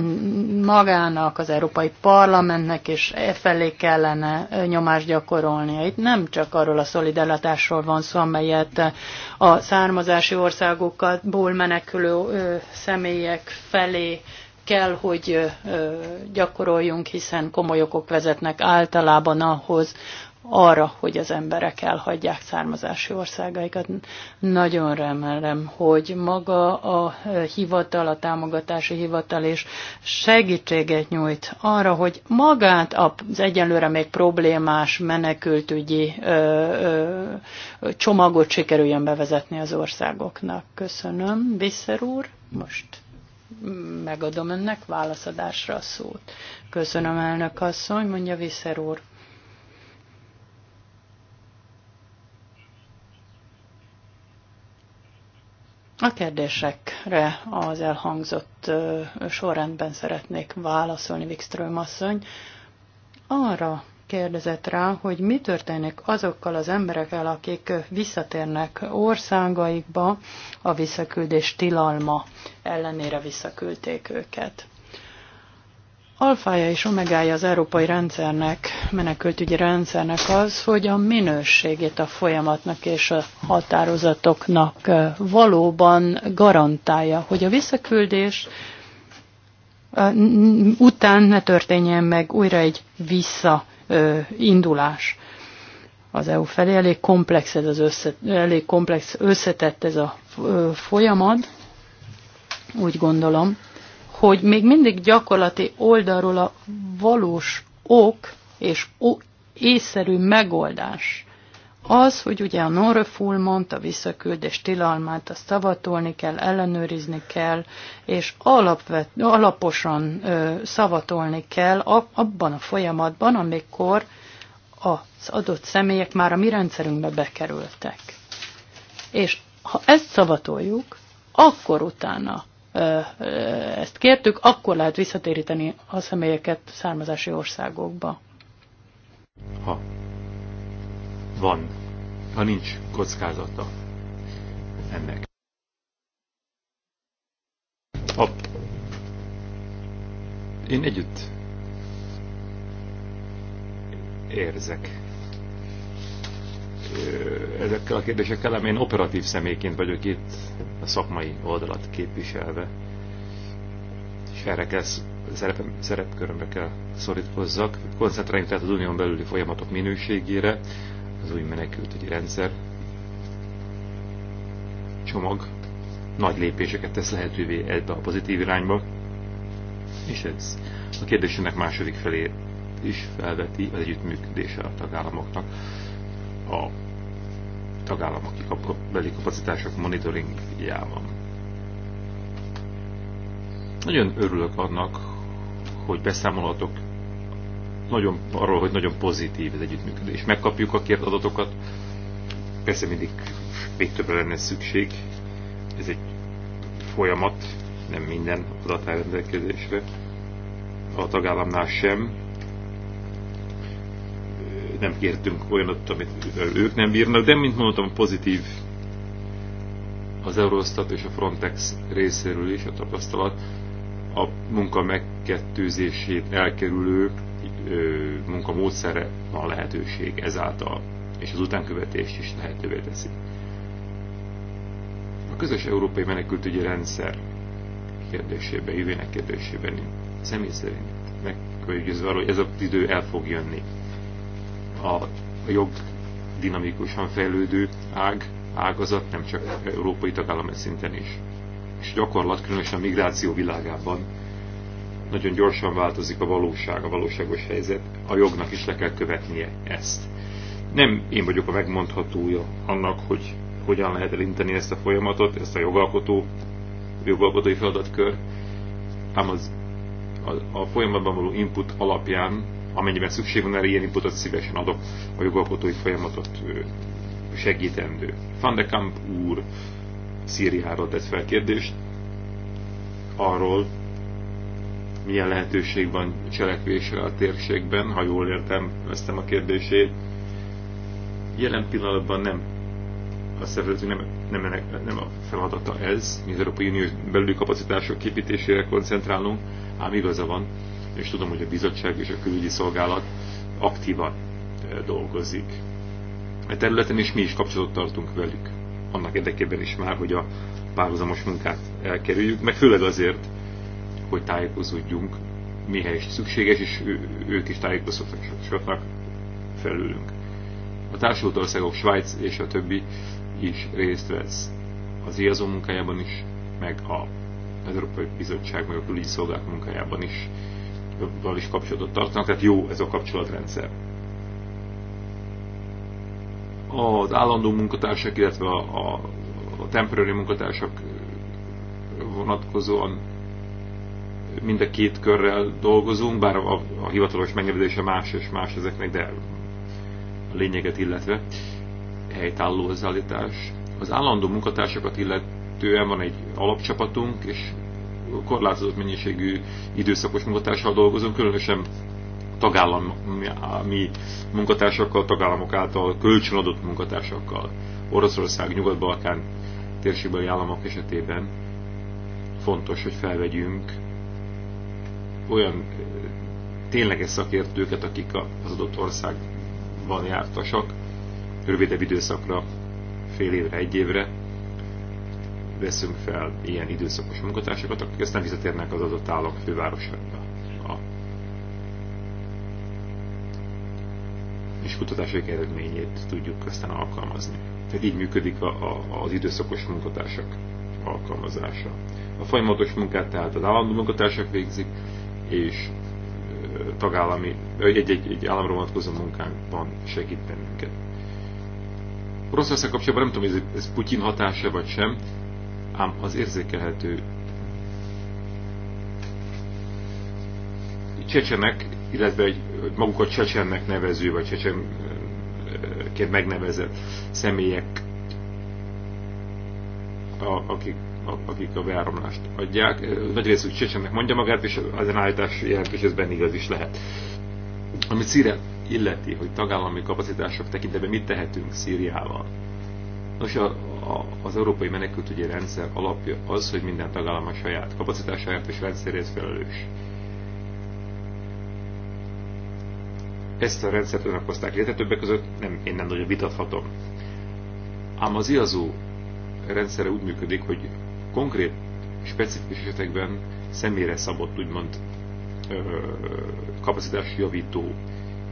magának, az Európai Parlamentnek is e felé kellene nyomást gyakorolnia. Itt nem csak arról a szolidaritásról van szó, amelyet a származási országokból menekülő személyek felé kell, hogy gyakoroljunk, hiszen komoly okok vezetnek általában ahhoz, arra, hogy az emberek elhagyják származási országaikat. Nagyon remélem, hogy maga a eh, hivatal, a támogatási hivatal is segítséget nyújt arra, hogy magát az egyenlőre még problémás menekültügyi ö, eh, ö, eh, csomagot sikerüljön bevezetni az országoknak. Köszönöm. Visszer úr, most megadom önnek válaszadásra a szót. Köszönöm, elnök asszony, mondja Visszer úr. A kérdésekre az elhangzott sorrendben szeretnék válaszolni, Wikström asszony. Arra kérdezett rá, hogy mi történik azokkal az emberekkel, akik visszatérnek országaikba, a visszaküldés tilalma ellenére visszaküldték őket alfája és omegája az európai rendszernek, menekültügyi rendszernek az, hogy a minőségét a folyamatnak és a határozatoknak valóban garantálja, hogy a visszaküldés után ne történjen meg újra egy visszaindulás az EU felé. Elég komplex, ez az össze, elég komplex összetett ez a folyamat, úgy gondolom hogy még mindig gyakorlati oldalról a valós ok és észszerű megoldás az, hogy ugye a non mondta, a visszaküldés tilalmát, azt szavatolni kell, ellenőrizni kell, és alapvet, alaposan ö, szavatolni kell a, abban a folyamatban, amikor az adott személyek már a mi rendszerünkbe bekerültek. És ha ezt szavatoljuk, akkor utána ezt kértük, akkor lehet visszatéríteni a személyeket származási országokba. Ha van, ha nincs kockázata ennek. Ha én együtt érzek ezekkel a kérdésekkel, én operatív személyként vagyok itt a szakmai oldalat képviselve, és erre kell szerep, szerepkörömbe kell szorítkozzak, koncentráljunk tehát az unión belüli folyamatok minőségére, az új menekültügyi rendszer csomag nagy lépéseket tesz lehetővé ebbe a pozitív irányba, és ez a kérdésének második felé is felveti az együttműködése a tagállamoknak a tagállamok beli kapacitások monitoringjában. Nagyon örülök annak, hogy beszámolhatok nagyon, arról, hogy nagyon pozitív az együttműködés. Megkapjuk a kért adatokat, persze mindig még többre lenne szükség, ez egy folyamat, nem minden adat rendelkezésre, a tagállamnál sem, nem kértünk olyanot, amit ők nem bírnak, de mint mondtam, pozitív az Eurostat és a Frontex részéről is a tapasztalat a munka megkettőzését elkerülő módszere van lehetőség ezáltal, és az utánkövetést is lehetővé teszi. A közös európai menekültügyi rendszer kérdésében, jövőnek kérdésében személy szerint meg hogy ez az idő el fog jönni a jog dinamikusan fejlődő ág, ágazat, nem csak európai tagállami szinten is. És gyakorlat, különösen a migráció világában nagyon gyorsan változik a valóság, a valóságos helyzet, a jognak is le kell követnie ezt. Nem én vagyok a megmondhatója annak, hogy hogyan lehet elinteni ezt a folyamatot, ezt a jogalkotó, jogalkotói feladatkör, ám az, a, a folyamatban való input alapján amennyiben szükség van erre, ilyen inputot szívesen adok a jogalkotói folyamatot segítendő. Van de Kamp úr Szíriáról tett fel kérdést, arról, milyen lehetőség van cselekvésre a térségben, ha jól értem eztem a kérdését. Jelen pillanatban nem a szervezetünk nem, nem, ennek, nem a feladata ez, mi az Európai Unió belüli kapacitások képítésére koncentrálunk, ám igaza van, és tudom, hogy a bizottság és a külügyi szolgálat aktívan dolgozik. E területen is mi is kapcsolatot tartunk velük, annak érdekében is már, hogy a párhuzamos munkát elkerüljük, meg főleg azért, hogy tájékozódjunk, mihely is szükséges, és ők is sokatnak felülünk. A társadalmi országok, Svájc és a többi is részt vesz az IAZO munkájában is, meg a az Európai Bizottság, meg a külügyi szolgálat munkájában is val is kapcsolatot tartanak, tehát jó ez a kapcsolatrendszer. Az állandó munkatársak, illetve a, a, a temporary munkatársak vonatkozóan mind a két körrel dolgozunk, bár a, a hivatalos megnevezése más és más ezeknek, de a lényeget illetve helytálló az állítás. Az állandó munkatársakat illetően van egy alapcsapatunk, és korlátozott mennyiségű időszakos munkatársal dolgozom, különösen tagállami munkatársakkal, tagállamok által kölcsönadott munkatársakkal. Oroszország, Nyugat-Balkán térségbeli államok esetében fontos, hogy felvegyünk olyan tényleges szakértőket, akik az adott országban jártasak, rövidebb időszakra, fél évre, egy évre, veszünk fel ilyen időszakos munkatársakat, akik ezt nem visszatérnek az adott állam fővárosába. És kutatások eredményét tudjuk aztán alkalmazni. Tehát így működik a, a, az időszakos munkatársak alkalmazása. A folyamatos munkát tehát az állandó munkatársak végzik, és tagállami, egy-egy egy államra vonatkozó munkánkban segít bennünket. Oroszország kapcsolatban nem tudom, ez, ez Putyin hatása vagy sem, ám az érzékelhető csecsemek, illetve egy magukat csecsemnek nevező, vagy csecsemként megnevezett személyek, a, akik, a, akik a beáramlást adják. Nagy részük csecsemnek mondja magát, és az állítás jelentős, ez benne igaz is lehet. Ami Szíria illeti, hogy tagállami kapacitások tekintetben mit tehetünk Szíriával. Nos, a, az európai menekültügyi rendszer alapja az, hogy minden tagállam a saját kapacitásáért és rendszerért felelős. Ezt a rendszert önök hozták létre, többek között nem, én nem nagyon vitathatom. Ám az IAZO rendszere úgy működik, hogy konkrét, specifikus esetekben személyre szabott, úgymond kapacitásjavító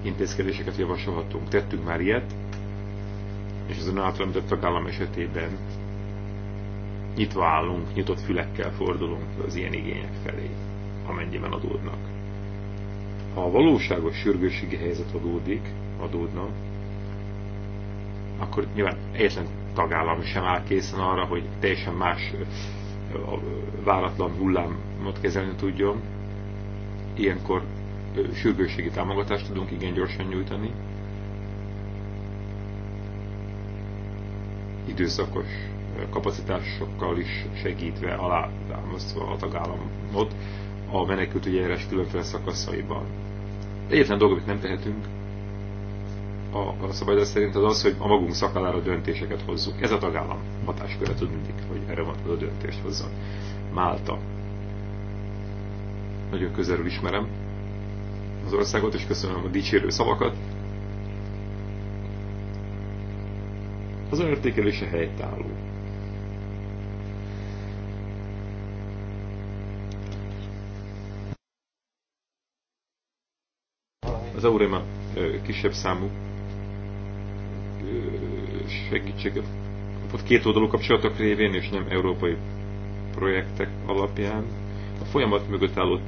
intézkedéseket javasolhatunk. Tettünk már ilyet, és az általámított tagállam esetében nyitva állunk, nyitott fülekkel fordulunk az ilyen igények felé, amennyiben adódnak. Ha a valóságos sürgősségi helyzet adódik, adódna, akkor nyilván egyetlen tagállam sem áll készen arra, hogy teljesen más váratlan hullámot kezelni tudjon. Ilyenkor sürgősségi támogatást tudunk igen gyorsan nyújtani, időszakos eh, kapacitásokkal is segítve, alátámasztva a tagállamot a menekült ügyeljárás különféle szakaszaiban. Egyetlen dolog, amit nem tehetünk a, a szabályzat szerint, az az, hogy a magunk szakállára döntéseket hozzuk. Ez a tagállam hatásköre tud mindig, hogy erre van a döntést hozzon. Málta. Nagyon közelről ismerem az országot, és köszönöm a dicsérő szavakat. az értékelése helytálló. Az Aurema kisebb számú segítséget kapott két oldalú kapcsolatok révén és nem európai projektek alapján. A folyamat mögött álló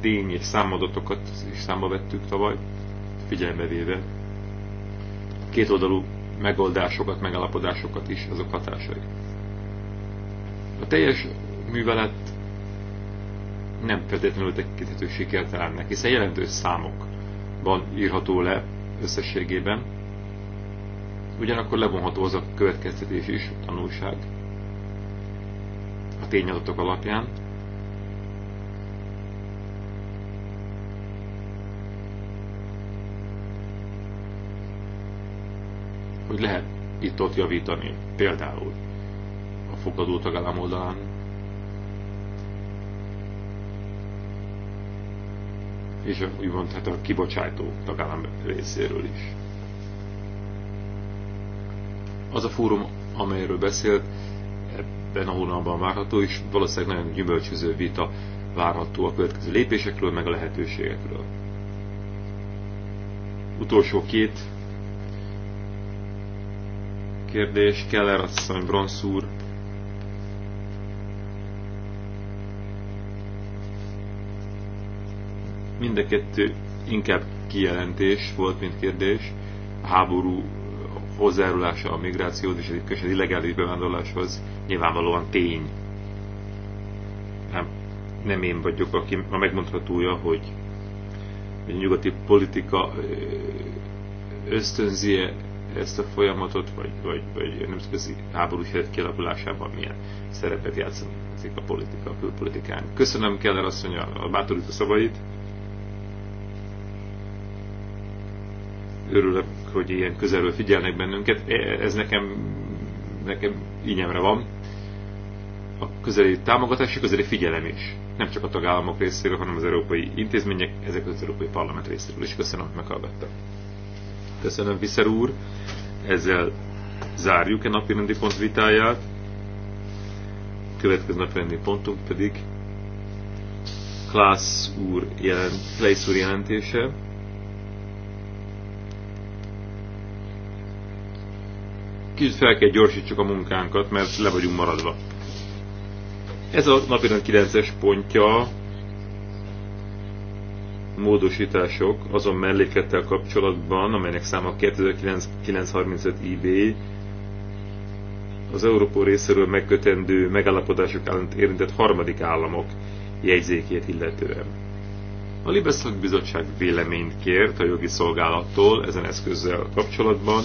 tény és számadatokat is számba vettük tavaly, figyelembe véve. Két oldalú megoldásokat, megállapodásokat is, azok hatásai. A teljes művelet nem feltétlenül tekinthető sikertelennek, hiszen jelentős számokban írható le összességében, ugyanakkor levonható az a következtetés is, a tanulság, a tényadatok alapján, hogy lehet itt-ott javítani. Például a fogadó tagállam oldalán és úgymond hát a kibocsátó tagállam részéről is. Az a fórum, amelyről beszélt, ebben a hónapban várható, és valószínűleg nagyon gyümölcsöző vita várható a következő lépésekről, meg a lehetőségekről. Utolsó két kérdés, Keller asszony, Bronsz úr. Mind a kettő inkább kijelentés volt, mint kérdés. A háború hozzájárulása a migrációhoz és egyébként az illegális bevándorláshoz nyilvánvalóan tény. Nem, nem én vagyok, aki a megmondhatója, hogy a nyugati politika ösztönzie ezt a folyamatot, vagy, vagy, vagy nemzetközi háború helyzet kialakulásában milyen szerepet játszik a politika, a külpolitikán. Köszönöm Keller asszony a, a bátorító szavait. Örülök, hogy ilyen közelről figyelnek bennünket. E, ez nekem, nekem ínyemre van. A közeli támogatás a közeli figyelem is. Nem csak a tagállamok részéről, hanem az európai intézmények, ezek az európai parlament részéről is. Köszönöm, hogy meghallgattak. Köszönöm, Viszer úr. Ezzel zárjuk a napi rendi pont vitáját. Következő napi rendi pontunk pedig Klász úr, jelent, úr jelentése. Kicsit fel kell gyorsítsuk a munkánkat, mert le vagyunk maradva. Ez a napirend 9-es pontja módosítások azon mellékettel kapcsolatban, amelynek száma 2935 IB, az Európó részéről megkötendő megállapodások állant érintett harmadik államok jegyzékét illetően. A Libeszak Bizottság véleményt kért a jogi szolgálattól ezen eszközzel kapcsolatban.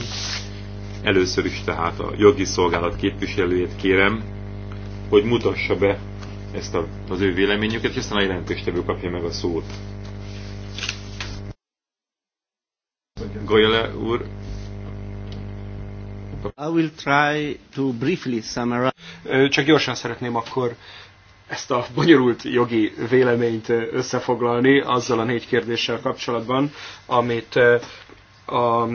Először is tehát a jogi szolgálat képviselőjét kérem, hogy mutassa be ezt a, az ő véleményüket, és aztán a jelentéstevő kapja meg a szót. Goyele úr. I will try to briefly summarize. Csak gyorsan szeretném akkor ezt a bonyolult jogi véleményt összefoglalni azzal a négy kérdéssel kapcsolatban, amit a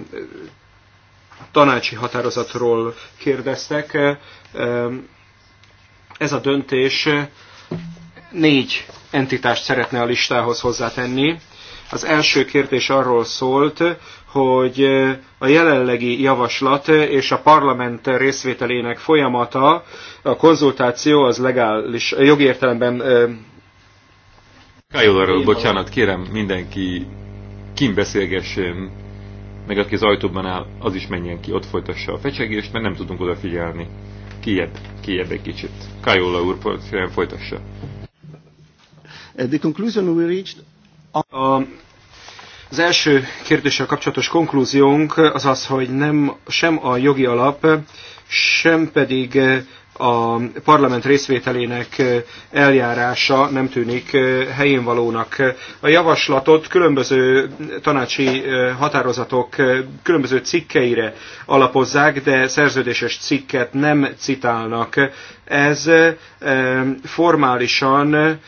tanácsi határozatról kérdeztek. Ez a döntés négy entitást szeretne a listához hozzátenni. Az első kérdés arról szólt, hogy a jelenlegi javaslat és a parlament részvételének folyamata, a konzultáció az legális, jogi értelemben... Kajolorról, bocsánat, kérem mindenki kim beszélgessen, meg aki az ajtóban áll, az is menjen ki, ott folytassa a fecsegést, mert nem tudunk odafigyelni. Kijebb, kijebb egy kicsit. Kajola úr, folytassa. Uh, the conclusion we reached... A az első kérdéssel kapcsolatos konklúziónk az az, hogy nem, sem a jogi alap, sem pedig eh, a parlament részvételének eh, eljárása nem tűnik eh, helyén valónak. A javaslatot különböző tanácsi határozatok különböző cikkeire alapozzák, de szerződéses cikket nem citálnak. Ez formálisan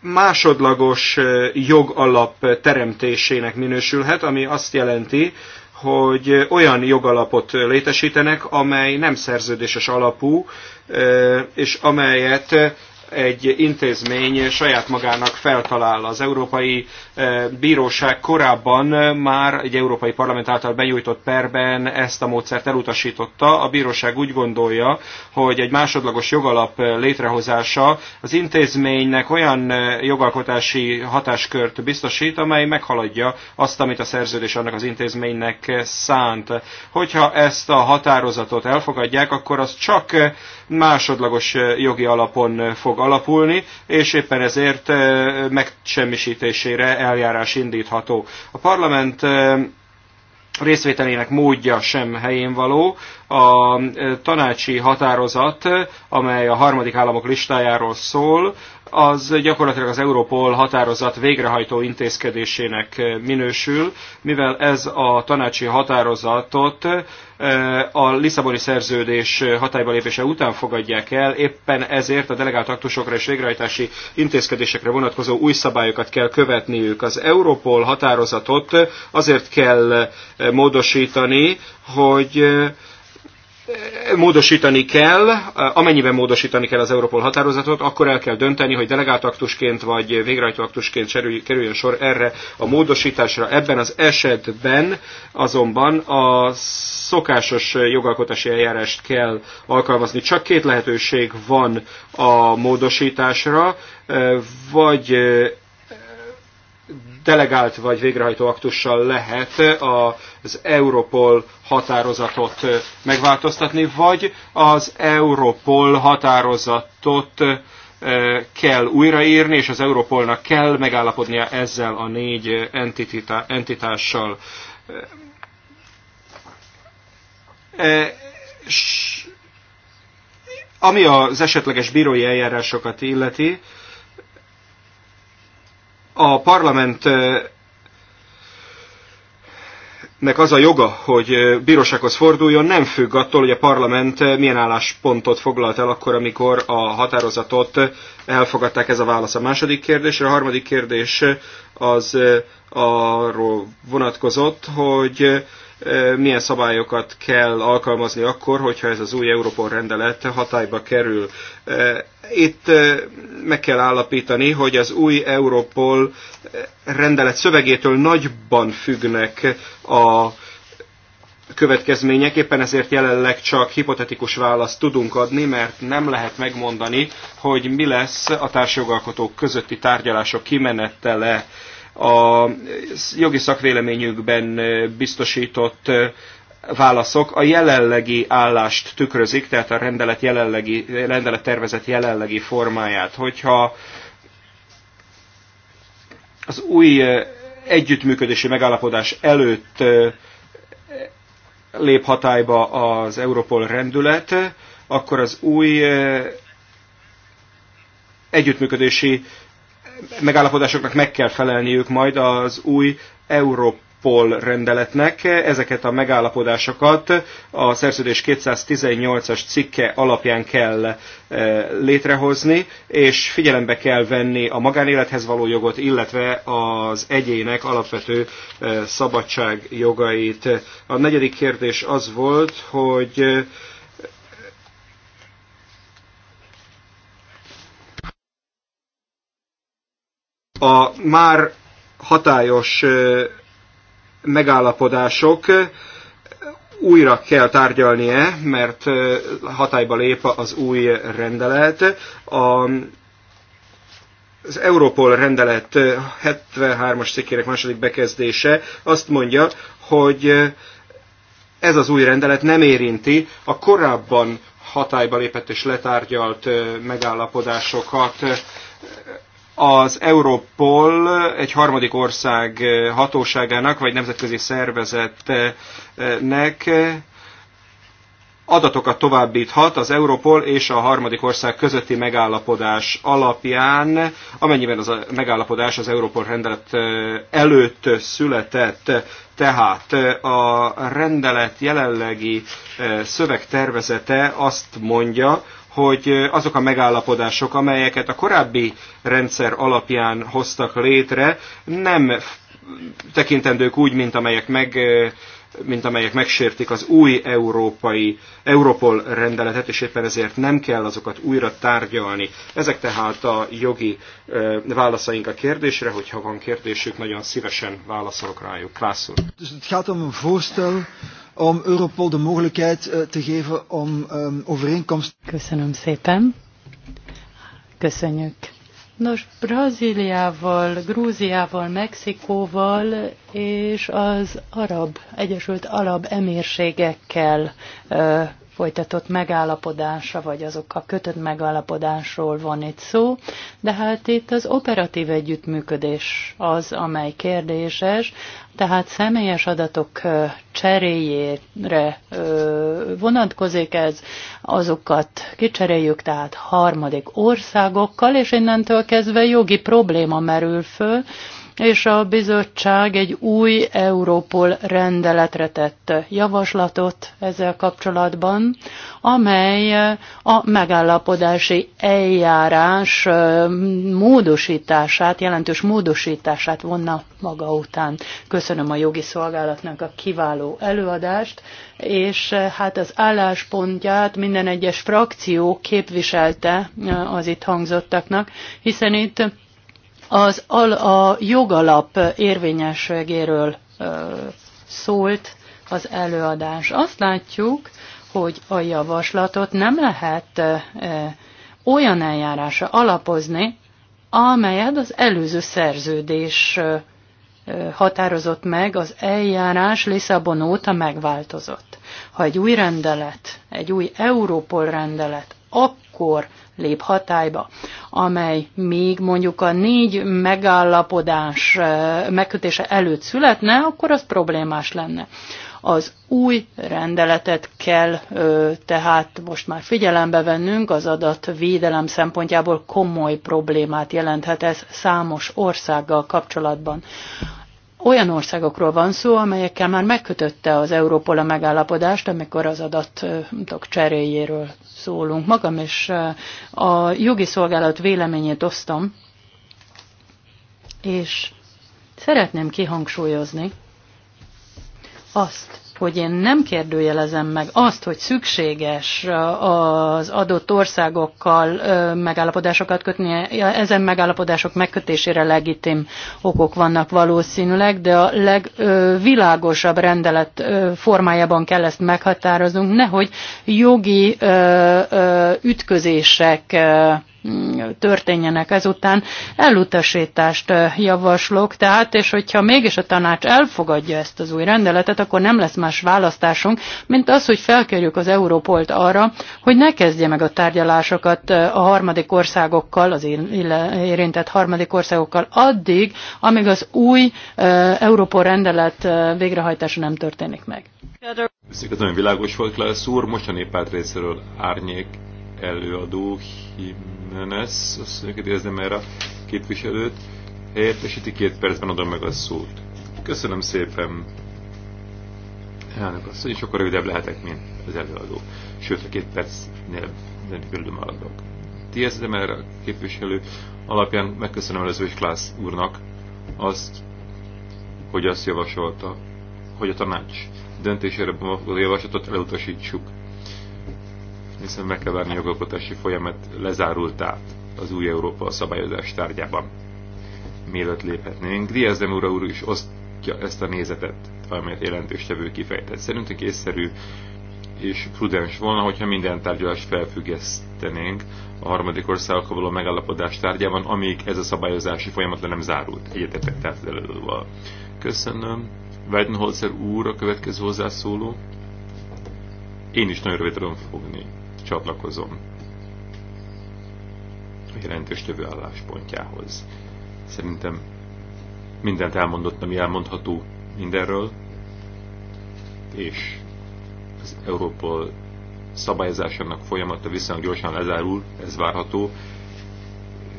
másodlagos eh, jogalap teremtésének minősülhet, ami azt jelenti, hogy olyan jogalapot létesítenek, amely nem szerződéses alapú, eh, és amelyet egy intézmény saját magának feltalál. Az Európai eh, Bíróság korábban már egy Európai Parlament által benyújtott perben ezt a módszert elutasította. A bíróság úgy gondolja, hogy egy másodlagos jogalap eh, létrehozása az intézménynek olyan eh, jogalkotási hatáskört biztosít, amely meghaladja azt, amit a szerződés annak az intézménynek szánt. Hogyha ezt a határozatot elfogadják, akkor az csak másodlagos jogi alapon fog fog alapulni, és éppen ezért megsemmisítésére eljárás indítható. A parlament részvételének módja sem helyén való, a e, tanácsi határozat, amely a harmadik államok listájáról szól, az gyakorlatilag az Európol határozat végrehajtó intézkedésének e, minősül, mivel ez a tanácsi határozatot e, a Lisszaboni szerződés hatályba lépése után fogadják el, éppen ezért a delegált aktusokra és végrehajtási intézkedésekre vonatkozó új szabályokat kell követniük. Az Európol határozatot azért kell módosítani, hogy módosítani kell, amennyiben módosítani kell az Európol határozatot, akkor el kell dönteni, hogy delegált aktusként vagy végrehajtó aktusként kerüljön sor erre a módosításra. Ebben az esetben azonban a szokásos jogalkotási eljárást kell alkalmazni. Csak két lehetőség van a módosításra, vagy delegált vagy végrehajtó aktussal lehet az Europol határozatot megváltoztatni, vagy az Europol határozatot eh, kell újraírni, és az Europolnak kell megállapodnia ezzel a négy eh, entitással. Eh, ami az esetleges bírói eljárásokat illeti, a parlamentnek az a joga, hogy bírósághoz forduljon, nem függ attól, hogy a parlament milyen álláspontot foglalt el akkor, amikor a határozatot elfogadták ez a válasz a második kérdésre. A harmadik kérdés az arról vonatkozott, hogy milyen szabályokat kell alkalmazni akkor, hogyha ez az új Európol rendelet hatályba kerül. Itt meg kell állapítani, hogy az új Európol rendelet szövegétől nagyban függnek a következmények, éppen ezért jelenleg csak hipotetikus választ tudunk adni, mert nem lehet megmondani, hogy mi lesz a társjogalkotók közötti tárgyalások kimenetele a jogi szakvéleményükben biztosított válaszok a jelenlegi állást tükrözik, tehát a rendelet, jelenlegi, rendelet tervezet jelenlegi formáját. Hogyha az új együttműködési megállapodás előtt lép hatályba az Europol rendület, akkor az új együttműködési megállapodásoknak meg kell felelniük majd az új Európa Pol rendeletnek. Ezeket a megállapodásokat a szerződés 218-as cikke alapján kell eh, létrehozni, és figyelembe kell venni a magánélethez való jogot, illetve az egyének alapvető eh, szabadság jogait. A negyedik kérdés az volt, hogy eh, a már hatályos megállapodások újra kell tárgyalnie, mert hatályba lép az új rendelet. A, az Europol rendelet 73-as cikkének második bekezdése azt mondja, hogy ez az új rendelet nem érinti a korábban hatályba lépett és letárgyalt megállapodásokat az Europol egy harmadik ország hatóságának, vagy nemzetközi szervezetnek adatokat továbbíthat az Europol és a harmadik ország közötti megállapodás alapján, amennyiben az a megállapodás az Europol rendelet előtt született. Tehát a rendelet jelenlegi szövegtervezete azt mondja, hogy azok a megállapodások, amelyeket a korábbi rendszer alapján hoztak létre, nem tekintendők úgy, mint amelyek meg mint amelyek megsértik az új európai Europol rendeletet, és éppen ezért nem kell azokat újra tárgyalni. Ezek tehát a jogi válaszaink a kérdésre, hogyha van kérdésük, nagyon szívesen válaszolok rájuk. Klász úr om Europol de mogelijkheid eh, te geven om um, ehm, overeenkomsten. Köszönöm szépen. Köszönjük. Nos, Brazíliával, Grúziával, Mexikóval és az arab, Egyesült Arab Emírségekkel ö, eh, folytatott megállapodása, vagy azokkal kötött megállapodásról van itt szó, de hát itt az operatív együttműködés az, amely kérdéses, tehát személyes adatok cseréjére vonatkozik ez, azokat kicseréljük tehát harmadik országokkal, és innentől kezdve jogi probléma merül föl, és a bizottság egy új Európol rendeletre tett javaslatot ezzel kapcsolatban, amely a megállapodási eljárás módosítását, jelentős módosítását vonna maga után. Köszönöm a jogi szolgálatnak a kiváló előadást, és hát az álláspontját minden egyes frakció képviselte az itt hangzottaknak, hiszen itt az al, a jogalap érvényességéről szólt az előadás. Azt látjuk, hogy a javaslatot nem lehet olyan eljárásra alapozni, amelyet az előző szerződés határozott meg, az eljárás Lisszabon óta megváltozott. Ha egy új rendelet, egy új Európol rendelet, akkor lép hatályba, amely még mondjuk a négy megállapodás megkötése előtt születne, akkor az problémás lenne. Az új rendeletet kell tehát most már figyelembe vennünk, az adat védelem szempontjából komoly problémát jelenthet ez számos országgal kapcsolatban olyan országokról van szó, amelyekkel már megkötötte az Európola megállapodást, amikor az adatok cseréjéről szólunk. Magam is eh, a jogi szolgálat véleményét osztom, és szeretném kihangsúlyozni azt, hogy én nem kérdőjelezem meg azt, hogy szükséges az adott országokkal megállapodásokat kötni, ezen megállapodások megkötésére legitim okok vannak valószínűleg, de a legvilágosabb rendelet formájában kell ezt meghatároznunk, nehogy jogi ütközések történjenek ezután. Elutasítást javaslok, tehát, és hogyha mégis a tanács elfogadja ezt az új rendeletet, akkor nem lesz más választásunk, mint az, hogy felkérjük az Európolt arra, hogy ne kezdje meg a tárgyalásokat a harmadik országokkal, az érintett harmadik országokkal addig, amíg az új Európol rendelet végrehajtása nem történik meg. Köszönöm, világos volt, Klaus úr, most a néppárt részéről árnyék előadó Jimenez, azt mondjuk, érzem erre a képviselőt, helyettesíti két percben adom meg a szót. Köszönöm szépen. Elnök azt, hogy sokkal rövidebb lehetek, mint az előadó. Sőt, a két percnél körülbelül maradok. érzem erre a képviselő alapján megköszönöm előző is Klász úrnak azt, hogy azt javasolta, hogy a tanács döntésére a javaslatot elutasítsuk hiszen meg kell várni a jogalkotási folyamat lezárultát az új Európa a szabályozás tárgyában, mielőtt léphetnénk. Diaz de úr is osztja ezt a nézetet, amelyet jelentéstevő kifejtett. Szerintünk észszerű és prudens volna, hogyha minden tárgyalást felfüggesztenénk a harmadik országokkal való megállapodás tárgyában, amíg ez a szabályozási folyamat le nem zárult. Egyetetek tehát előadóval. Köszönöm. Weidenholzer úr a következő hozzászóló. Én is nagyon rövid tudom fogni csatlakozom a jelentős tövő álláspontjához. Szerintem mindent elmondott, ami elmondható mindenről, és az Európol szabályozásának folyamata viszonylag gyorsan lezárul, ez várható.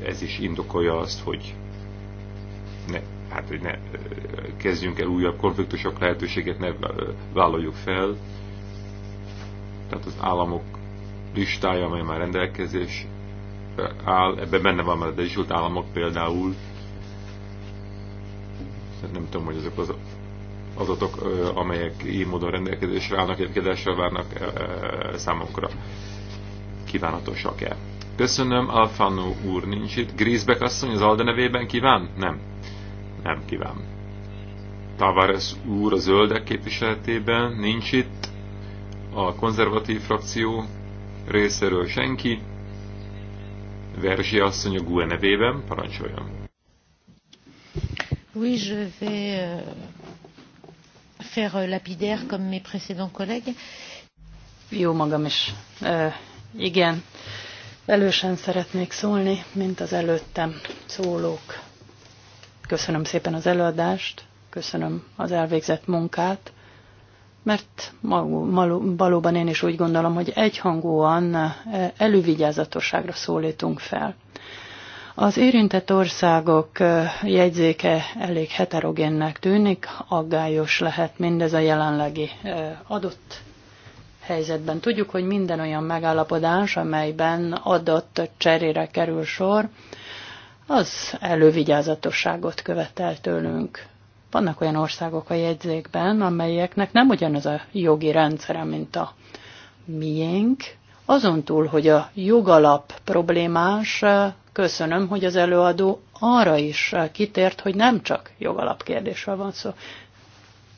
Ez is indokolja azt, hogy ne, hát, hogy ne kezdjünk el újabb konfliktusok lehetőséget, ne vállaljuk fel. Tehát az államok listája, amely már rendelkezés áll, ebben benne van már az Egyesült Államok például, nem tudom, hogy azok az azok, amelyek így módon rendelkezésre állnak, egyébként várnak számunkra kívánatosak-e. Köszönöm, Alfano úr nincs itt. Grisbeck asszony az Alde nevében kíván? Nem. Nem kíván. Tavares úr a zöldek képviseletében nincs itt. A konzervatív frakció részéről senki. Verzsi asszony a GUE nevében, parancsoljon. Oui, je vais euh, faire euh, lapidaire comme mes précédents collègues. Jó magam is. Uh, igen, elősen szeretnék szólni, mint az előttem szólók. Köszönöm szépen az előadást, köszönöm az elvégzett munkát mert valóban én is úgy gondolom, hogy egyhangúan e, elővigyázatosságra szólítunk fel. Az érintett országok e, jegyzéke elég heterogénnek tűnik, aggályos lehet mindez a jelenlegi e, adott helyzetben. Tudjuk, hogy minden olyan megállapodás, amelyben adott cserére kerül sor, az elővigyázatosságot követel tőlünk. Vannak olyan országok a jegyzékben, amelyeknek nem ugyanaz a jogi rendszere, mint a miénk. Azon túl, hogy a jogalap problémás, köszönöm, hogy az előadó arra is kitért, hogy nem csak jogalap kérdésről van szó.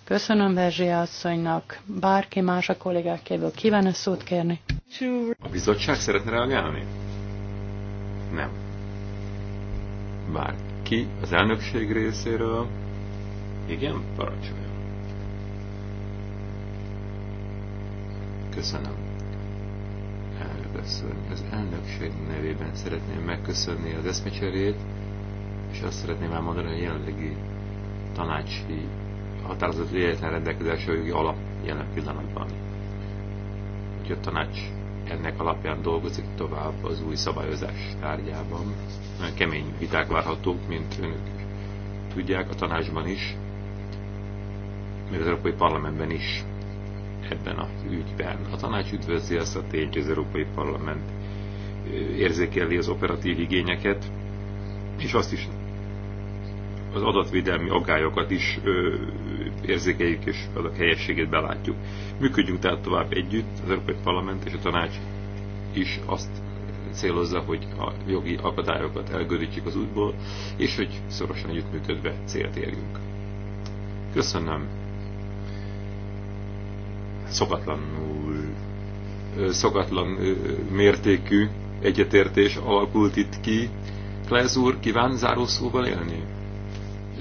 Köszönöm Verzsi asszonynak. Bárki más a kollégák kívül kíván -e szót kérni? A bizottság szeretne reagálni? Nem. Bárki az elnökség részéről igen, parancsolja. Köszönöm. Elbeszélni. az elnökség nevében szeretném megköszönni az eszmecserét, és azt szeretném elmondani, hogy a jelenlegi tanácsi határozott véletlen rendelkezésre jogi alap jelen pillanatban. Úgyhogy a tanács ennek alapján dolgozik tovább az új szabályozás tárgyában. Nagyon kemény viták várhatók, mint önök tudják, a tanácsban is még az Európai Parlamentben is ebben a ügyben. A tanács üdvözli azt a tényt, hogy az Európai Parlament érzékeli az operatív igényeket, és azt is az adatvédelmi agályokat is ö, érzékeljük, és azok helyességét belátjuk. Működjünk tehát tovább együtt, az Európai Parlament és a Tanács is azt célozza, hogy a jogi akadályokat elgörítsük az útból, és hogy szorosan együttműködve célt érjünk. Köszönöm! szokatlanul, szokatlan mértékű egyetértés alakult itt ki. Klez úr, kíván zárószóval élni?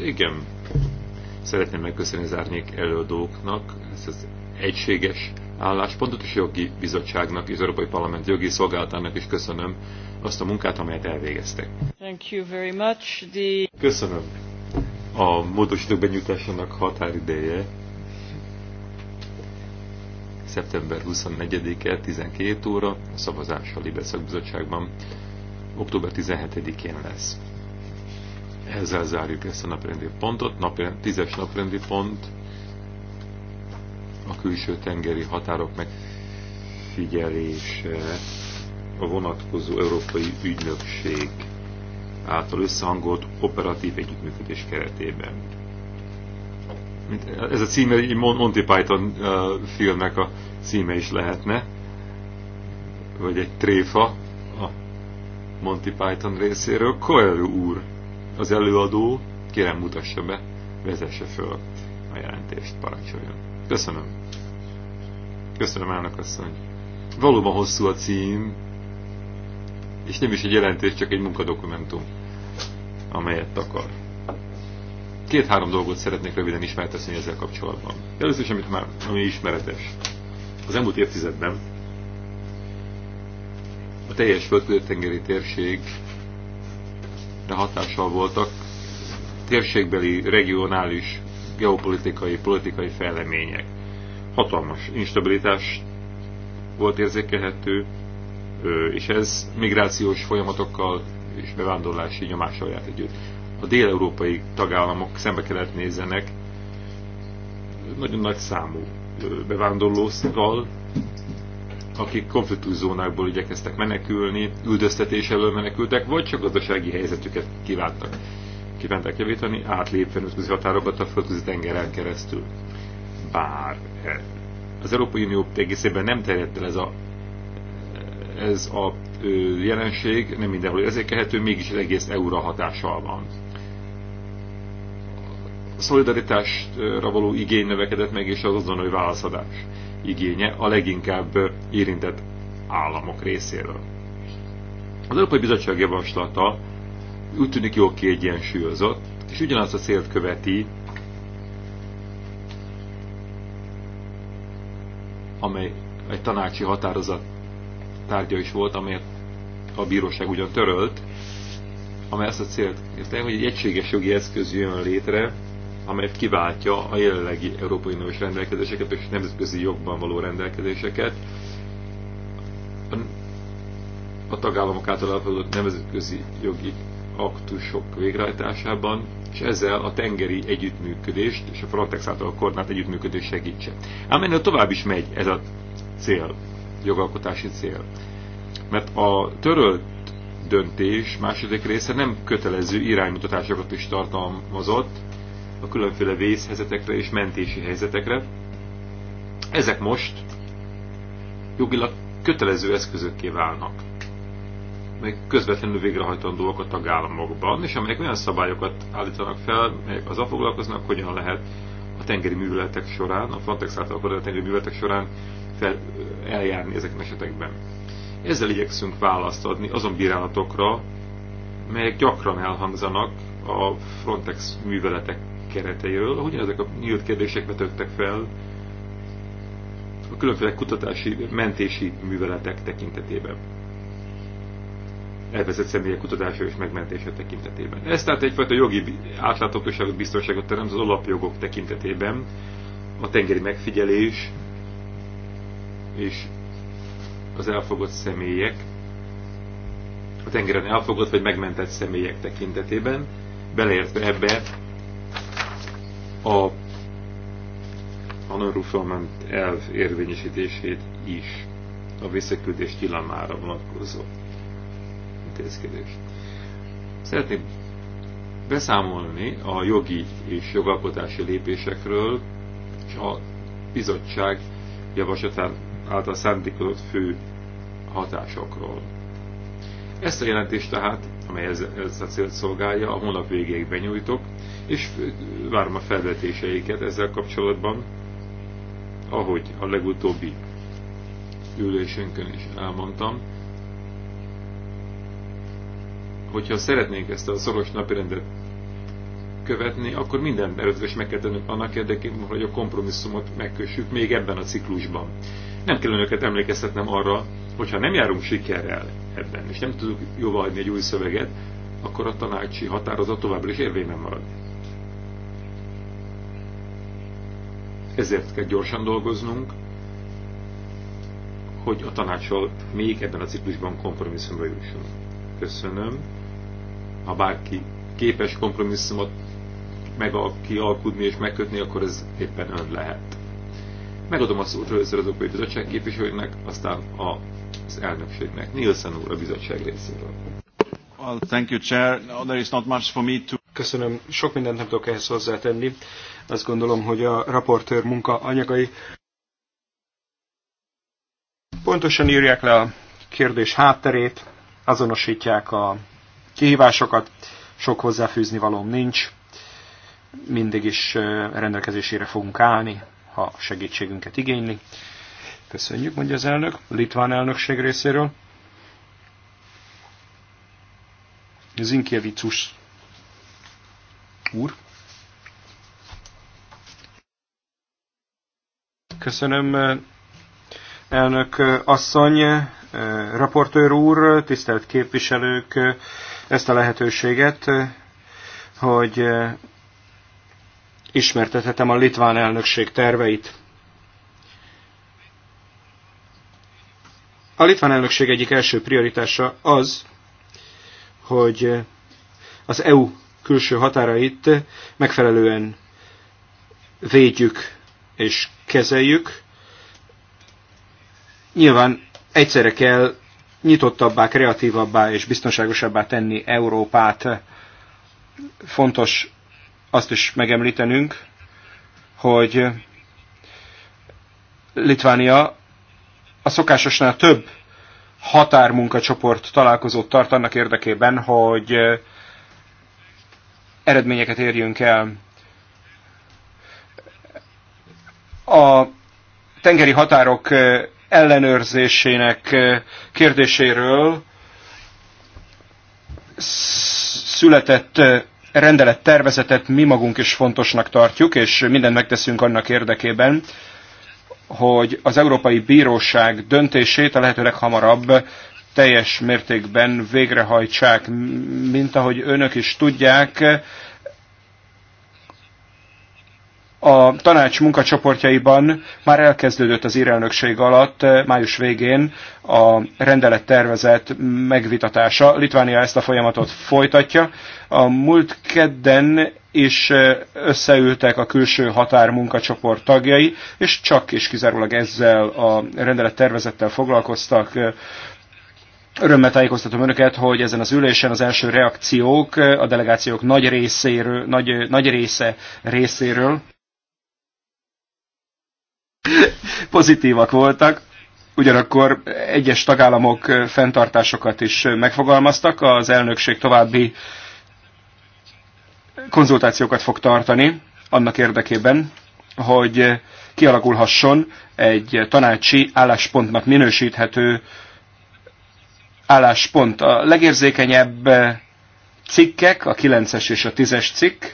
Igen. Szeretném megköszönni az árnyék előadóknak ezt az egységes álláspontot, és jogi bizottságnak és Európai Parlament jogi szolgálatának is köszönöm azt a munkát, amelyet elvégeztek. Thank you very much. The... Köszönöm. A módosítók benyújtásának határideje szeptember 24-e 12 óra, a szavazás a Libeszakbizottságban, október 17-én lesz. Ezzel zárjuk ezt a naprendi pontot. Napre, tízes naprendi pont a külső tengeri határok megfigyelése a vonatkozó európai ügynökség által összehangolt operatív együttműködés keretében ez a címe egy Monty Python filmnek a címe is lehetne, vagy egy tréfa a Monty Python részéről. Coelho úr, az előadó, kérem mutassa be, vezesse föl a jelentést, parancsoljon. Köszönöm. Köszönöm, elnök asszony. Valóban hosszú a cím, és nem is egy jelentés, csak egy munkadokumentum, amelyet takar. Két-három dolgot szeretnék röviden ismertetni ezzel kapcsolatban. Először is, amit már, ami ismeretes. Az elmúlt évtizedben a teljes földközi térség térségre hatással voltak térségbeli, regionális, geopolitikai, politikai fejlemények. Hatalmas instabilitás volt érzékelhető, és ez migrációs folyamatokkal és bevándorlási nyomással járt együtt a dél-európai tagállamok szembe kellett nézzenek nagyon nagy számú bevándorlószal, akik konfliktuszónákból igyekeztek menekülni, üldöztetés elől menekültek, vagy csak gazdasági helyzetüket kiváltak. Kívánták javítani, átlépve nemzetközi határokat a földközi tengeren keresztül. Bár e, az Európai Unió egészében nem terjedt el ez a, ez a jelenség, nem mindenhol érzékelhető, mégis egész eu hatással van szolidaritásra való igény növekedett meg, és az azonnali válaszadás igénye a leginkább érintett államok részéről. Az Európai Bizottság javaslata úgy tűnik jól kiegyensúlyozott, és ugyanazt a célt követi, amely egy tanácsi határozat tárgya is volt, amelyet a bíróság ugyan törölt, amely ezt a célt érte, hogy egy egységes jogi eszköz jön létre, amelyet kiváltja a jelenlegi Európai Uniós rendelkezéseket és nemzetközi jogban való rendelkezéseket, a, a tagállamok által elfogadott nemzetközi jogi aktusok végrehajtásában, és ezzel a tengeri együttműködést és a Frontex által a koordinált együttműködést segítse. Ám ennél tovább is megy ez a cél, jogalkotási cél. Mert a törölt döntés második része nem kötelező iránymutatásokat is tartalmazott, a különféle vészhelyzetekre és mentési helyzetekre. Ezek most jogilag kötelező eszközökké válnak, meg közvetlenül végrehajtandóak a tagállamokban, és amelyek olyan szabályokat állítanak fel, melyek azzal foglalkoznak, hogyan lehet a tengeri műveletek során, a Frontex által a tengeri műveletek során fel, eljárni ezeknek esetekben. Ezzel igyekszünk választ adni azon bírálatokra, melyek gyakran elhangzanak a Frontex műveletek kereteiről, ahogyan ezek a nyílt kérdések vetődtek fel a különféle kutatási, mentési műveletek tekintetében. Elvezett személyek kutatása és megmentése tekintetében. Ez tehát egyfajta jogi átláthatóságot, biztonságot teremt az alapjogok tekintetében, a tengeri megfigyelés és az elfogott személyek, a tengeren elfogott vagy megmentett személyek tekintetében, beleértve ebbe a honorufament elv érvényesítését is a visszaküldés tilalmára vonatkozó intézkedés. Szeretnék beszámolni a jogi és jogalkotási lépésekről, és a bizottság javaslatán által szándékozott fő hatásokról. Ezt a jelentést tehát, amely ezt a célt szolgálja, a hónap végéig benyújtok, és várom a felvetéseiket ezzel kapcsolatban, ahogy a legutóbbi ülésünkön is elmondtam, hogyha szeretnénk ezt a szoros napirendet követni, akkor minden előzetes meg kell tennünk annak érdekében, hogy a kompromisszumot megkössük még ebben a ciklusban. Nem kell önöket emlékeztetnem arra, hogyha nem járunk sikerrel ebben, és nem tudjuk jóval adni egy új szöveget, akkor a tanácsi határozat továbbra is érvényben marad. Ezért kell gyorsan dolgoznunk, hogy a tanácssal még ebben a ciklusban kompromisszumra jussunk. Köszönöm. Ha bárki képes kompromisszumot meg kialkudni és megkötni, akkor ez éppen ön lehet. Megadom a szót először az Európai Bizottság képviselőnek, aztán a az elnökségnek. Nielsen úr a bizottság részéről. Well, thank you, Chair. No, there is not much for me to... Köszönöm. Sok mindent nem tudok ehhez hozzátenni. Azt gondolom, hogy a raportőr munka anyagai pontosan írják le a kérdés hátterét, azonosítják a kihívásokat, sok hozzáfűzni valóm nincs, mindig is rendelkezésére fogunk állni, ha segítségünket igényli. Köszönjük, mondja az elnök, litván elnökség részéről. Zinkievicus úr. Köszönöm, elnök asszony, raportőr úr, tisztelt képviselők, ezt a lehetőséget, hogy ismertethetem a litván elnökség terveit. A litván elnökség egyik első prioritása az, hogy az EU külső határait megfelelően védjük és kezeljük. Nyilván egyszerre kell nyitottabbá, kreatívabbá és biztonságosabbá tenni Európát. Fontos azt is megemlítenünk, hogy Litvánia a szokásosnál több határmunkacsoport találkozót tart annak érdekében, hogy eredményeket érjünk el. A tengeri határok ellenőrzésének kérdéséről született rendelet tervezetet mi magunk is fontosnak tartjuk, és mindent megteszünk annak érdekében, hogy az Európai Bíróság döntését a lehető leghamarabb teljes mértékben végrehajtsák, mint ahogy önök is tudják, a tanács munkacsoportjaiban már elkezdődött az írelnökség alatt eh, május végén a rendelettervezet megvitatása. Litvánia ezt a folyamatot folytatja. A múlt kedden is eh, összeültek a külső határ munkacsoport tagjai, és csak és kizárólag ezzel a rendelettervezettel foglalkoztak. Eh, örömmel tájékoztatom önöket, hogy ezen az ülésen az első reakciók a delegációk nagy, részéről, nagy, nagy része részéről pozitívak voltak, ugyanakkor egyes tagállamok fenntartásokat is megfogalmaztak, az elnökség további konzultációkat fog tartani annak érdekében, hogy kialakulhasson egy tanácsi álláspontnak minősíthető álláspont. A legérzékenyebb cikkek, a 9-es és a 10-es cikk,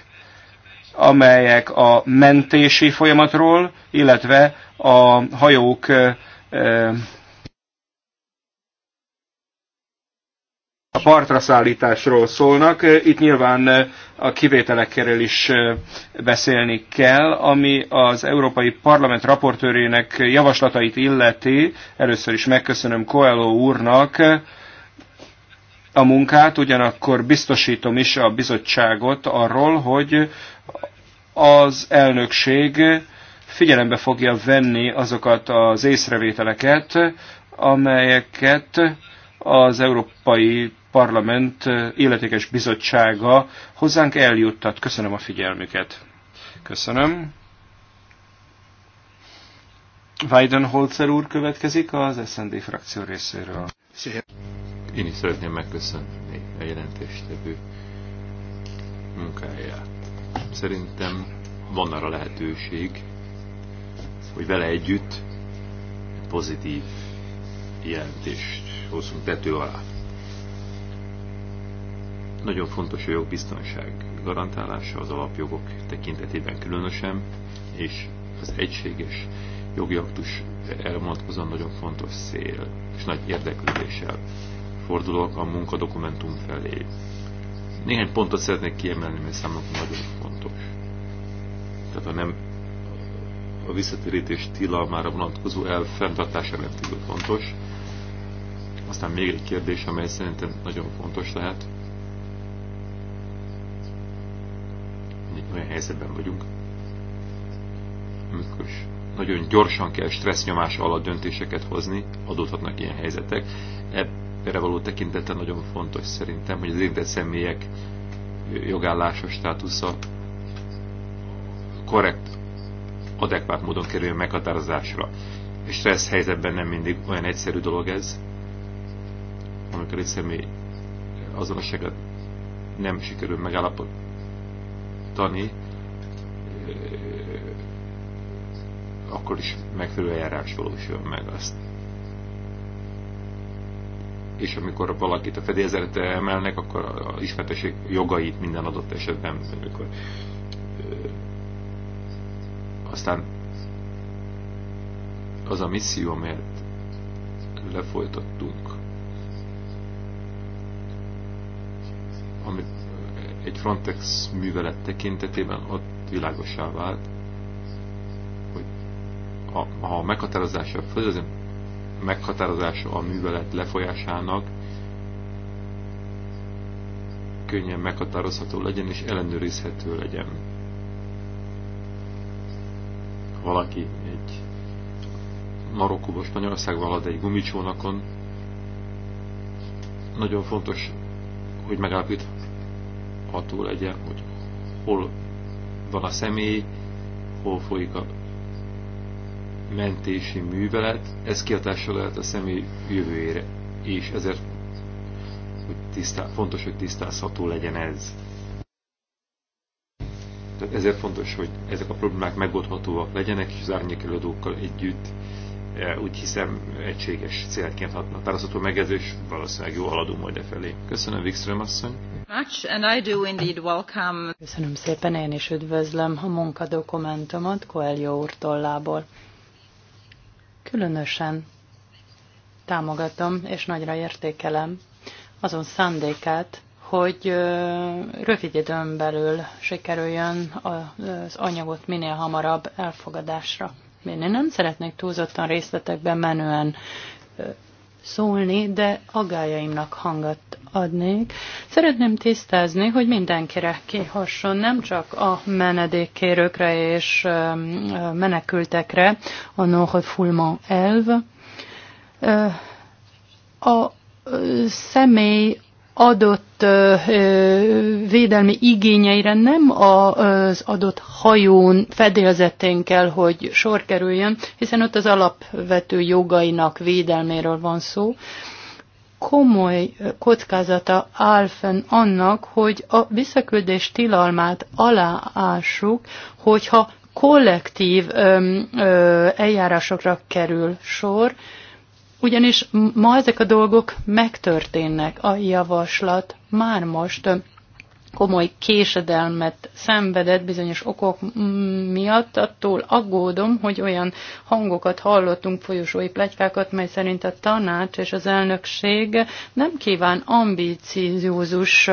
amelyek a mentési folyamatról, illetve a hajók a partra szállításról szólnak. Itt nyilván a kivételekkel is beszélni kell, ami az Európai Parlament raportőrének javaslatait illeti. Először is megköszönöm Coelho úrnak a munkát, ugyanakkor biztosítom is a bizottságot arról, hogy az elnökség figyelembe fogja venni azokat az észrevételeket, amelyeket az Európai Parlament Életékes Bizottsága hozzánk eljuttat. Köszönöm a figyelmüket. Köszönöm. Weidenholzer úr következik az SND frakció részéről. Szia. Én is szeretném megköszönni a jelentéstevő munkáját szerintem van arra lehetőség, hogy vele együtt pozitív jelentést hozunk tető alá. Nagyon fontos a jogbiztonság garantálása az alapjogok tekintetében különösen, és az egységes jogi aktus elvonatkozóan nagyon fontos szél, és nagy érdeklődéssel fordulok a munkadokumentum felé. Néhány pontot szeretnék kiemelni, mert számomra nagyon fontos. Tehát a nem a visszatérítés tilalmára vonatkozó elv fenntartása rendkívül fontos. Aztán még egy kérdés, amely szerintem nagyon fontos lehet. Olyan helyzetben vagyunk, amikor nagyon gyorsan kell stressz nyomás alatt döntéseket hozni, adódhatnak ilyen helyzetek. Ebb erre való tekintete nagyon fontos szerintem, hogy az érintett személyek jogállásos státusza korrekt, adekvát módon kerüljön meghatározásra. És stressz helyzetben nem mindig olyan egyszerű dolog ez, amikor egy személy azonosságát nem sikerül megállapítani, eh, akkor is megfelelő eljárás valósul meg. Azt és amikor valakit a fedélzetre emelnek, akkor a ismertesség jogait minden adott esetben, amikor aztán az a misszió, amelyet lefolytattunk, amit egy Frontex művelet tekintetében ott világosá vált, hogy ha, a meghatározása a meghatározása a művelet lefolyásának könnyen meghatározható legyen és ellenőrizhető legyen. Ha valaki egy Marokkóba, Spanyolországba halad egy gumicsónakon, nagyon fontos, hogy megállapítható legyen, hogy hol van a személy, hol folyik a mentési művelet, ez kiatással lehet a személy jövőjére, és ezért hogy tisztá, fontos, hogy tisztázható legyen ez. Tehát ezért fontos, hogy ezek a problémák megoldhatóak legyenek, és az árnyékelődókkal együtt e, úgy hiszem egységes célként hatnak. Tárazható megjegyzés, valószínűleg jó aladó majd e felé. Köszönöm, Wikström asszony. Much, and I do indeed welcome. Köszönöm szépen, én is üdvözlöm a munkadokumentumot Coelho úr tollából. Különösen támogatom és nagyra értékelem azon szándékát, hogy rövid időn belül sikerüljön az anyagot minél hamarabb elfogadásra. Én nem szeretnék túlzottan részletekben menően szólni, de agájaimnak hangat adnék. Szeretném tisztázni, hogy mindenkire kihasson, nem csak a menedékkérőkre és menekültekre, a Nohod fulma elv. A személy adott védelmi igényeire nem az adott hajón fedélzetén kell, hogy sor kerüljön, hiszen ott az alapvető jogainak védelméről van szó. Komoly kockázata áll fenn annak, hogy a visszaküldés tilalmát aláássuk, hogyha kollektív öm, ö, eljárásokra kerül sor, ö, ugyanis ma ezek a dolgok megtörténnek. A javaslat már most komoly késedelmet szenvedett bizonyos okok miatt, attól aggódom, hogy olyan hangokat hallottunk, folyosói plegykákat, mely szerint a tanács és az elnökség nem kíván ambíciózus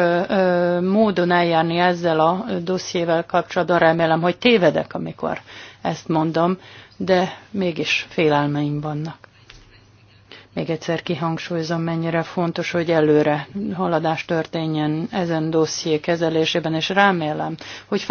módon eljárni ezzel a dossziével kapcsolatban. Remélem, hogy tévedek, amikor ezt mondom, de mégis félelmeim vannak. Még egyszer kihangsúlyozom, mennyire fontos, hogy előre haladás történjen ezen dosszié kezelésében, és remélem, hogy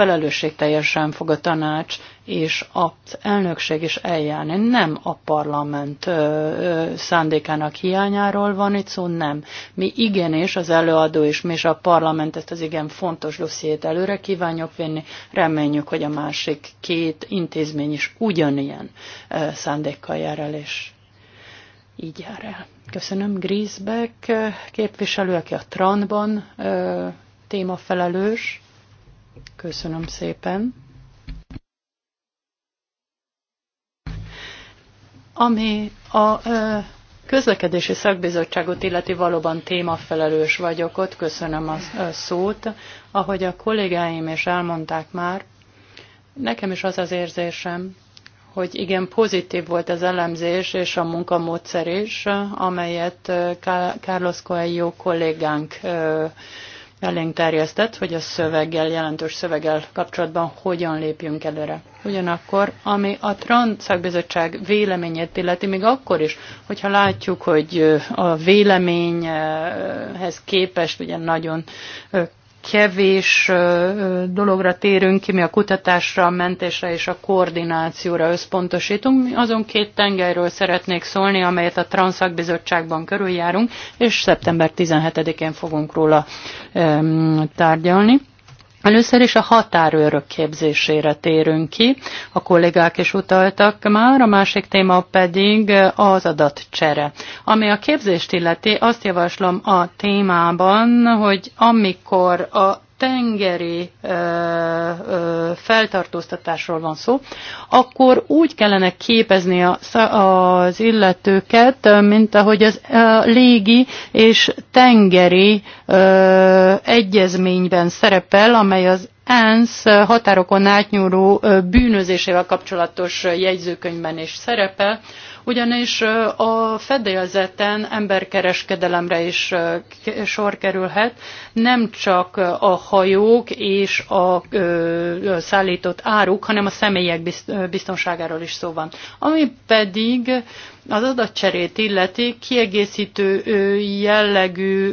teljesen fog a tanács és az elnökség is eljárni. Nem a parlament ö, ö, szándékának hiányáról van itt szó, nem. Mi igenis, az előadó és mi is a parlament ezt az igen fontos dossziét előre kívánjuk vinni. Reméljük, hogy a másik két intézmény is ugyanilyen ö, szándékkal jár el, és így jár el. Köszönöm Grisbeck, képviselő, aki a Tranban témafelelős. Köszönöm szépen. Ami a ö, közlekedési szakbizottságot illeti valóban témafelelős vagyok ott, köszönöm a szót. Ahogy a kollégáim is elmondták már, nekem is az az érzésem, hogy igen pozitív volt az elemzés és a munkamódszer is, amelyet Carlos Coelho kollégánk elénk terjesztett, hogy a szöveggel, jelentős szöveggel kapcsolatban hogyan lépjünk előre. Ugyanakkor, ami a Trant szakbizottság véleményét illeti, még akkor is, hogyha látjuk, hogy a véleményhez képest ugye nagyon kevés dologra térünk ki, mi a kutatásra, a mentésre és a koordinációra összpontosítunk. Mi azon két tengelyről szeretnék szólni, amelyet a Transzakbizottságban körüljárunk, és szeptember 17-én fogunk róla tárgyalni. Először is a határőrök képzésére térünk ki, a kollégák is utaltak már, a másik téma pedig az adatcsere. Ami a képzést illeti, azt javaslom a témában, hogy amikor a tengeri ö, ö, feltartóztatásról van szó, akkor úgy kellene képezni a, az illetőket, mint ahogy az a légi és tengeri ö, egyezményben szerepel, amely az ENSZ határokon átnyúló bűnözésével kapcsolatos jegyzőkönyvben is szerepel, ugyanis a fedélzeten emberkereskedelemre is sor kerülhet, nem csak a hajók és a szállított áruk, hanem a személyek biztonságáról is szó van. Ami pedig az adatcserét illeti, kiegészítő jellegű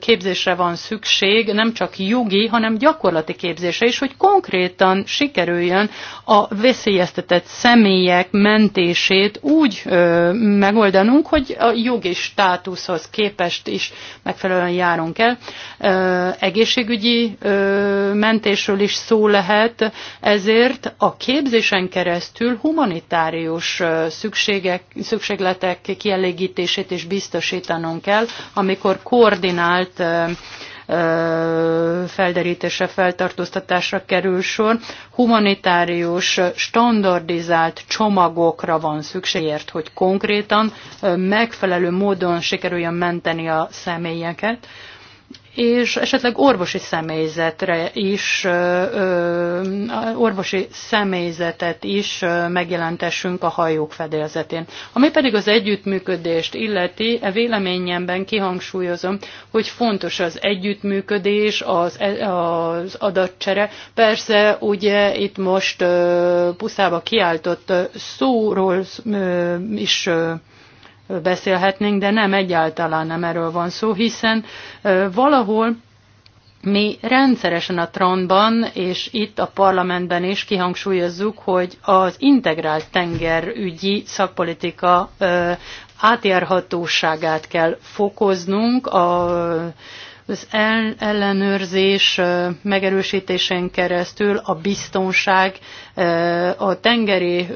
képzésre van szükség, nem csak jogi, hanem gyakorlati képzésre is, hogy konkrétan sikerüljön a veszélyeztetett személyek mentését úgy megoldanunk, hogy a jogi státuszhoz képest is megfelelően járunk el. Egészségügyi mentésről is szó lehet, ezért a képzésen keresztül humanitárius szükségek, szükségletek kielégítését is biztosítanunk kell, amikor koordinált felderítésre, feltartóztatásra kerül sor. Humanitárius, standardizált csomagokra van szükségért, hogy konkrétan megfelelő módon sikerüljön menteni a személyeket és esetleg orvosi személyzetre is, orvosi személyzetet is megjelentessünk a hajók fedélzetén. Ami pedig az együttműködést illeti, e véleményemben kihangsúlyozom, hogy fontos az együttműködés, az, e, az adatcsere. Persze, ugye itt most puszába kiáltott szóról is beszélhetnénk, de nem egyáltalán nem erről van szó, hiszen valahol mi rendszeresen a Tronban és itt a parlamentben is kihangsúlyozzuk, hogy az integrált tengerügyi szakpolitika átjárhatóságát kell fokoznunk, a az ellenőrzés megerősítésen keresztül a biztonság, a tengeri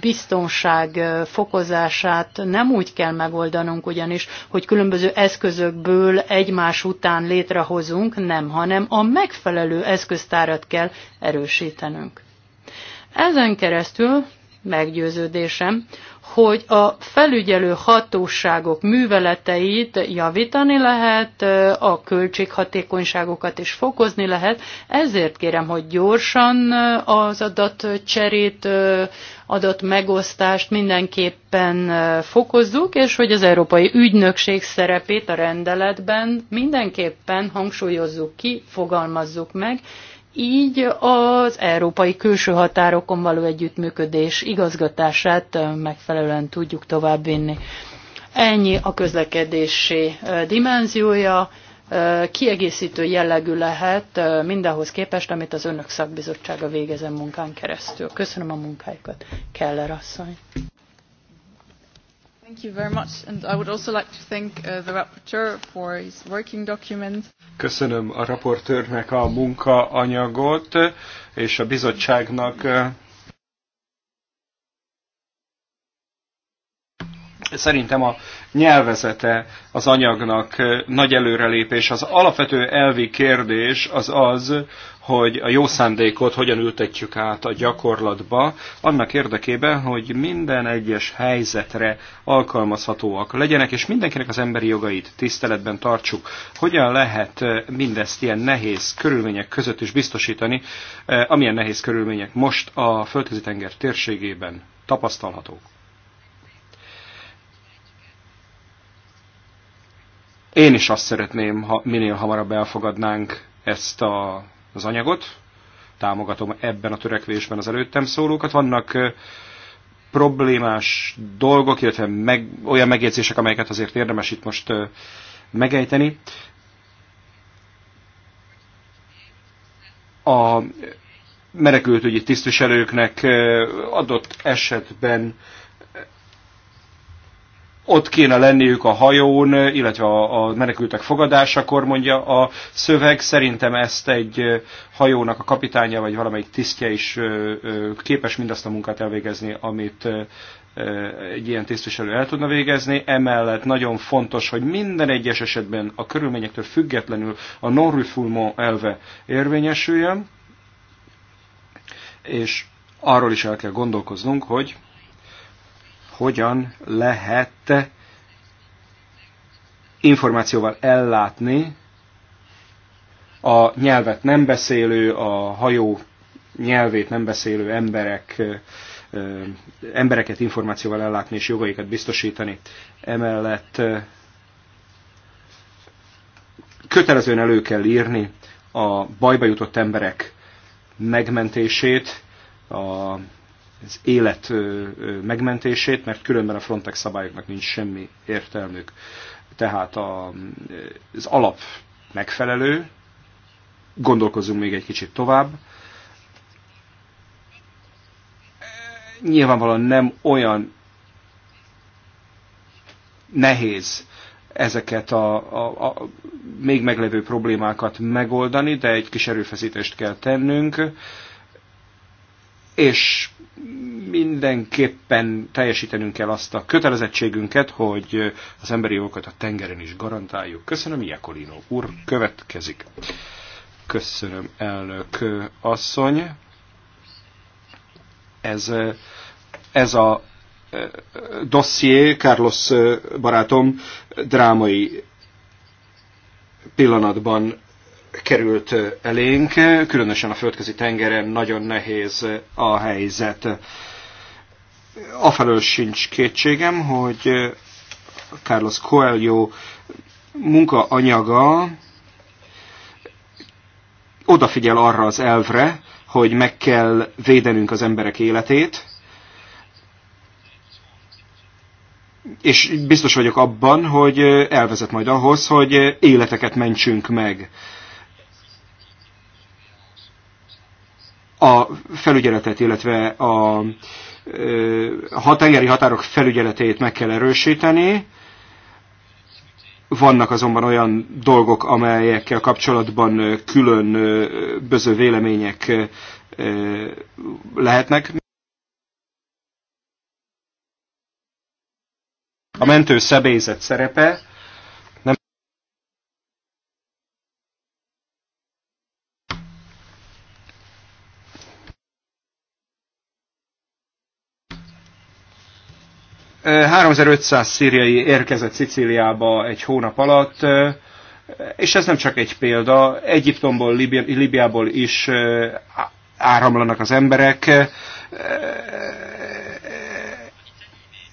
biztonság fokozását nem úgy kell megoldanunk ugyanis, hogy különböző eszközökből egymás után létrehozunk, nem, hanem a megfelelő eszköztárat kell erősítenünk. Ezen keresztül meggyőződésem, hogy a felügyelő hatóságok műveleteit javítani lehet, a költséghatékonyságokat is fokozni lehet. Ezért kérem, hogy gyorsan az adatcserét, adat megosztást mindenképpen fokozzuk, és hogy az Európai Ügynökség szerepét a rendeletben mindenképpen hangsúlyozzuk ki, fogalmazzuk meg, így az európai külső határokon való együttműködés igazgatását megfelelően tudjuk továbbvinni. Ennyi a közlekedési dimenziója, kiegészítő jellegű lehet mindenhoz képest, amit az önök szakbizottsága végezem munkán keresztül. Köszönöm a munkáikat, Keller asszony. Thank you very much, and I would also like to thank uh, the rapporteur for his working document. Köszönöm a raportőrnek a munkaanyagot, és a bizottságnak uh, Szerintem a nyelvezete az anyagnak nagy előrelépés. Az alapvető elvi kérdés az az, hogy a jó szándékot hogyan ültetjük át a gyakorlatba, annak érdekében, hogy minden egyes helyzetre alkalmazhatóak legyenek, és mindenkinek az emberi jogait tiszteletben tartsuk. Hogyan lehet mindezt ilyen nehéz körülmények között is biztosítani, amilyen nehéz körülmények most a földközi tenger térségében tapasztalhatók? Én is azt szeretném, ha minél hamarabb elfogadnánk ezt a, az anyagot. Támogatom ebben a törekvésben az előttem szólókat. Vannak problémás dolgok, illetve meg, olyan megjegyzések, amelyeket azért érdemes itt most megejteni. A menekültügyi tisztviselőknek adott esetben ott kéne lenniük a hajón, illetve a, a menekültek fogadásakor, mondja a szöveg. Szerintem ezt egy hajónak a kapitánya, vagy valamelyik tisztje is képes mindazt a munkát elvégezni, amit egy ilyen tisztviselő el tudna végezni. Emellett nagyon fontos, hogy minden egyes esetben a körülményektől függetlenül a non-refoulement elve érvényesüljön, és arról is el kell gondolkoznunk, hogy hogyan lehet információval ellátni a nyelvet nem beszélő, a hajó nyelvét nem beszélő emberek, embereket információval ellátni és jogaikat biztosítani. Emellett kötelezően elő kell írni a bajba jutott emberek megmentését, a az élet megmentését, mert különben a Frontex szabályoknak nincs semmi értelmük. Tehát a, az alap megfelelő, Gondolkozunk még egy kicsit tovább. Nyilvánvalóan nem olyan nehéz ezeket a, a, a még meglevő problémákat megoldani, de egy kis erőfeszítést kell tennünk és mindenképpen teljesítenünk kell azt a kötelezettségünket, hogy az emberi jogokat a tengeren is garantáljuk. Köszönöm, Iakolino úr, következik. Köszönöm, elnök asszony. Ez, ez a e, dosszié, Carlos barátom drámai pillanatban került elénk, különösen a földközi tengeren nagyon nehéz a helyzet. Afelől sincs kétségem, hogy Carlos Coelho munkaanyaga odafigyel arra az elvre, hogy meg kell védenünk az emberek életét, és biztos vagyok abban, hogy elvezet majd ahhoz, hogy életeket mentsünk meg. a felügyeletet, illetve a, a tengeri határok felügyeletét meg kell erősíteni. Vannak azonban olyan dolgok, amelyekkel kapcsolatban külön böző vélemények lehetnek. A mentő személyzet szerepe 3500 szíriai érkezett Szicíliába egy hónap alatt, és ez nem csak egy példa, Egyiptomból, Libiából is áramlanak az emberek.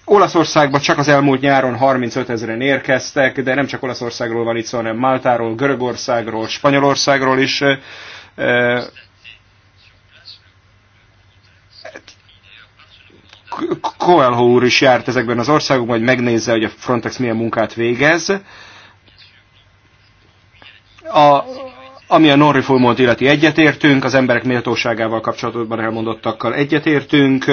Olaszországban csak az elmúlt nyáron 35 ezeren érkeztek, de nem csak Olaszországról van itt szó, hanem Máltáról, Görögországról, Spanyolországról is. Coelho úr is járt ezekben az országokban, hogy megnézze, hogy a Frontex milyen munkát végez. A, ami a non-reformot illeti egyetértünk, az emberek méltóságával kapcsolatban elmondottakkal egyetértünk.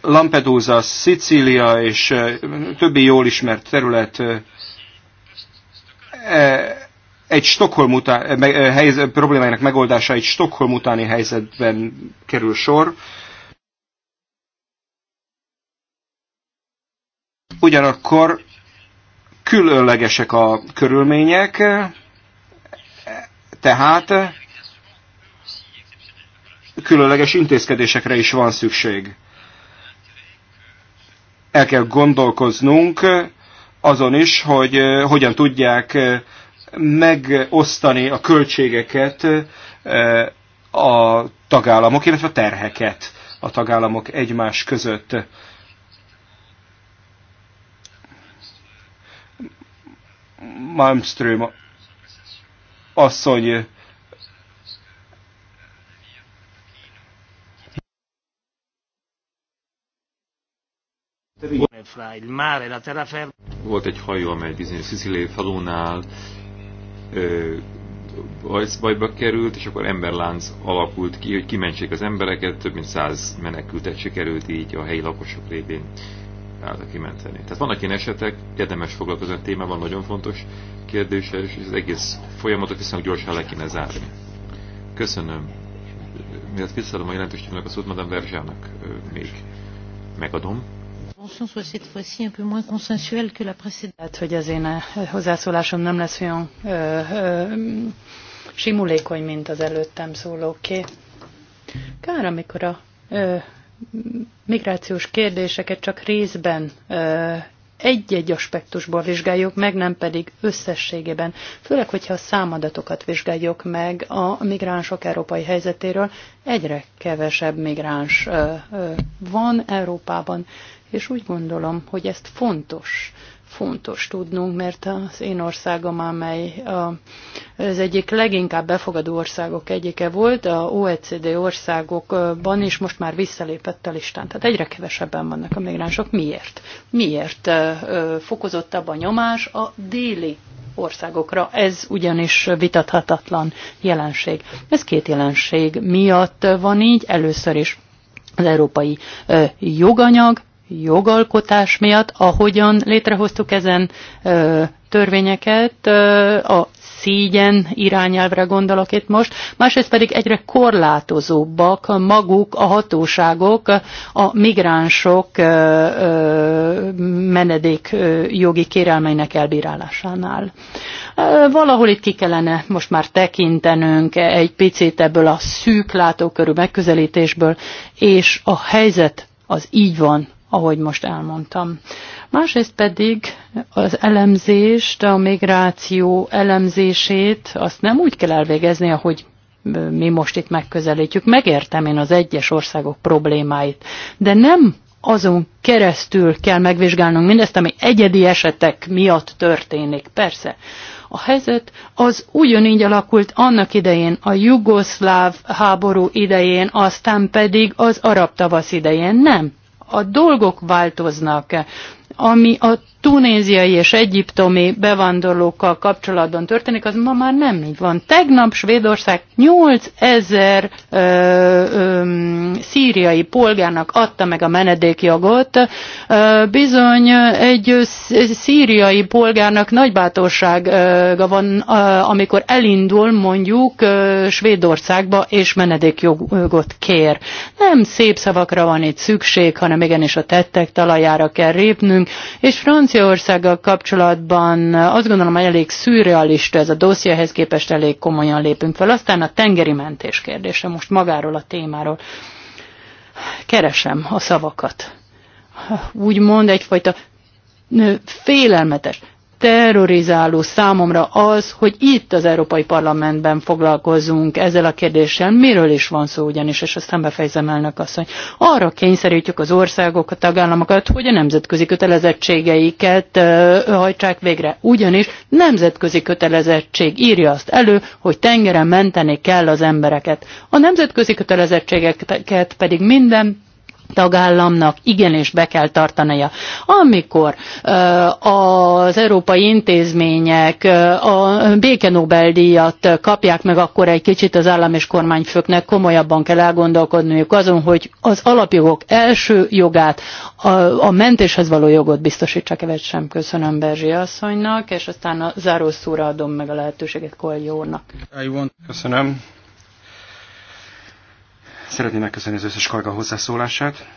Lampedusa, Szicília és többi jól ismert terület e, egy Stockholm után, eh, me, eh, helyz, eh, problémáinak megoldása egy Stockholm utáni helyzetben kerül sor. Ugyanakkor különlegesek a körülmények, tehát különleges intézkedésekre is van szükség. El kell gondolkoznunk azon is, hogy hogyan tudják megosztani a költségeket eh, a tagállamok, illetve a terheket a tagállamok egymás között. Malmström asszony Volt egy hajó, amely bizonyos Szicilé falunál bajba került, és akkor emberlánc alakult ki, hogy kimentsék az embereket, több mint száz menekültet sikerült így a helyi lakosok révén által kimenteni. Tehát vannak ilyen esetek, érdemes foglalkozni a témában, nagyon fontos kérdése, és az egész folyamatot viszont gyorsan le kéne zárni. Köszönöm. Miért visszaadom a jelentőségnek a szót, Madame Verzsának még megadom. Lehet, hogy az én eh, hozzászólásom nem lesz olyan ö, eh, ö, eh, simulékony, mint az előttem szólóké. Kár, amikor a ö, migrációs kérdéseket csak részben ö, egy-egy aspektusból vizsgáljuk meg, nem pedig összességében. Főleg, hogyha a számadatokat vizsgáljuk meg a migránsok európai helyzetéről, egyre kevesebb migráns van Európában, és úgy gondolom, hogy ezt fontos fontos tudnunk, mert az én országom, amely a, az egyik leginkább befogadó országok egyike volt, a OECD országokban is most már visszalépett a listán. Tehát egyre kevesebben vannak a migránsok. Miért? Miért fokozottabb a nyomás a déli országokra. Ez ugyanis vitathatatlan jelenség. Ez két jelenség miatt van így. Először is az európai joganyag jogalkotás miatt, ahogyan létrehoztuk ezen ö, törvényeket, ö, a szígyen irányelvre gondolok itt most, másrészt pedig egyre korlátozóbbak maguk a hatóságok a migránsok ö, ö, menedék ö, jogi kérelmeinek elbírálásánál. valahol itt ki kellene most már tekintenünk egy picit ebből a szűk látókörű megközelítésből, és a helyzet az így van ahogy most elmondtam. Másrészt pedig az elemzést, a migráció elemzését, azt nem úgy kell elvégezni, ahogy mi most itt megközelítjük. Megértem én az egyes országok problémáit, de nem azon keresztül kell megvizsgálnunk mindezt, ami egyedi esetek miatt történik. Persze, a helyzet az ugyanígy alakult annak idején, a jugoszláv háború idején, aztán pedig az arab tavasz idején. Nem, a dolgok változnak ami a tunéziai és egyiptomi bevándorlókkal kapcsolatban történik, az ma már nem így van. Tegnap Svédország 8000 ö, szíriai polgárnak adta meg a menedékjogot. Ö, bizony egy szíriai polgárnak nagy bátorsága van, ö, amikor elindul mondjuk ö, Svédországba és menedékjogot kér. Nem szép szavakra van itt szükség, hanem igenis a tettek talajára kell répnünk beszélünk, és Franciaországgal kapcsolatban eh, azt gondolom, hogy elég szürrealista ez a dossziéhez képest elég komolyan lépünk fel. Aztán a tengeri mentés kérdése most magáról a témáról. Keresem a szavakat. Úgymond egyfajta eh, félelmetes, terrorizáló számomra az, hogy itt az Európai Parlamentben foglalkozunk ezzel a kérdéssel. Miről is van szó ugyanis, és aztán befejezem elnök azt, hogy arra kényszerítjük az országok, a tagállamokat, hogy a nemzetközi kötelezettségeiket hajtsák végre. Ugyanis nemzetközi kötelezettség írja azt elő, hogy tengeren menteni kell az embereket. A nemzetközi kötelezettségeket pedig minden tagállamnak igenis be kell tartania. Amikor az európai intézmények a béke Nobel-díjat kapják meg, akkor egy kicsit az állam és kormányfőknek komolyabban kell elgondolkodniuk azon, hogy az alapjogok első jogát, a, a mentéshez való jogot biztosítsa kevet sem. Köszönöm Berzsi asszonynak, és aztán a záró szóra adom meg a lehetőséget Kolgyó úrnak. Köszönöm. Szeretném megköszönni az összes kollega hozzászólását.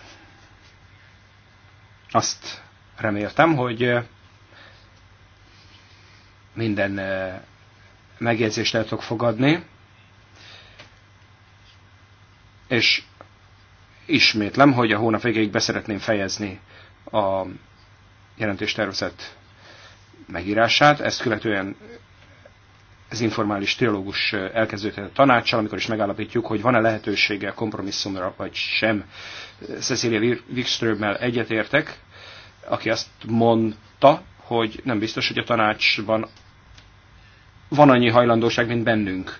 Azt reméltem, hogy minden megjegyzést el tudok fogadni, és ismétlem, hogy a hónap végéig beszeretném fejezni a jelentéstervezet megírását, ezt követően az informális trilógus elkezdődhet a tanácsal, amikor is megállapítjuk, hogy van-e lehetősége kompromisszumra, vagy sem. Cecilia Wikströmmel egyetértek, aki azt mondta, hogy nem biztos, hogy a tanácsban van annyi hajlandóság, mint bennünk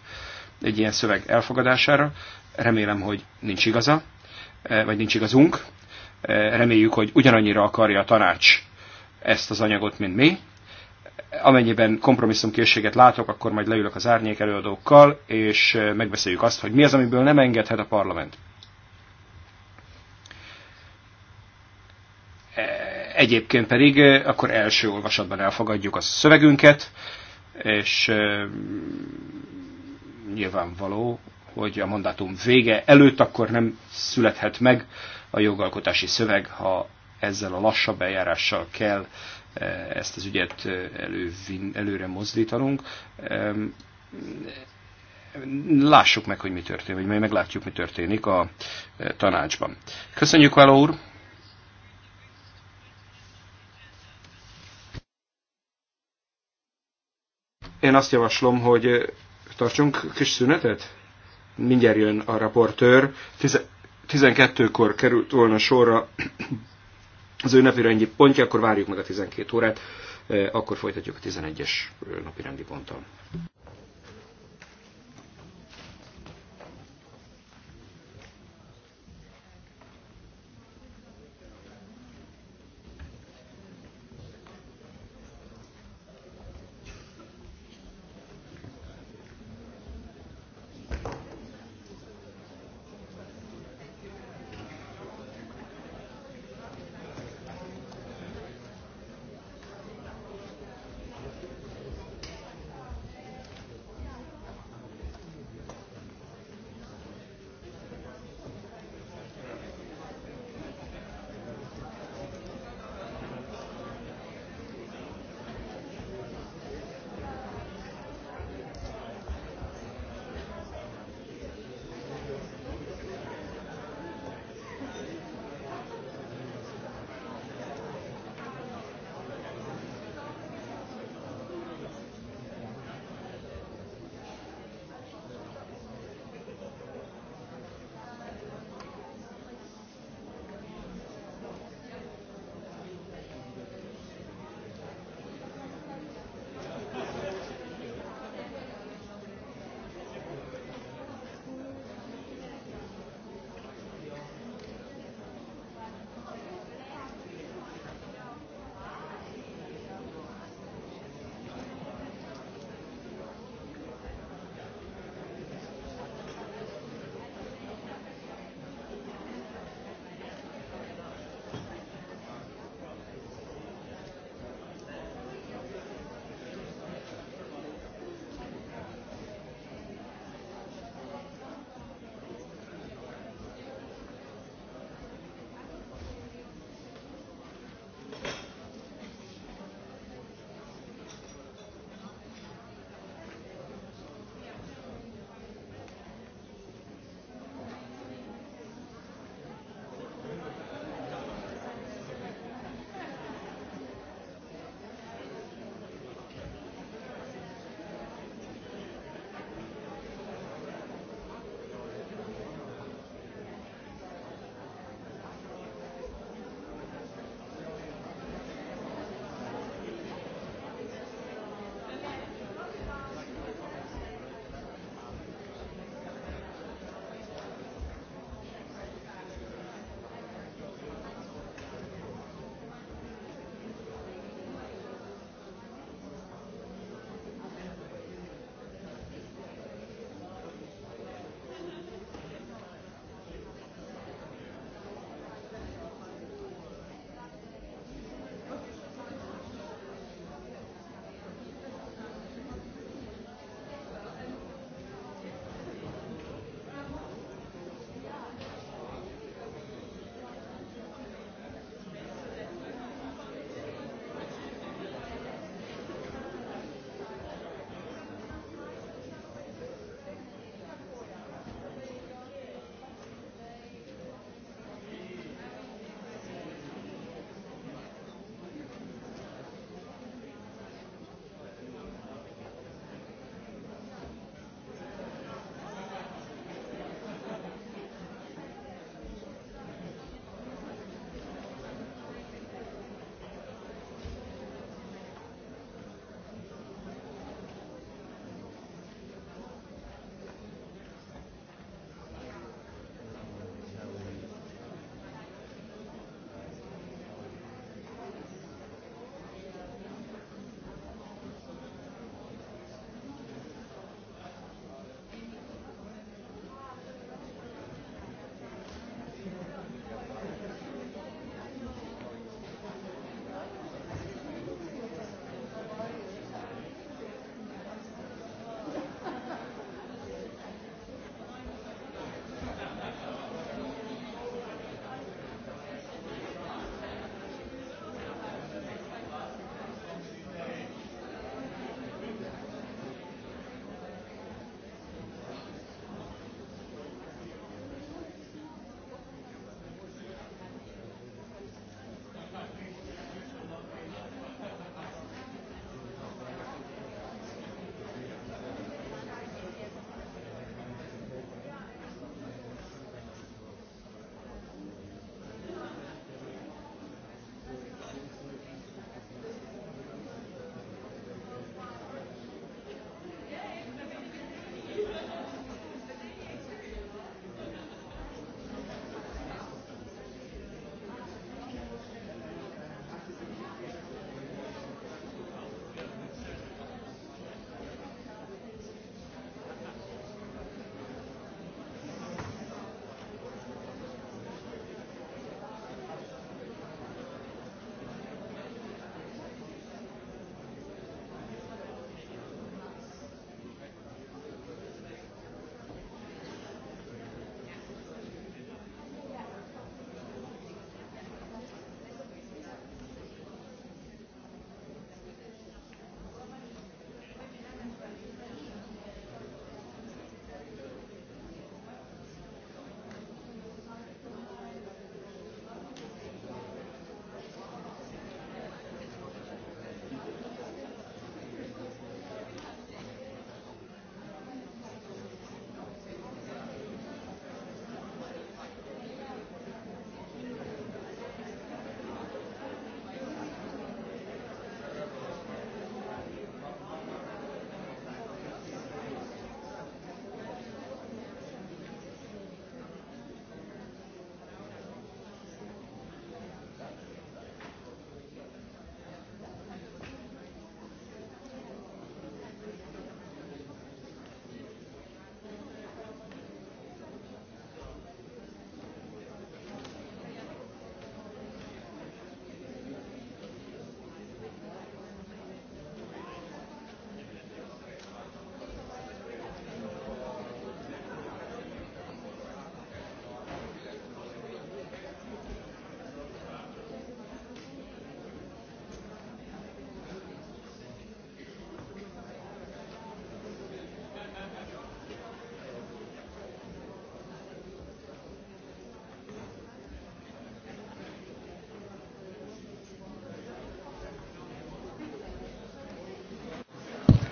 egy ilyen szöveg elfogadására. Remélem, hogy nincs igaza, vagy nincs igazunk. Reméljük, hogy ugyanannyira akarja a tanács ezt az anyagot, mint mi amennyiben kompromisszumkészséget látok, akkor majd leülök az árnyék előadókkal, és eh, megbeszéljük azt, hogy mi az, amiből nem engedhet a parlament. Eh, egyébként pedig eh, akkor első olvasatban elfogadjuk a szövegünket, és nyilvánvaló, hogy a mandátum vége előtt akkor nem születhet meg a jogalkotási szöveg, ha ezzel a lassabb eljárással kell Eh, ezt az ügyet eh, elővin, előre mozdítanunk. Lássuk meg, hogy mi történik, vagy majd meglátjuk, mi történik a eh, tanácsban. Köszönjük, Való úr! Én azt javaslom, hogy tartsunk kis szünetet? Mindjárt jön a raportőr. 12-kor került volna sorra az ő napirendi pontja, akkor várjuk meg a 12 órát, eh, akkor folytatjuk a 11-es eh, napirendi ponttal.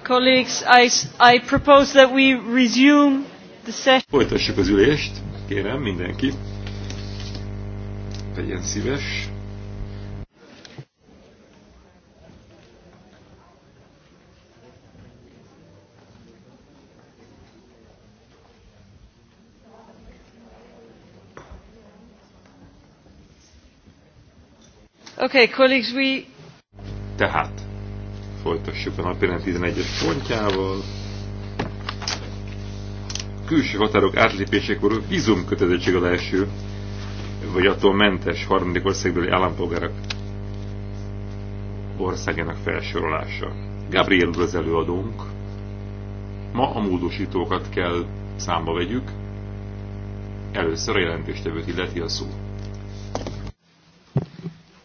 Colleagues, I, I propose that we resume the session. Folytassuk az ülést, kérem mindenki. Legyen szíves. Okay, colleagues, we... Tehát folytassuk a napirend 11-es pontjával. Külső határok átlépésekor kötelezettség a első, vagy attól mentes harmadik országbeli állampolgárok országának felsorolása. Gabriel az előadónk. Ma a módosítókat kell számba vegyük. Először a jelentéstevőt illeti a szó.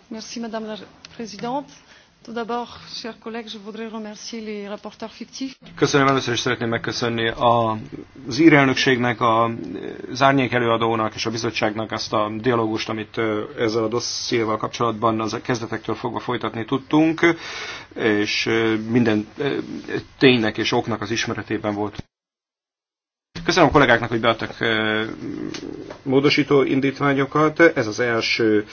Merci, Madame la Présidente. Köszönöm, először is szeretném megköszönni a, az írelnökségnek, a, az árnyék előadónak és a bizottságnak azt a dialógust, amit ezzel a dossziéval kapcsolatban az kezdetektől fogva folytatni tudtunk, és minden ténynek és oknak az ismeretében volt. Köszönöm a kollégáknak, hogy beadtak módosító indítványokat. Ez az első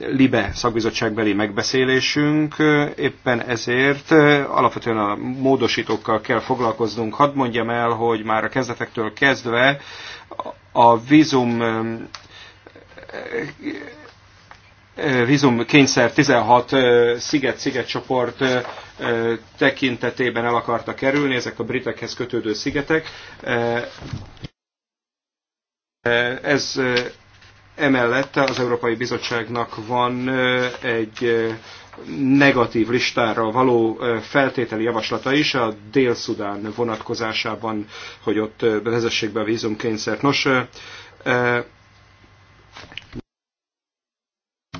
LIBE szakbizottságbeli megbeszélésünk. Éppen ezért alapvetően a módosítókkal kell foglalkoznunk. Hadd mondjam el, hogy már a kezdetektől kezdve a vízum vízum kényszer 16 sziget sziget csoport tekintetében el akarta kerülni, ezek a britekhez kötődő szigetek. Ez emellett az Európai Bizottságnak van egy negatív listára való feltételi javaslata is a Dél-Szudán vonatkozásában, hogy ott bevezessék be a vízumkényszert. Nos,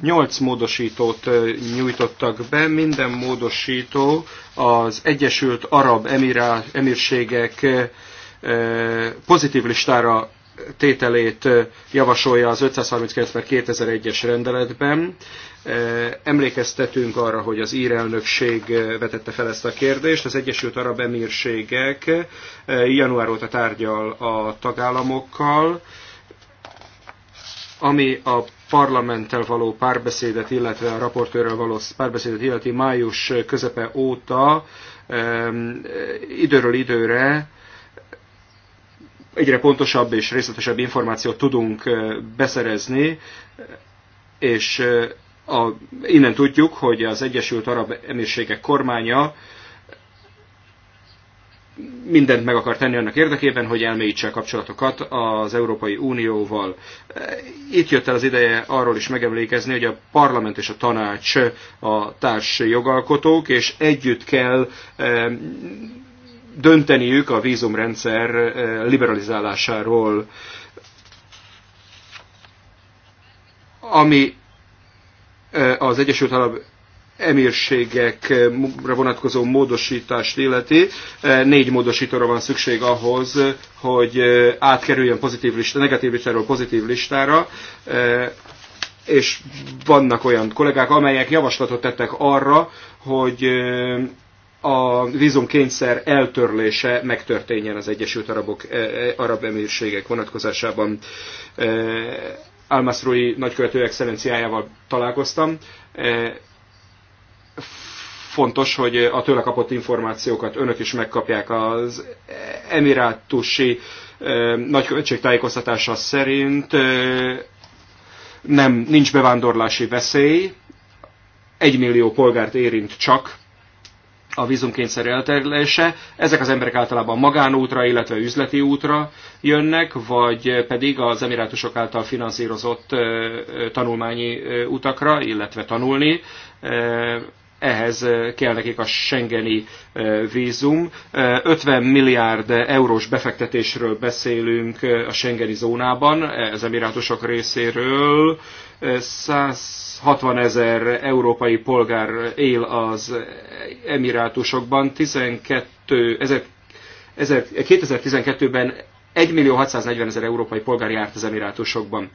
Nyolc módosítót nyújtottak be, minden módosító az Egyesült Arab Emírségek pozitív listára tételét javasolja az 539-2001-es rendeletben. Emlékeztetünk arra, hogy az ír elnökség vetette fel ezt a kérdést. Az Egyesült Arab Emírségek január óta tárgyal a tagállamokkal, ami a parlamenttel való párbeszédet, illetve a raportőrrel való párbeszédet illeti május közepe óta időről időre egyre pontosabb és részletesebb információt tudunk eh, beszerezni, és eh, a, innen tudjuk, hogy az Egyesült Arab Emírségek kormánya mindent meg akar tenni annak érdekében, hogy elmélyítse a kapcsolatokat az Európai Unióval. Itt jött el az ideje arról is megemlékezni, hogy a parlament és a tanács a társ jogalkotók, és együtt kell eh, dönteniük a vízumrendszer eh, liberalizálásáról. Ami eh, az Egyesült Arab emírségekre vonatkozó módosítást illeti. E, négy módosítóra van szükség ahhoz, hogy e, átkerüljön pozitív lista, negatív listáról pozitív listára, e, és vannak olyan kollégák, amelyek javaslatot tettek arra, hogy a vízumkényszer eltörlése megtörténjen az Egyesült Arabok, Arab Emírségek vonatkozásában. Almasrui nagykövető excellenciájával találkoztam, fontos, hogy eh, a tőle kapott információkat önök is megkapják az emirátusi eh, nagy tájékoztatása szerint eh, nem, nincs bevándorlási veszély, egy millió polgárt érint csak a vízumkényszer elterülése. Ezek az emberek általában magánútra, illetve üzleti útra jönnek, vagy pedig az emirátusok által finanszírozott tanulmányi utakra, illetve tanulni ehhez eh, kell nekik a Schengeni eh, vízum. 50 eh, milliárd eurós befektetésről beszélünk a Schengeni zónában, az emirátusok részéről. 160 ezer európai polgár él az emirátusokban, 12, 2012-ben 1 millió 640 ezer európai polgár járt az emirátusokban.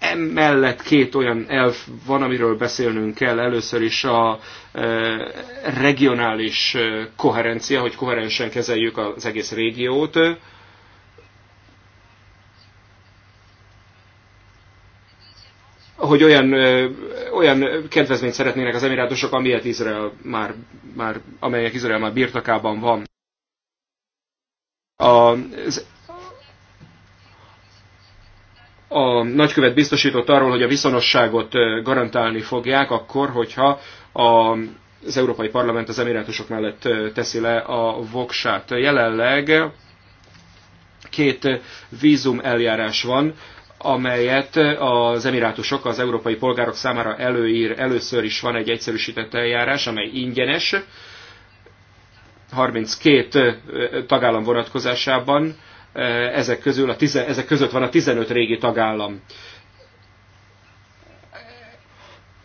Emellett két olyan elf van, amiről beszélnünk kell. Először is a e, regionális e, koherencia, hogy koherensen kezeljük az egész régiót. hogy olyan, e, olyan kedvezményt szeretnének az emirátusok, amilyet Izrael már, már, amelyek Izrael már birtokában van. Az a nagykövet biztosított arról, hogy a viszonosságot garantálni fogják akkor, hogyha a az Európai Parlament az emirátusok mellett teszi le a voksát. Jelenleg két vízum eljárás van, amelyet az emirátusok az európai polgárok számára előír. Először is van egy egyszerűsített eljárás, amely ingyenes, 32 tagállam vonatkozásában, Eh, ezek, közül a tize, ezek között van a 15 régi tagállam.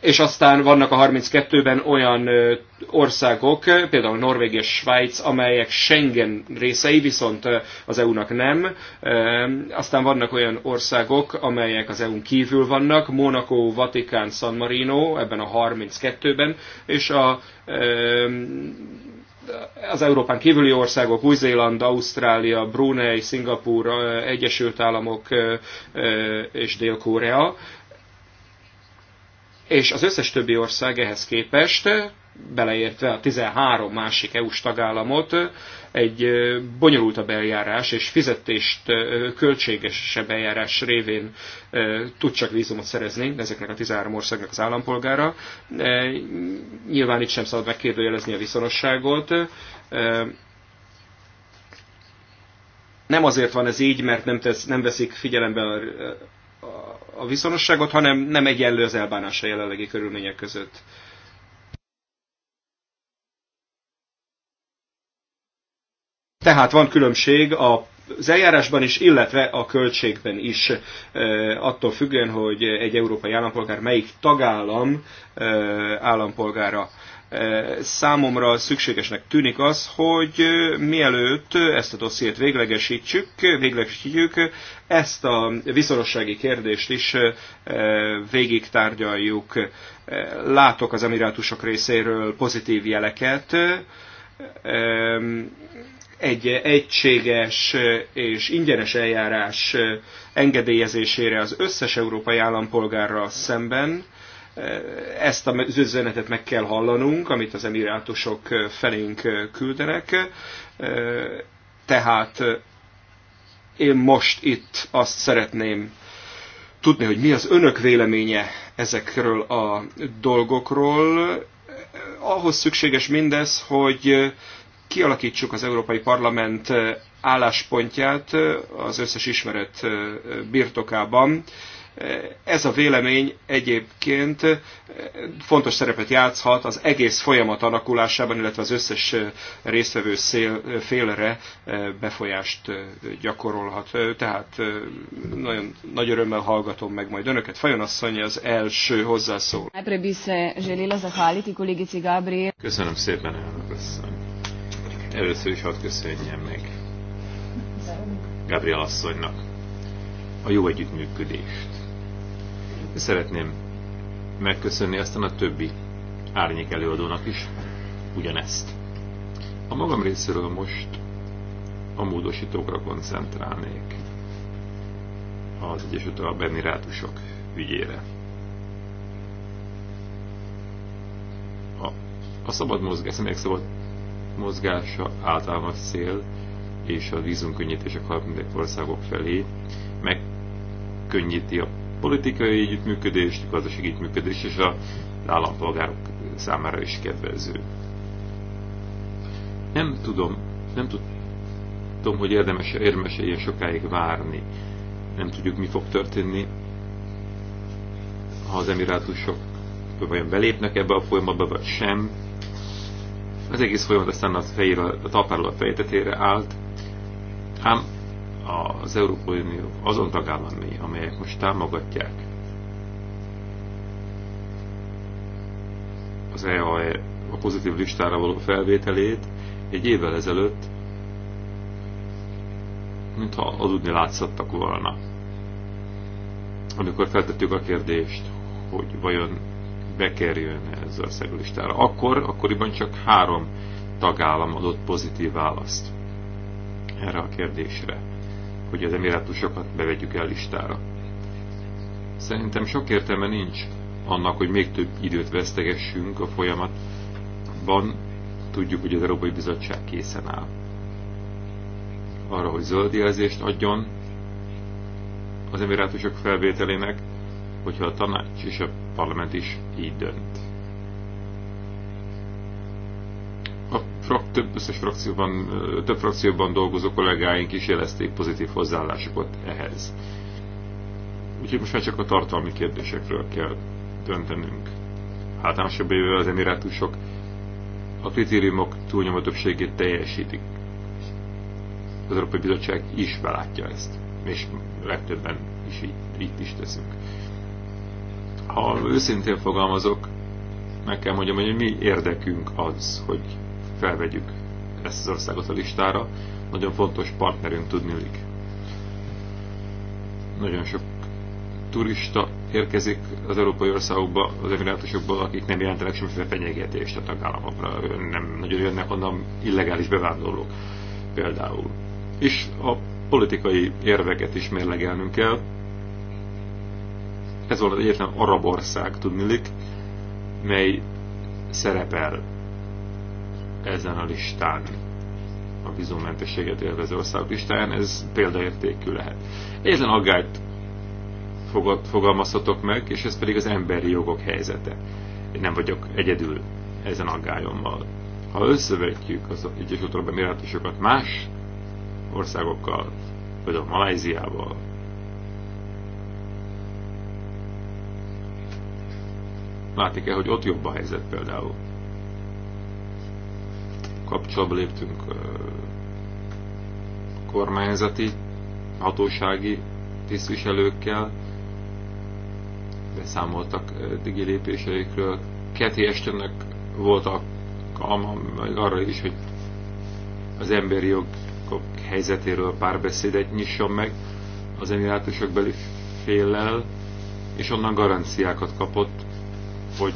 És aztán vannak a 32-ben olyan országok, eh, például Norvégia és Svájc, amelyek Schengen részei, viszont az EU-nak nem. Eh, aztán vannak olyan országok, amelyek az EU-n kívül vannak, Monaco, Vatikán, San Marino, ebben a 32-ben, és a az Európán kívüli országok, Új-Zéland, Ausztrália, Brunei, Szingapúr, Egyesült Államok és Dél-Korea, és az összes többi ország ehhez képest beleértve a 13 másik EU-s tagállamot, egy bonyolultabb eljárás és fizetést költségesebb eljárás révén tud csak vízumot szerezni ezeknek a 13 országnak az állampolgára. Nyilván itt sem szabad megkérdőjelezni a viszonosságot. Nem azért van ez így, mert nem, tesz, nem veszik figyelembe a, a, a viszonosságot, hanem nem egyenlő az elbánása jelenlegi körülmények között. Tehát van különbség a az eljárásban is, illetve a költségben is, e, attól függően, hogy egy európai állampolgár melyik tagállam e, állampolgára e, számomra szükségesnek tűnik az, hogy mielőtt ezt a dossziét véglegesítsük, véglegesítjük, ezt a viszonossági kérdést is végig tárgyaljuk. Látok az emirátusok részéről pozitív jeleket, egy egységes és ingyenes eljárás engedélyezésére az összes európai állampolgárra szemben. Ezt az üzenetet meg kell hallanunk, amit az emirátusok felénk küldenek. Tehát én most itt azt szeretném tudni, hogy mi az önök véleménye ezekről a dolgokról. Ahhoz szükséges mindez, hogy kialakítsuk az Európai Parlament álláspontját az összes ismeret birtokában. Ez a vélemény egyébként fontos szerepet játszhat az egész folyamat alakulásában, illetve az összes résztvevő szél, félre befolyást gyakorolhat. Tehát nagyon nagy örömmel hallgatom meg majd önöket. Fajon asszony az első hozzászól. Köszönöm szépen, elnök asszony. Először is hadd köszönjem meg Gabriel asszonynak a jó együttműködést. Szeretném megköszönni aztán a többi árnyék előadónak is ugyanezt. A magam részéről most a módosítókra koncentrálnék az Egyesült a Emirátusok ügyére. A, a szabad mozgás, személyek szabad mozgása, általános cél és a a harmadik országok felé megkönnyíti a politikai együttműködést, a gazdasági együttműködést és a állampolgárok számára is kedvező. Nem tudom, nem tudom, hogy érdemes, érdemes ilyen sokáig várni. Nem tudjuk, mi fog történni, ha az emirátusok vajon belépnek ebbe a folyamatba, vagy sem az egész folyamat aztán a, fejére, a talpáról a fejtetére állt, ám az Európai Unió azon tagállamai, amelyek most támogatják az EAE e a pozitív listára való felvételét, egy évvel ezelőtt mintha aludni látszottak volna. Amikor feltettük a kérdést, hogy vajon bekerjön ez a szegülistára. Akkor, akkoriban csak három tagállam adott pozitív választ erre a kérdésre, hogy az emirátusokat bevegyük el listára. Szerintem sok értelme nincs annak, hogy még több időt vesztegessünk a folyamatban. Tudjuk, hogy az Európai Bizottság készen áll arra, hogy zöld adjon az emirátusok felvételének, hogyha a tanács és a parlament is így dönt. A frak, több összes frakcióban, több frakcióban dolgozó kollégáink is jelezték pozitív hozzáállásokat ehhez. Úgyhogy most már csak a tartalmi kérdésekről kell döntenünk. Általánosabb jövő az emirátusok a kritériumok túlnyomó többségét teljesítik. Az Európai Bizottság is belátja ezt, és legtöbben is így, így is teszünk ha őszintén fogalmazok, meg kell mondjam, hogy mi érdekünk az, hogy felvegyük ezt az országot a listára. Nagyon fontos partnerünk tudnilik. Nagyon sok turista érkezik az európai országokba, az emirátusokból, akik nem jelentenek semmiféle fenyegetést a tagállamokra, nem nagyon jönnek onnan illegális bevándorlók például. És a politikai érveket is mérlegelnünk kell, ez volt az egyetlen arab ország, tudnilik, mely szerepel ezen a listán, a vízummentességet élvező országok listáján, ez példaértékű lehet. Egyetlen aggályt fogad, fogalmazhatok meg, és ez pedig az emberi jogok helyzete. Én nem vagyok egyedül ezen aggályommal. Ha összevetjük az Egyesült Arab Emirátusokat más országokkal, vagy a Malajziával, látni kell, hogy ott jobb a helyzet például. Kapcsolatba léptünk kormányzati, hatósági tisztviselőkkel, beszámoltak digi lépéseikről. Keti Estennek volt alkalma arra is, hogy az emberi jogok helyzetéről párbeszédet nyisson meg az emirátusok beli féllel, és onnan garanciákat kapott hogy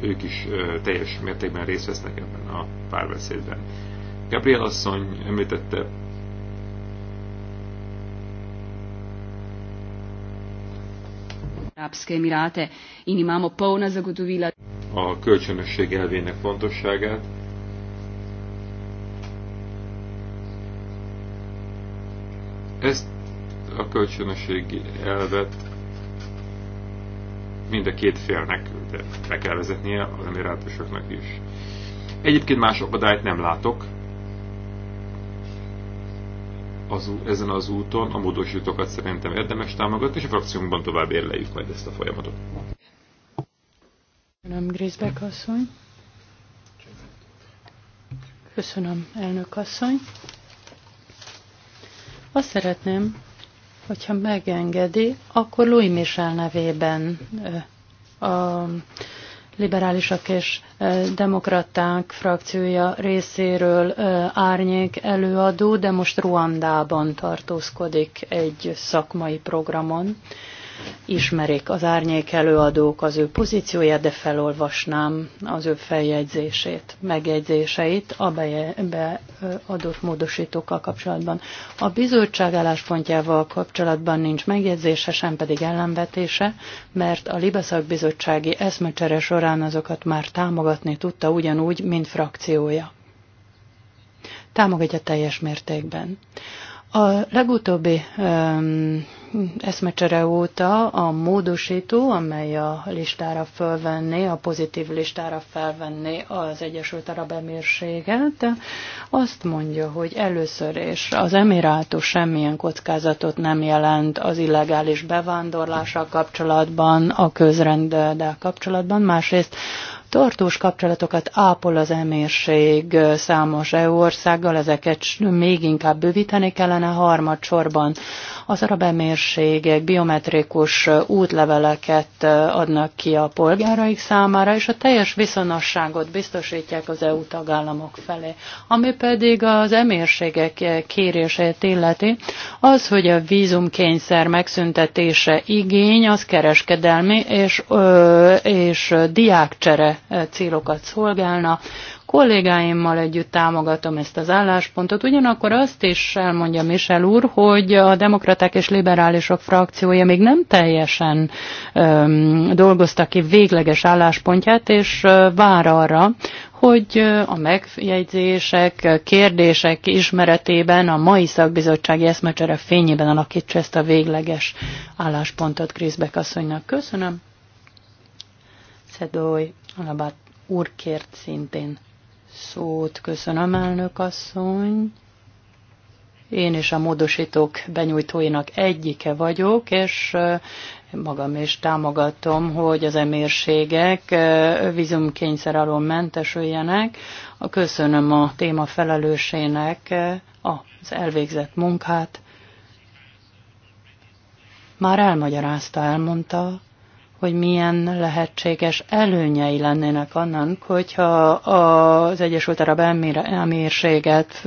ők is teljes mértékben részt vesznek ebben a párbeszédben. Gabriel asszony említette A kölcsönösség elvének fontosságát. Ezt a kölcsönösség elvet mind a két félnek be kell vezetnie, az emirátusoknak is. Egyébként más akadályt nem látok az, ezen az úton. A módosítókat szerintem érdemes támogatni, és a frakciónkban tovább érleljük majd ezt a folyamatot. Köszönöm, Grisbeck asszony. Köszönöm, elnök asszony. Azt szeretném, hogyha megengedi, akkor Louis Michel nevében a liberálisak és demokraták frakciója részéről árnyék előadó, de most Ruandában tartózkodik egy szakmai programon ismerik az árnyék előadók az ő pozícióját, de felolvasnám az ő feljegyzését, megjegyzéseit a beadott módosítókkal kapcsolatban. A bizottság álláspontjával kapcsolatban nincs megjegyzése, sem pedig ellenvetése, mert a Libeszak bizottsági eszmecsere során azokat már támogatni tudta ugyanúgy, mint frakciója. Támogatja teljes mértékben. A legutóbbi um, eszmecsere óta a módosító, amely a listára fölvenné, a pozitív listára felvenné az Egyesült Arab Emírséget, azt mondja, hogy először is az emirátus semmilyen kockázatot nem jelent az illegális bevándorlással kapcsolatban, a közrenddel kapcsolatban, másrészt tartós kapcsolatokat ápol az emérség számos EU országgal, ezeket még inkább bővíteni kellene harmadsorban. Az arab emérségek biometrikus útleveleket adnak ki a polgáraik számára, és a teljes viszonosságot biztosítják az EU tagállamok felé. Ami pedig az emérségek kérését illeti, az, hogy a vízumkényszer megszüntetése igény, az kereskedelmi és, és diákcsere célokat szolgálna, kollégáimmal együtt támogatom ezt az álláspontot. Ugyanakkor azt is elmondja Michel úr, hogy a demokraták és liberálisok frakciója még nem teljesen öm, dolgozta ki végleges álláspontját, és vár arra, hogy a megjegyzések, kérdések ismeretében a mai szakbizottsági eszmecsere fényében alakítsa ezt a végleges álláspontot Kriszbek asszonynak. Köszönöm. Szedói Alabát úr kért szintén szót. Köszönöm, elnök asszony. Én is a módosítók benyújtóinak egyike vagyok, és eh, magam is támogatom, hogy az emérségek eh, vízumkényszer alól mentesüljenek. Köszönöm a téma felelősének eh, az elvégzett munkát. Már elmagyarázta, elmondta, hogy milyen lehetséges előnyei lennének annak, hogyha az Egyesült Arab Emírséget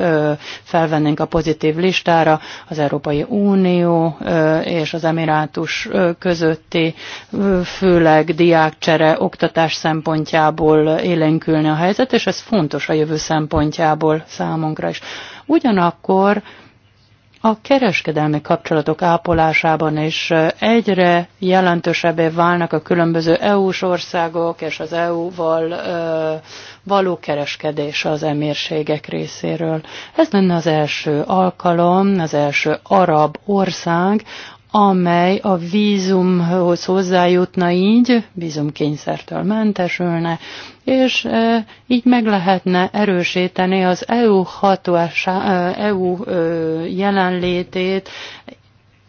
felvennénk a pozitív listára, az Európai Unió és az Emirátus közötti, főleg diákcsere, oktatás szempontjából élénkülni a helyzet, és ez fontos a jövő szempontjából számunkra is. Ugyanakkor a kereskedelmi kapcsolatok ápolásában is egyre jelentősebbé válnak a különböző EU-s országok és az EU-val való kereskedés az emírségek részéről. Ez lenne az első alkalom, az első arab ország, amely a vízumhoz hozzájutna így, vízumkényszertől mentesülne, és e, így meg lehetne erősíteni az EU, hatása, EU e, e, jelenlétét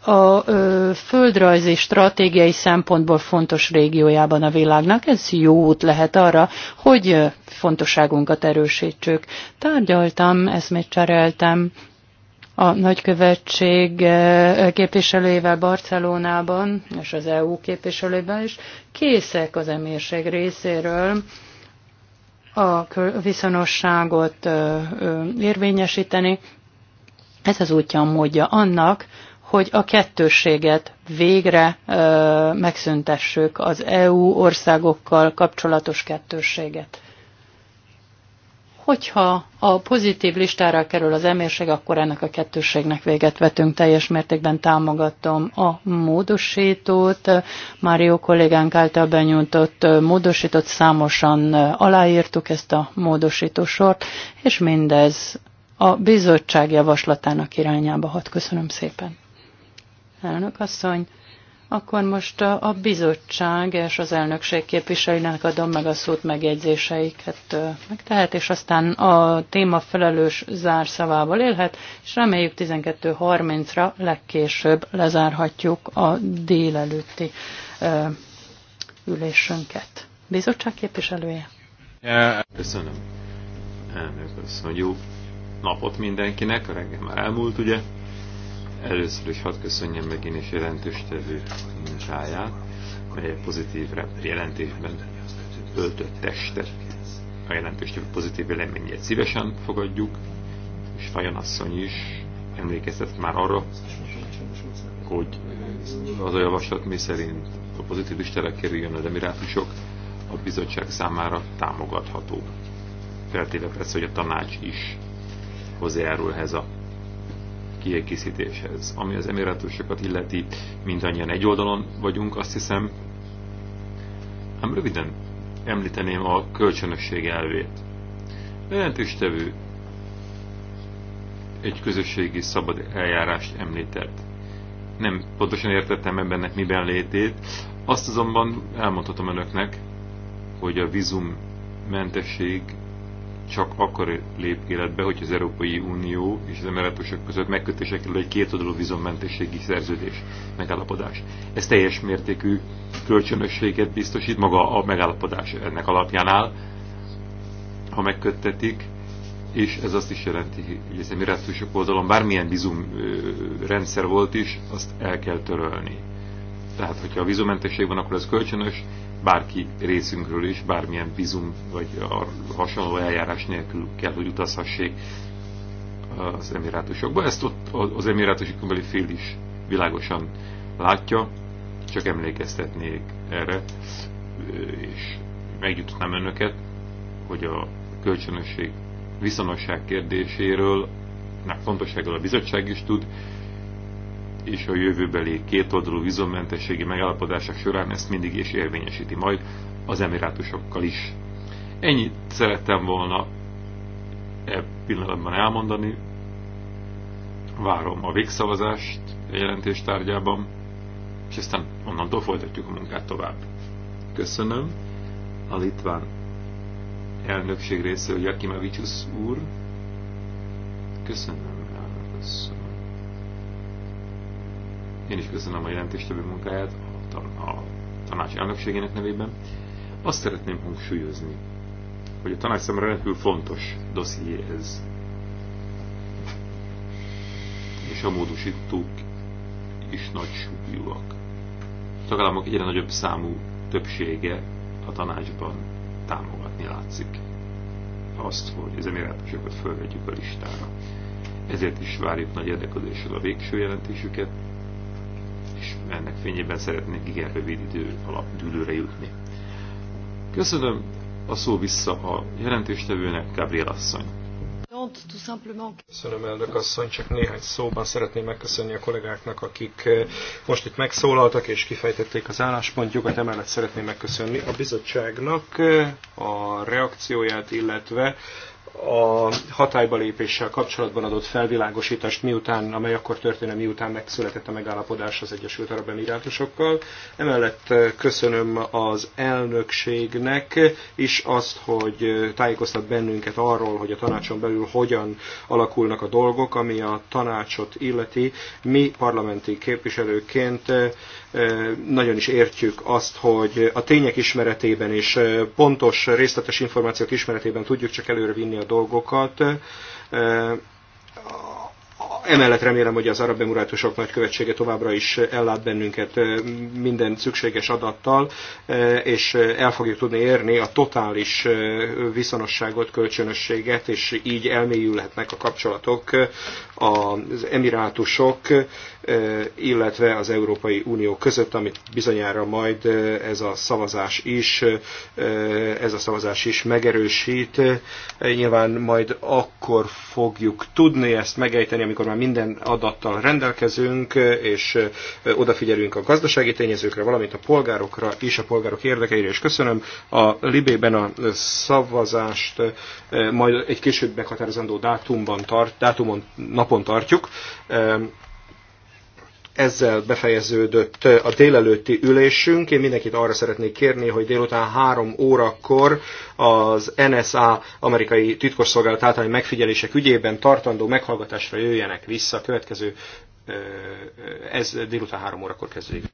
a e, földrajzi stratégiai szempontból fontos régiójában a világnak. Ez jó út lehet arra, hogy e, fontosságunkat erősítsük. Tárgyaltam, eszmét cseréltem a nagykövetség eh, képviselőjével Barcelonában, és az EU képviselőben is készek az emírség részéről a viszonosságot eh, eh, érvényesíteni. Ez az útja módja annak, hogy a kettősséget végre ö, megszüntessük, az EU országokkal kapcsolatos kettősséget hogyha a pozitív listára kerül az emérség, akkor ennek a kettősségnek véget vetünk. Teljes mértékben támogatom a módosítót. Mário kollégánk által benyújtott módosított számosan aláírtuk ezt a sort, és mindez a bizottság javaslatának irányába hat. Köszönöm szépen. Elnök asszony, akkor most a bizottság és az elnökség képviselőinek adom meg a szót megjegyzéseiket megtehet, és aztán a téma felelős zárszavával élhet, és reméljük 12.30-ra legkésőbb lezárhatjuk a délelőtti ülésünket. Bizottság képviselője? Köszönöm. Elnök, köszönöm. Jó napot mindenkinek, a reggel már elmúlt, ugye? Először is hadd köszönjem meg én is tevő munkáját, mely pozitív jelentésben öltött testet. A tevő pozitív véleményét szívesen fogadjuk, és Fajon asszony is emlékeztet már arra, hogy az a javaslat, mi szerint a pozitív listára kerüljön az emirátusok, a bizottság számára támogatható. Feltéve persze, hogy a tanács is hozzájárul ehhez a kiegészítéshez. Ami az emirátusokat illeti, mindannyian egy oldalon vagyunk, azt hiszem. Ám röviden említeném a kölcsönösség elvét. tevő egy közösségi szabad eljárást említett. Nem pontosan értettem ebben miben létét, azt azonban elmondhatom önöknek, hogy a mentesség csak akkor lép életbe, hogy az Európai Unió és az Emirátusok között megkötések kerül egy kétoldalú vízummentességi szerződés megállapodás. Ez teljes mértékű kölcsönösséget biztosít, maga a megállapodás ennek alapján áll, ha megköttetik, és ez azt is jelenti, hogy az Emirátusok oldalon bármilyen vízum rendszer volt is, azt el kell törölni. Tehát, hogyha a vízumentesség van, akkor ez kölcsönös, bárki részünkről is, bármilyen bizum vagy hasonló eljárás nélkül kell, hogy utazhassék az emirátusokba. Ezt ott az emirátusi kumbeli fél is világosan látja, csak emlékeztetnék erre, és megjutatnám önöket, hogy a kölcsönösség viszonosság kérdéséről, fontosságról a bizottság is tud, és a jövőbeli kétoldalú vízummentességi megállapodások során ezt mindig is érvényesíti majd az emirátusokkal is. Ennyit szerettem volna e pillanatban elmondani. Várom a végszavazást a jelentéstárgyában, és aztán onnantól folytatjuk a munkát tovább. Köszönöm a litván elnökség részéről Jakimavicsus úr. Köszönöm, elnök én is köszönöm a jelentéstevő munkáját a tanács elnökségének nevében. Azt szeretném hangsúlyozni, hogy a tanács számára rendkívül fontos dosszié ez. És a módosítók is nagy súlyúak. A tagállamok egyre nagyobb számú többsége a tanácsban támogatni látszik azt, hogy az emirátusokat fölvegyük a listára. Ezért is várjuk nagy érdeklődéssel a végső jelentésüket, és ennek fényében szeretnék igen rövid idő alatt dűlőre jutni. Köszönöm a szó vissza a jelentéstevőnek, Gabriel asszony. Köszönöm, elnök asszony, csak néhány szóban szeretném megköszönni a kollégáknak, akik eh, most itt megszólaltak és kifejtették az álláspontjukat, emellett szeretném megköszönni a bizottságnak eh, a reakcióját, illetve a hatályba lépéssel kapcsolatban adott felvilágosítást, miután, amely akkor történne, miután megszületett a megállapodás az Egyesült Arab Emirátusokkal. Emellett eh, köszönöm az elnökségnek is azt, hogy eh, tájékoztat bennünket arról, hogy a tanácson belül hogyan alakulnak a dolgok, ami a tanácsot illeti. Mi parlamenti képviselőként eh, nagyon is értjük azt, hogy a tények ismeretében és pontos, részletes információk ismeretében tudjuk csak előre vinni a dolgokat. Emellett remélem, hogy az arab emirátusok nagykövetsége továbbra is ellát bennünket minden szükséges adattal, és el fogjuk tudni érni a totális viszonosságot, kölcsönösséget, és így elmélyülhetnek a kapcsolatok az emirátusok, e, illetve az Európai Unió között, amit bizonyára majd e, ez a szavazás is, e, ez a szavazás is megerősít. Nyilván majd akkor fogjuk tudni ezt megejteni, amikor már minden adattal rendelkezünk, és odafigyelünk a gazdasági tényezőkre, valamint a polgárokra is a polgárok érdekeire, és köszönöm a Libében a szavazást, majd egy később meghatározandó dátumban tart, dátumon nap napon tartjuk. Ezzel befejeződött a délelőtti ülésünk. Én mindenkit arra szeretnék kérni, hogy délután három órakor az NSA amerikai titkosszolgálat általi megfigyelések ügyében tartandó meghallgatásra jöjjenek vissza. Következő, eh, ez délután három órakor kezdődik.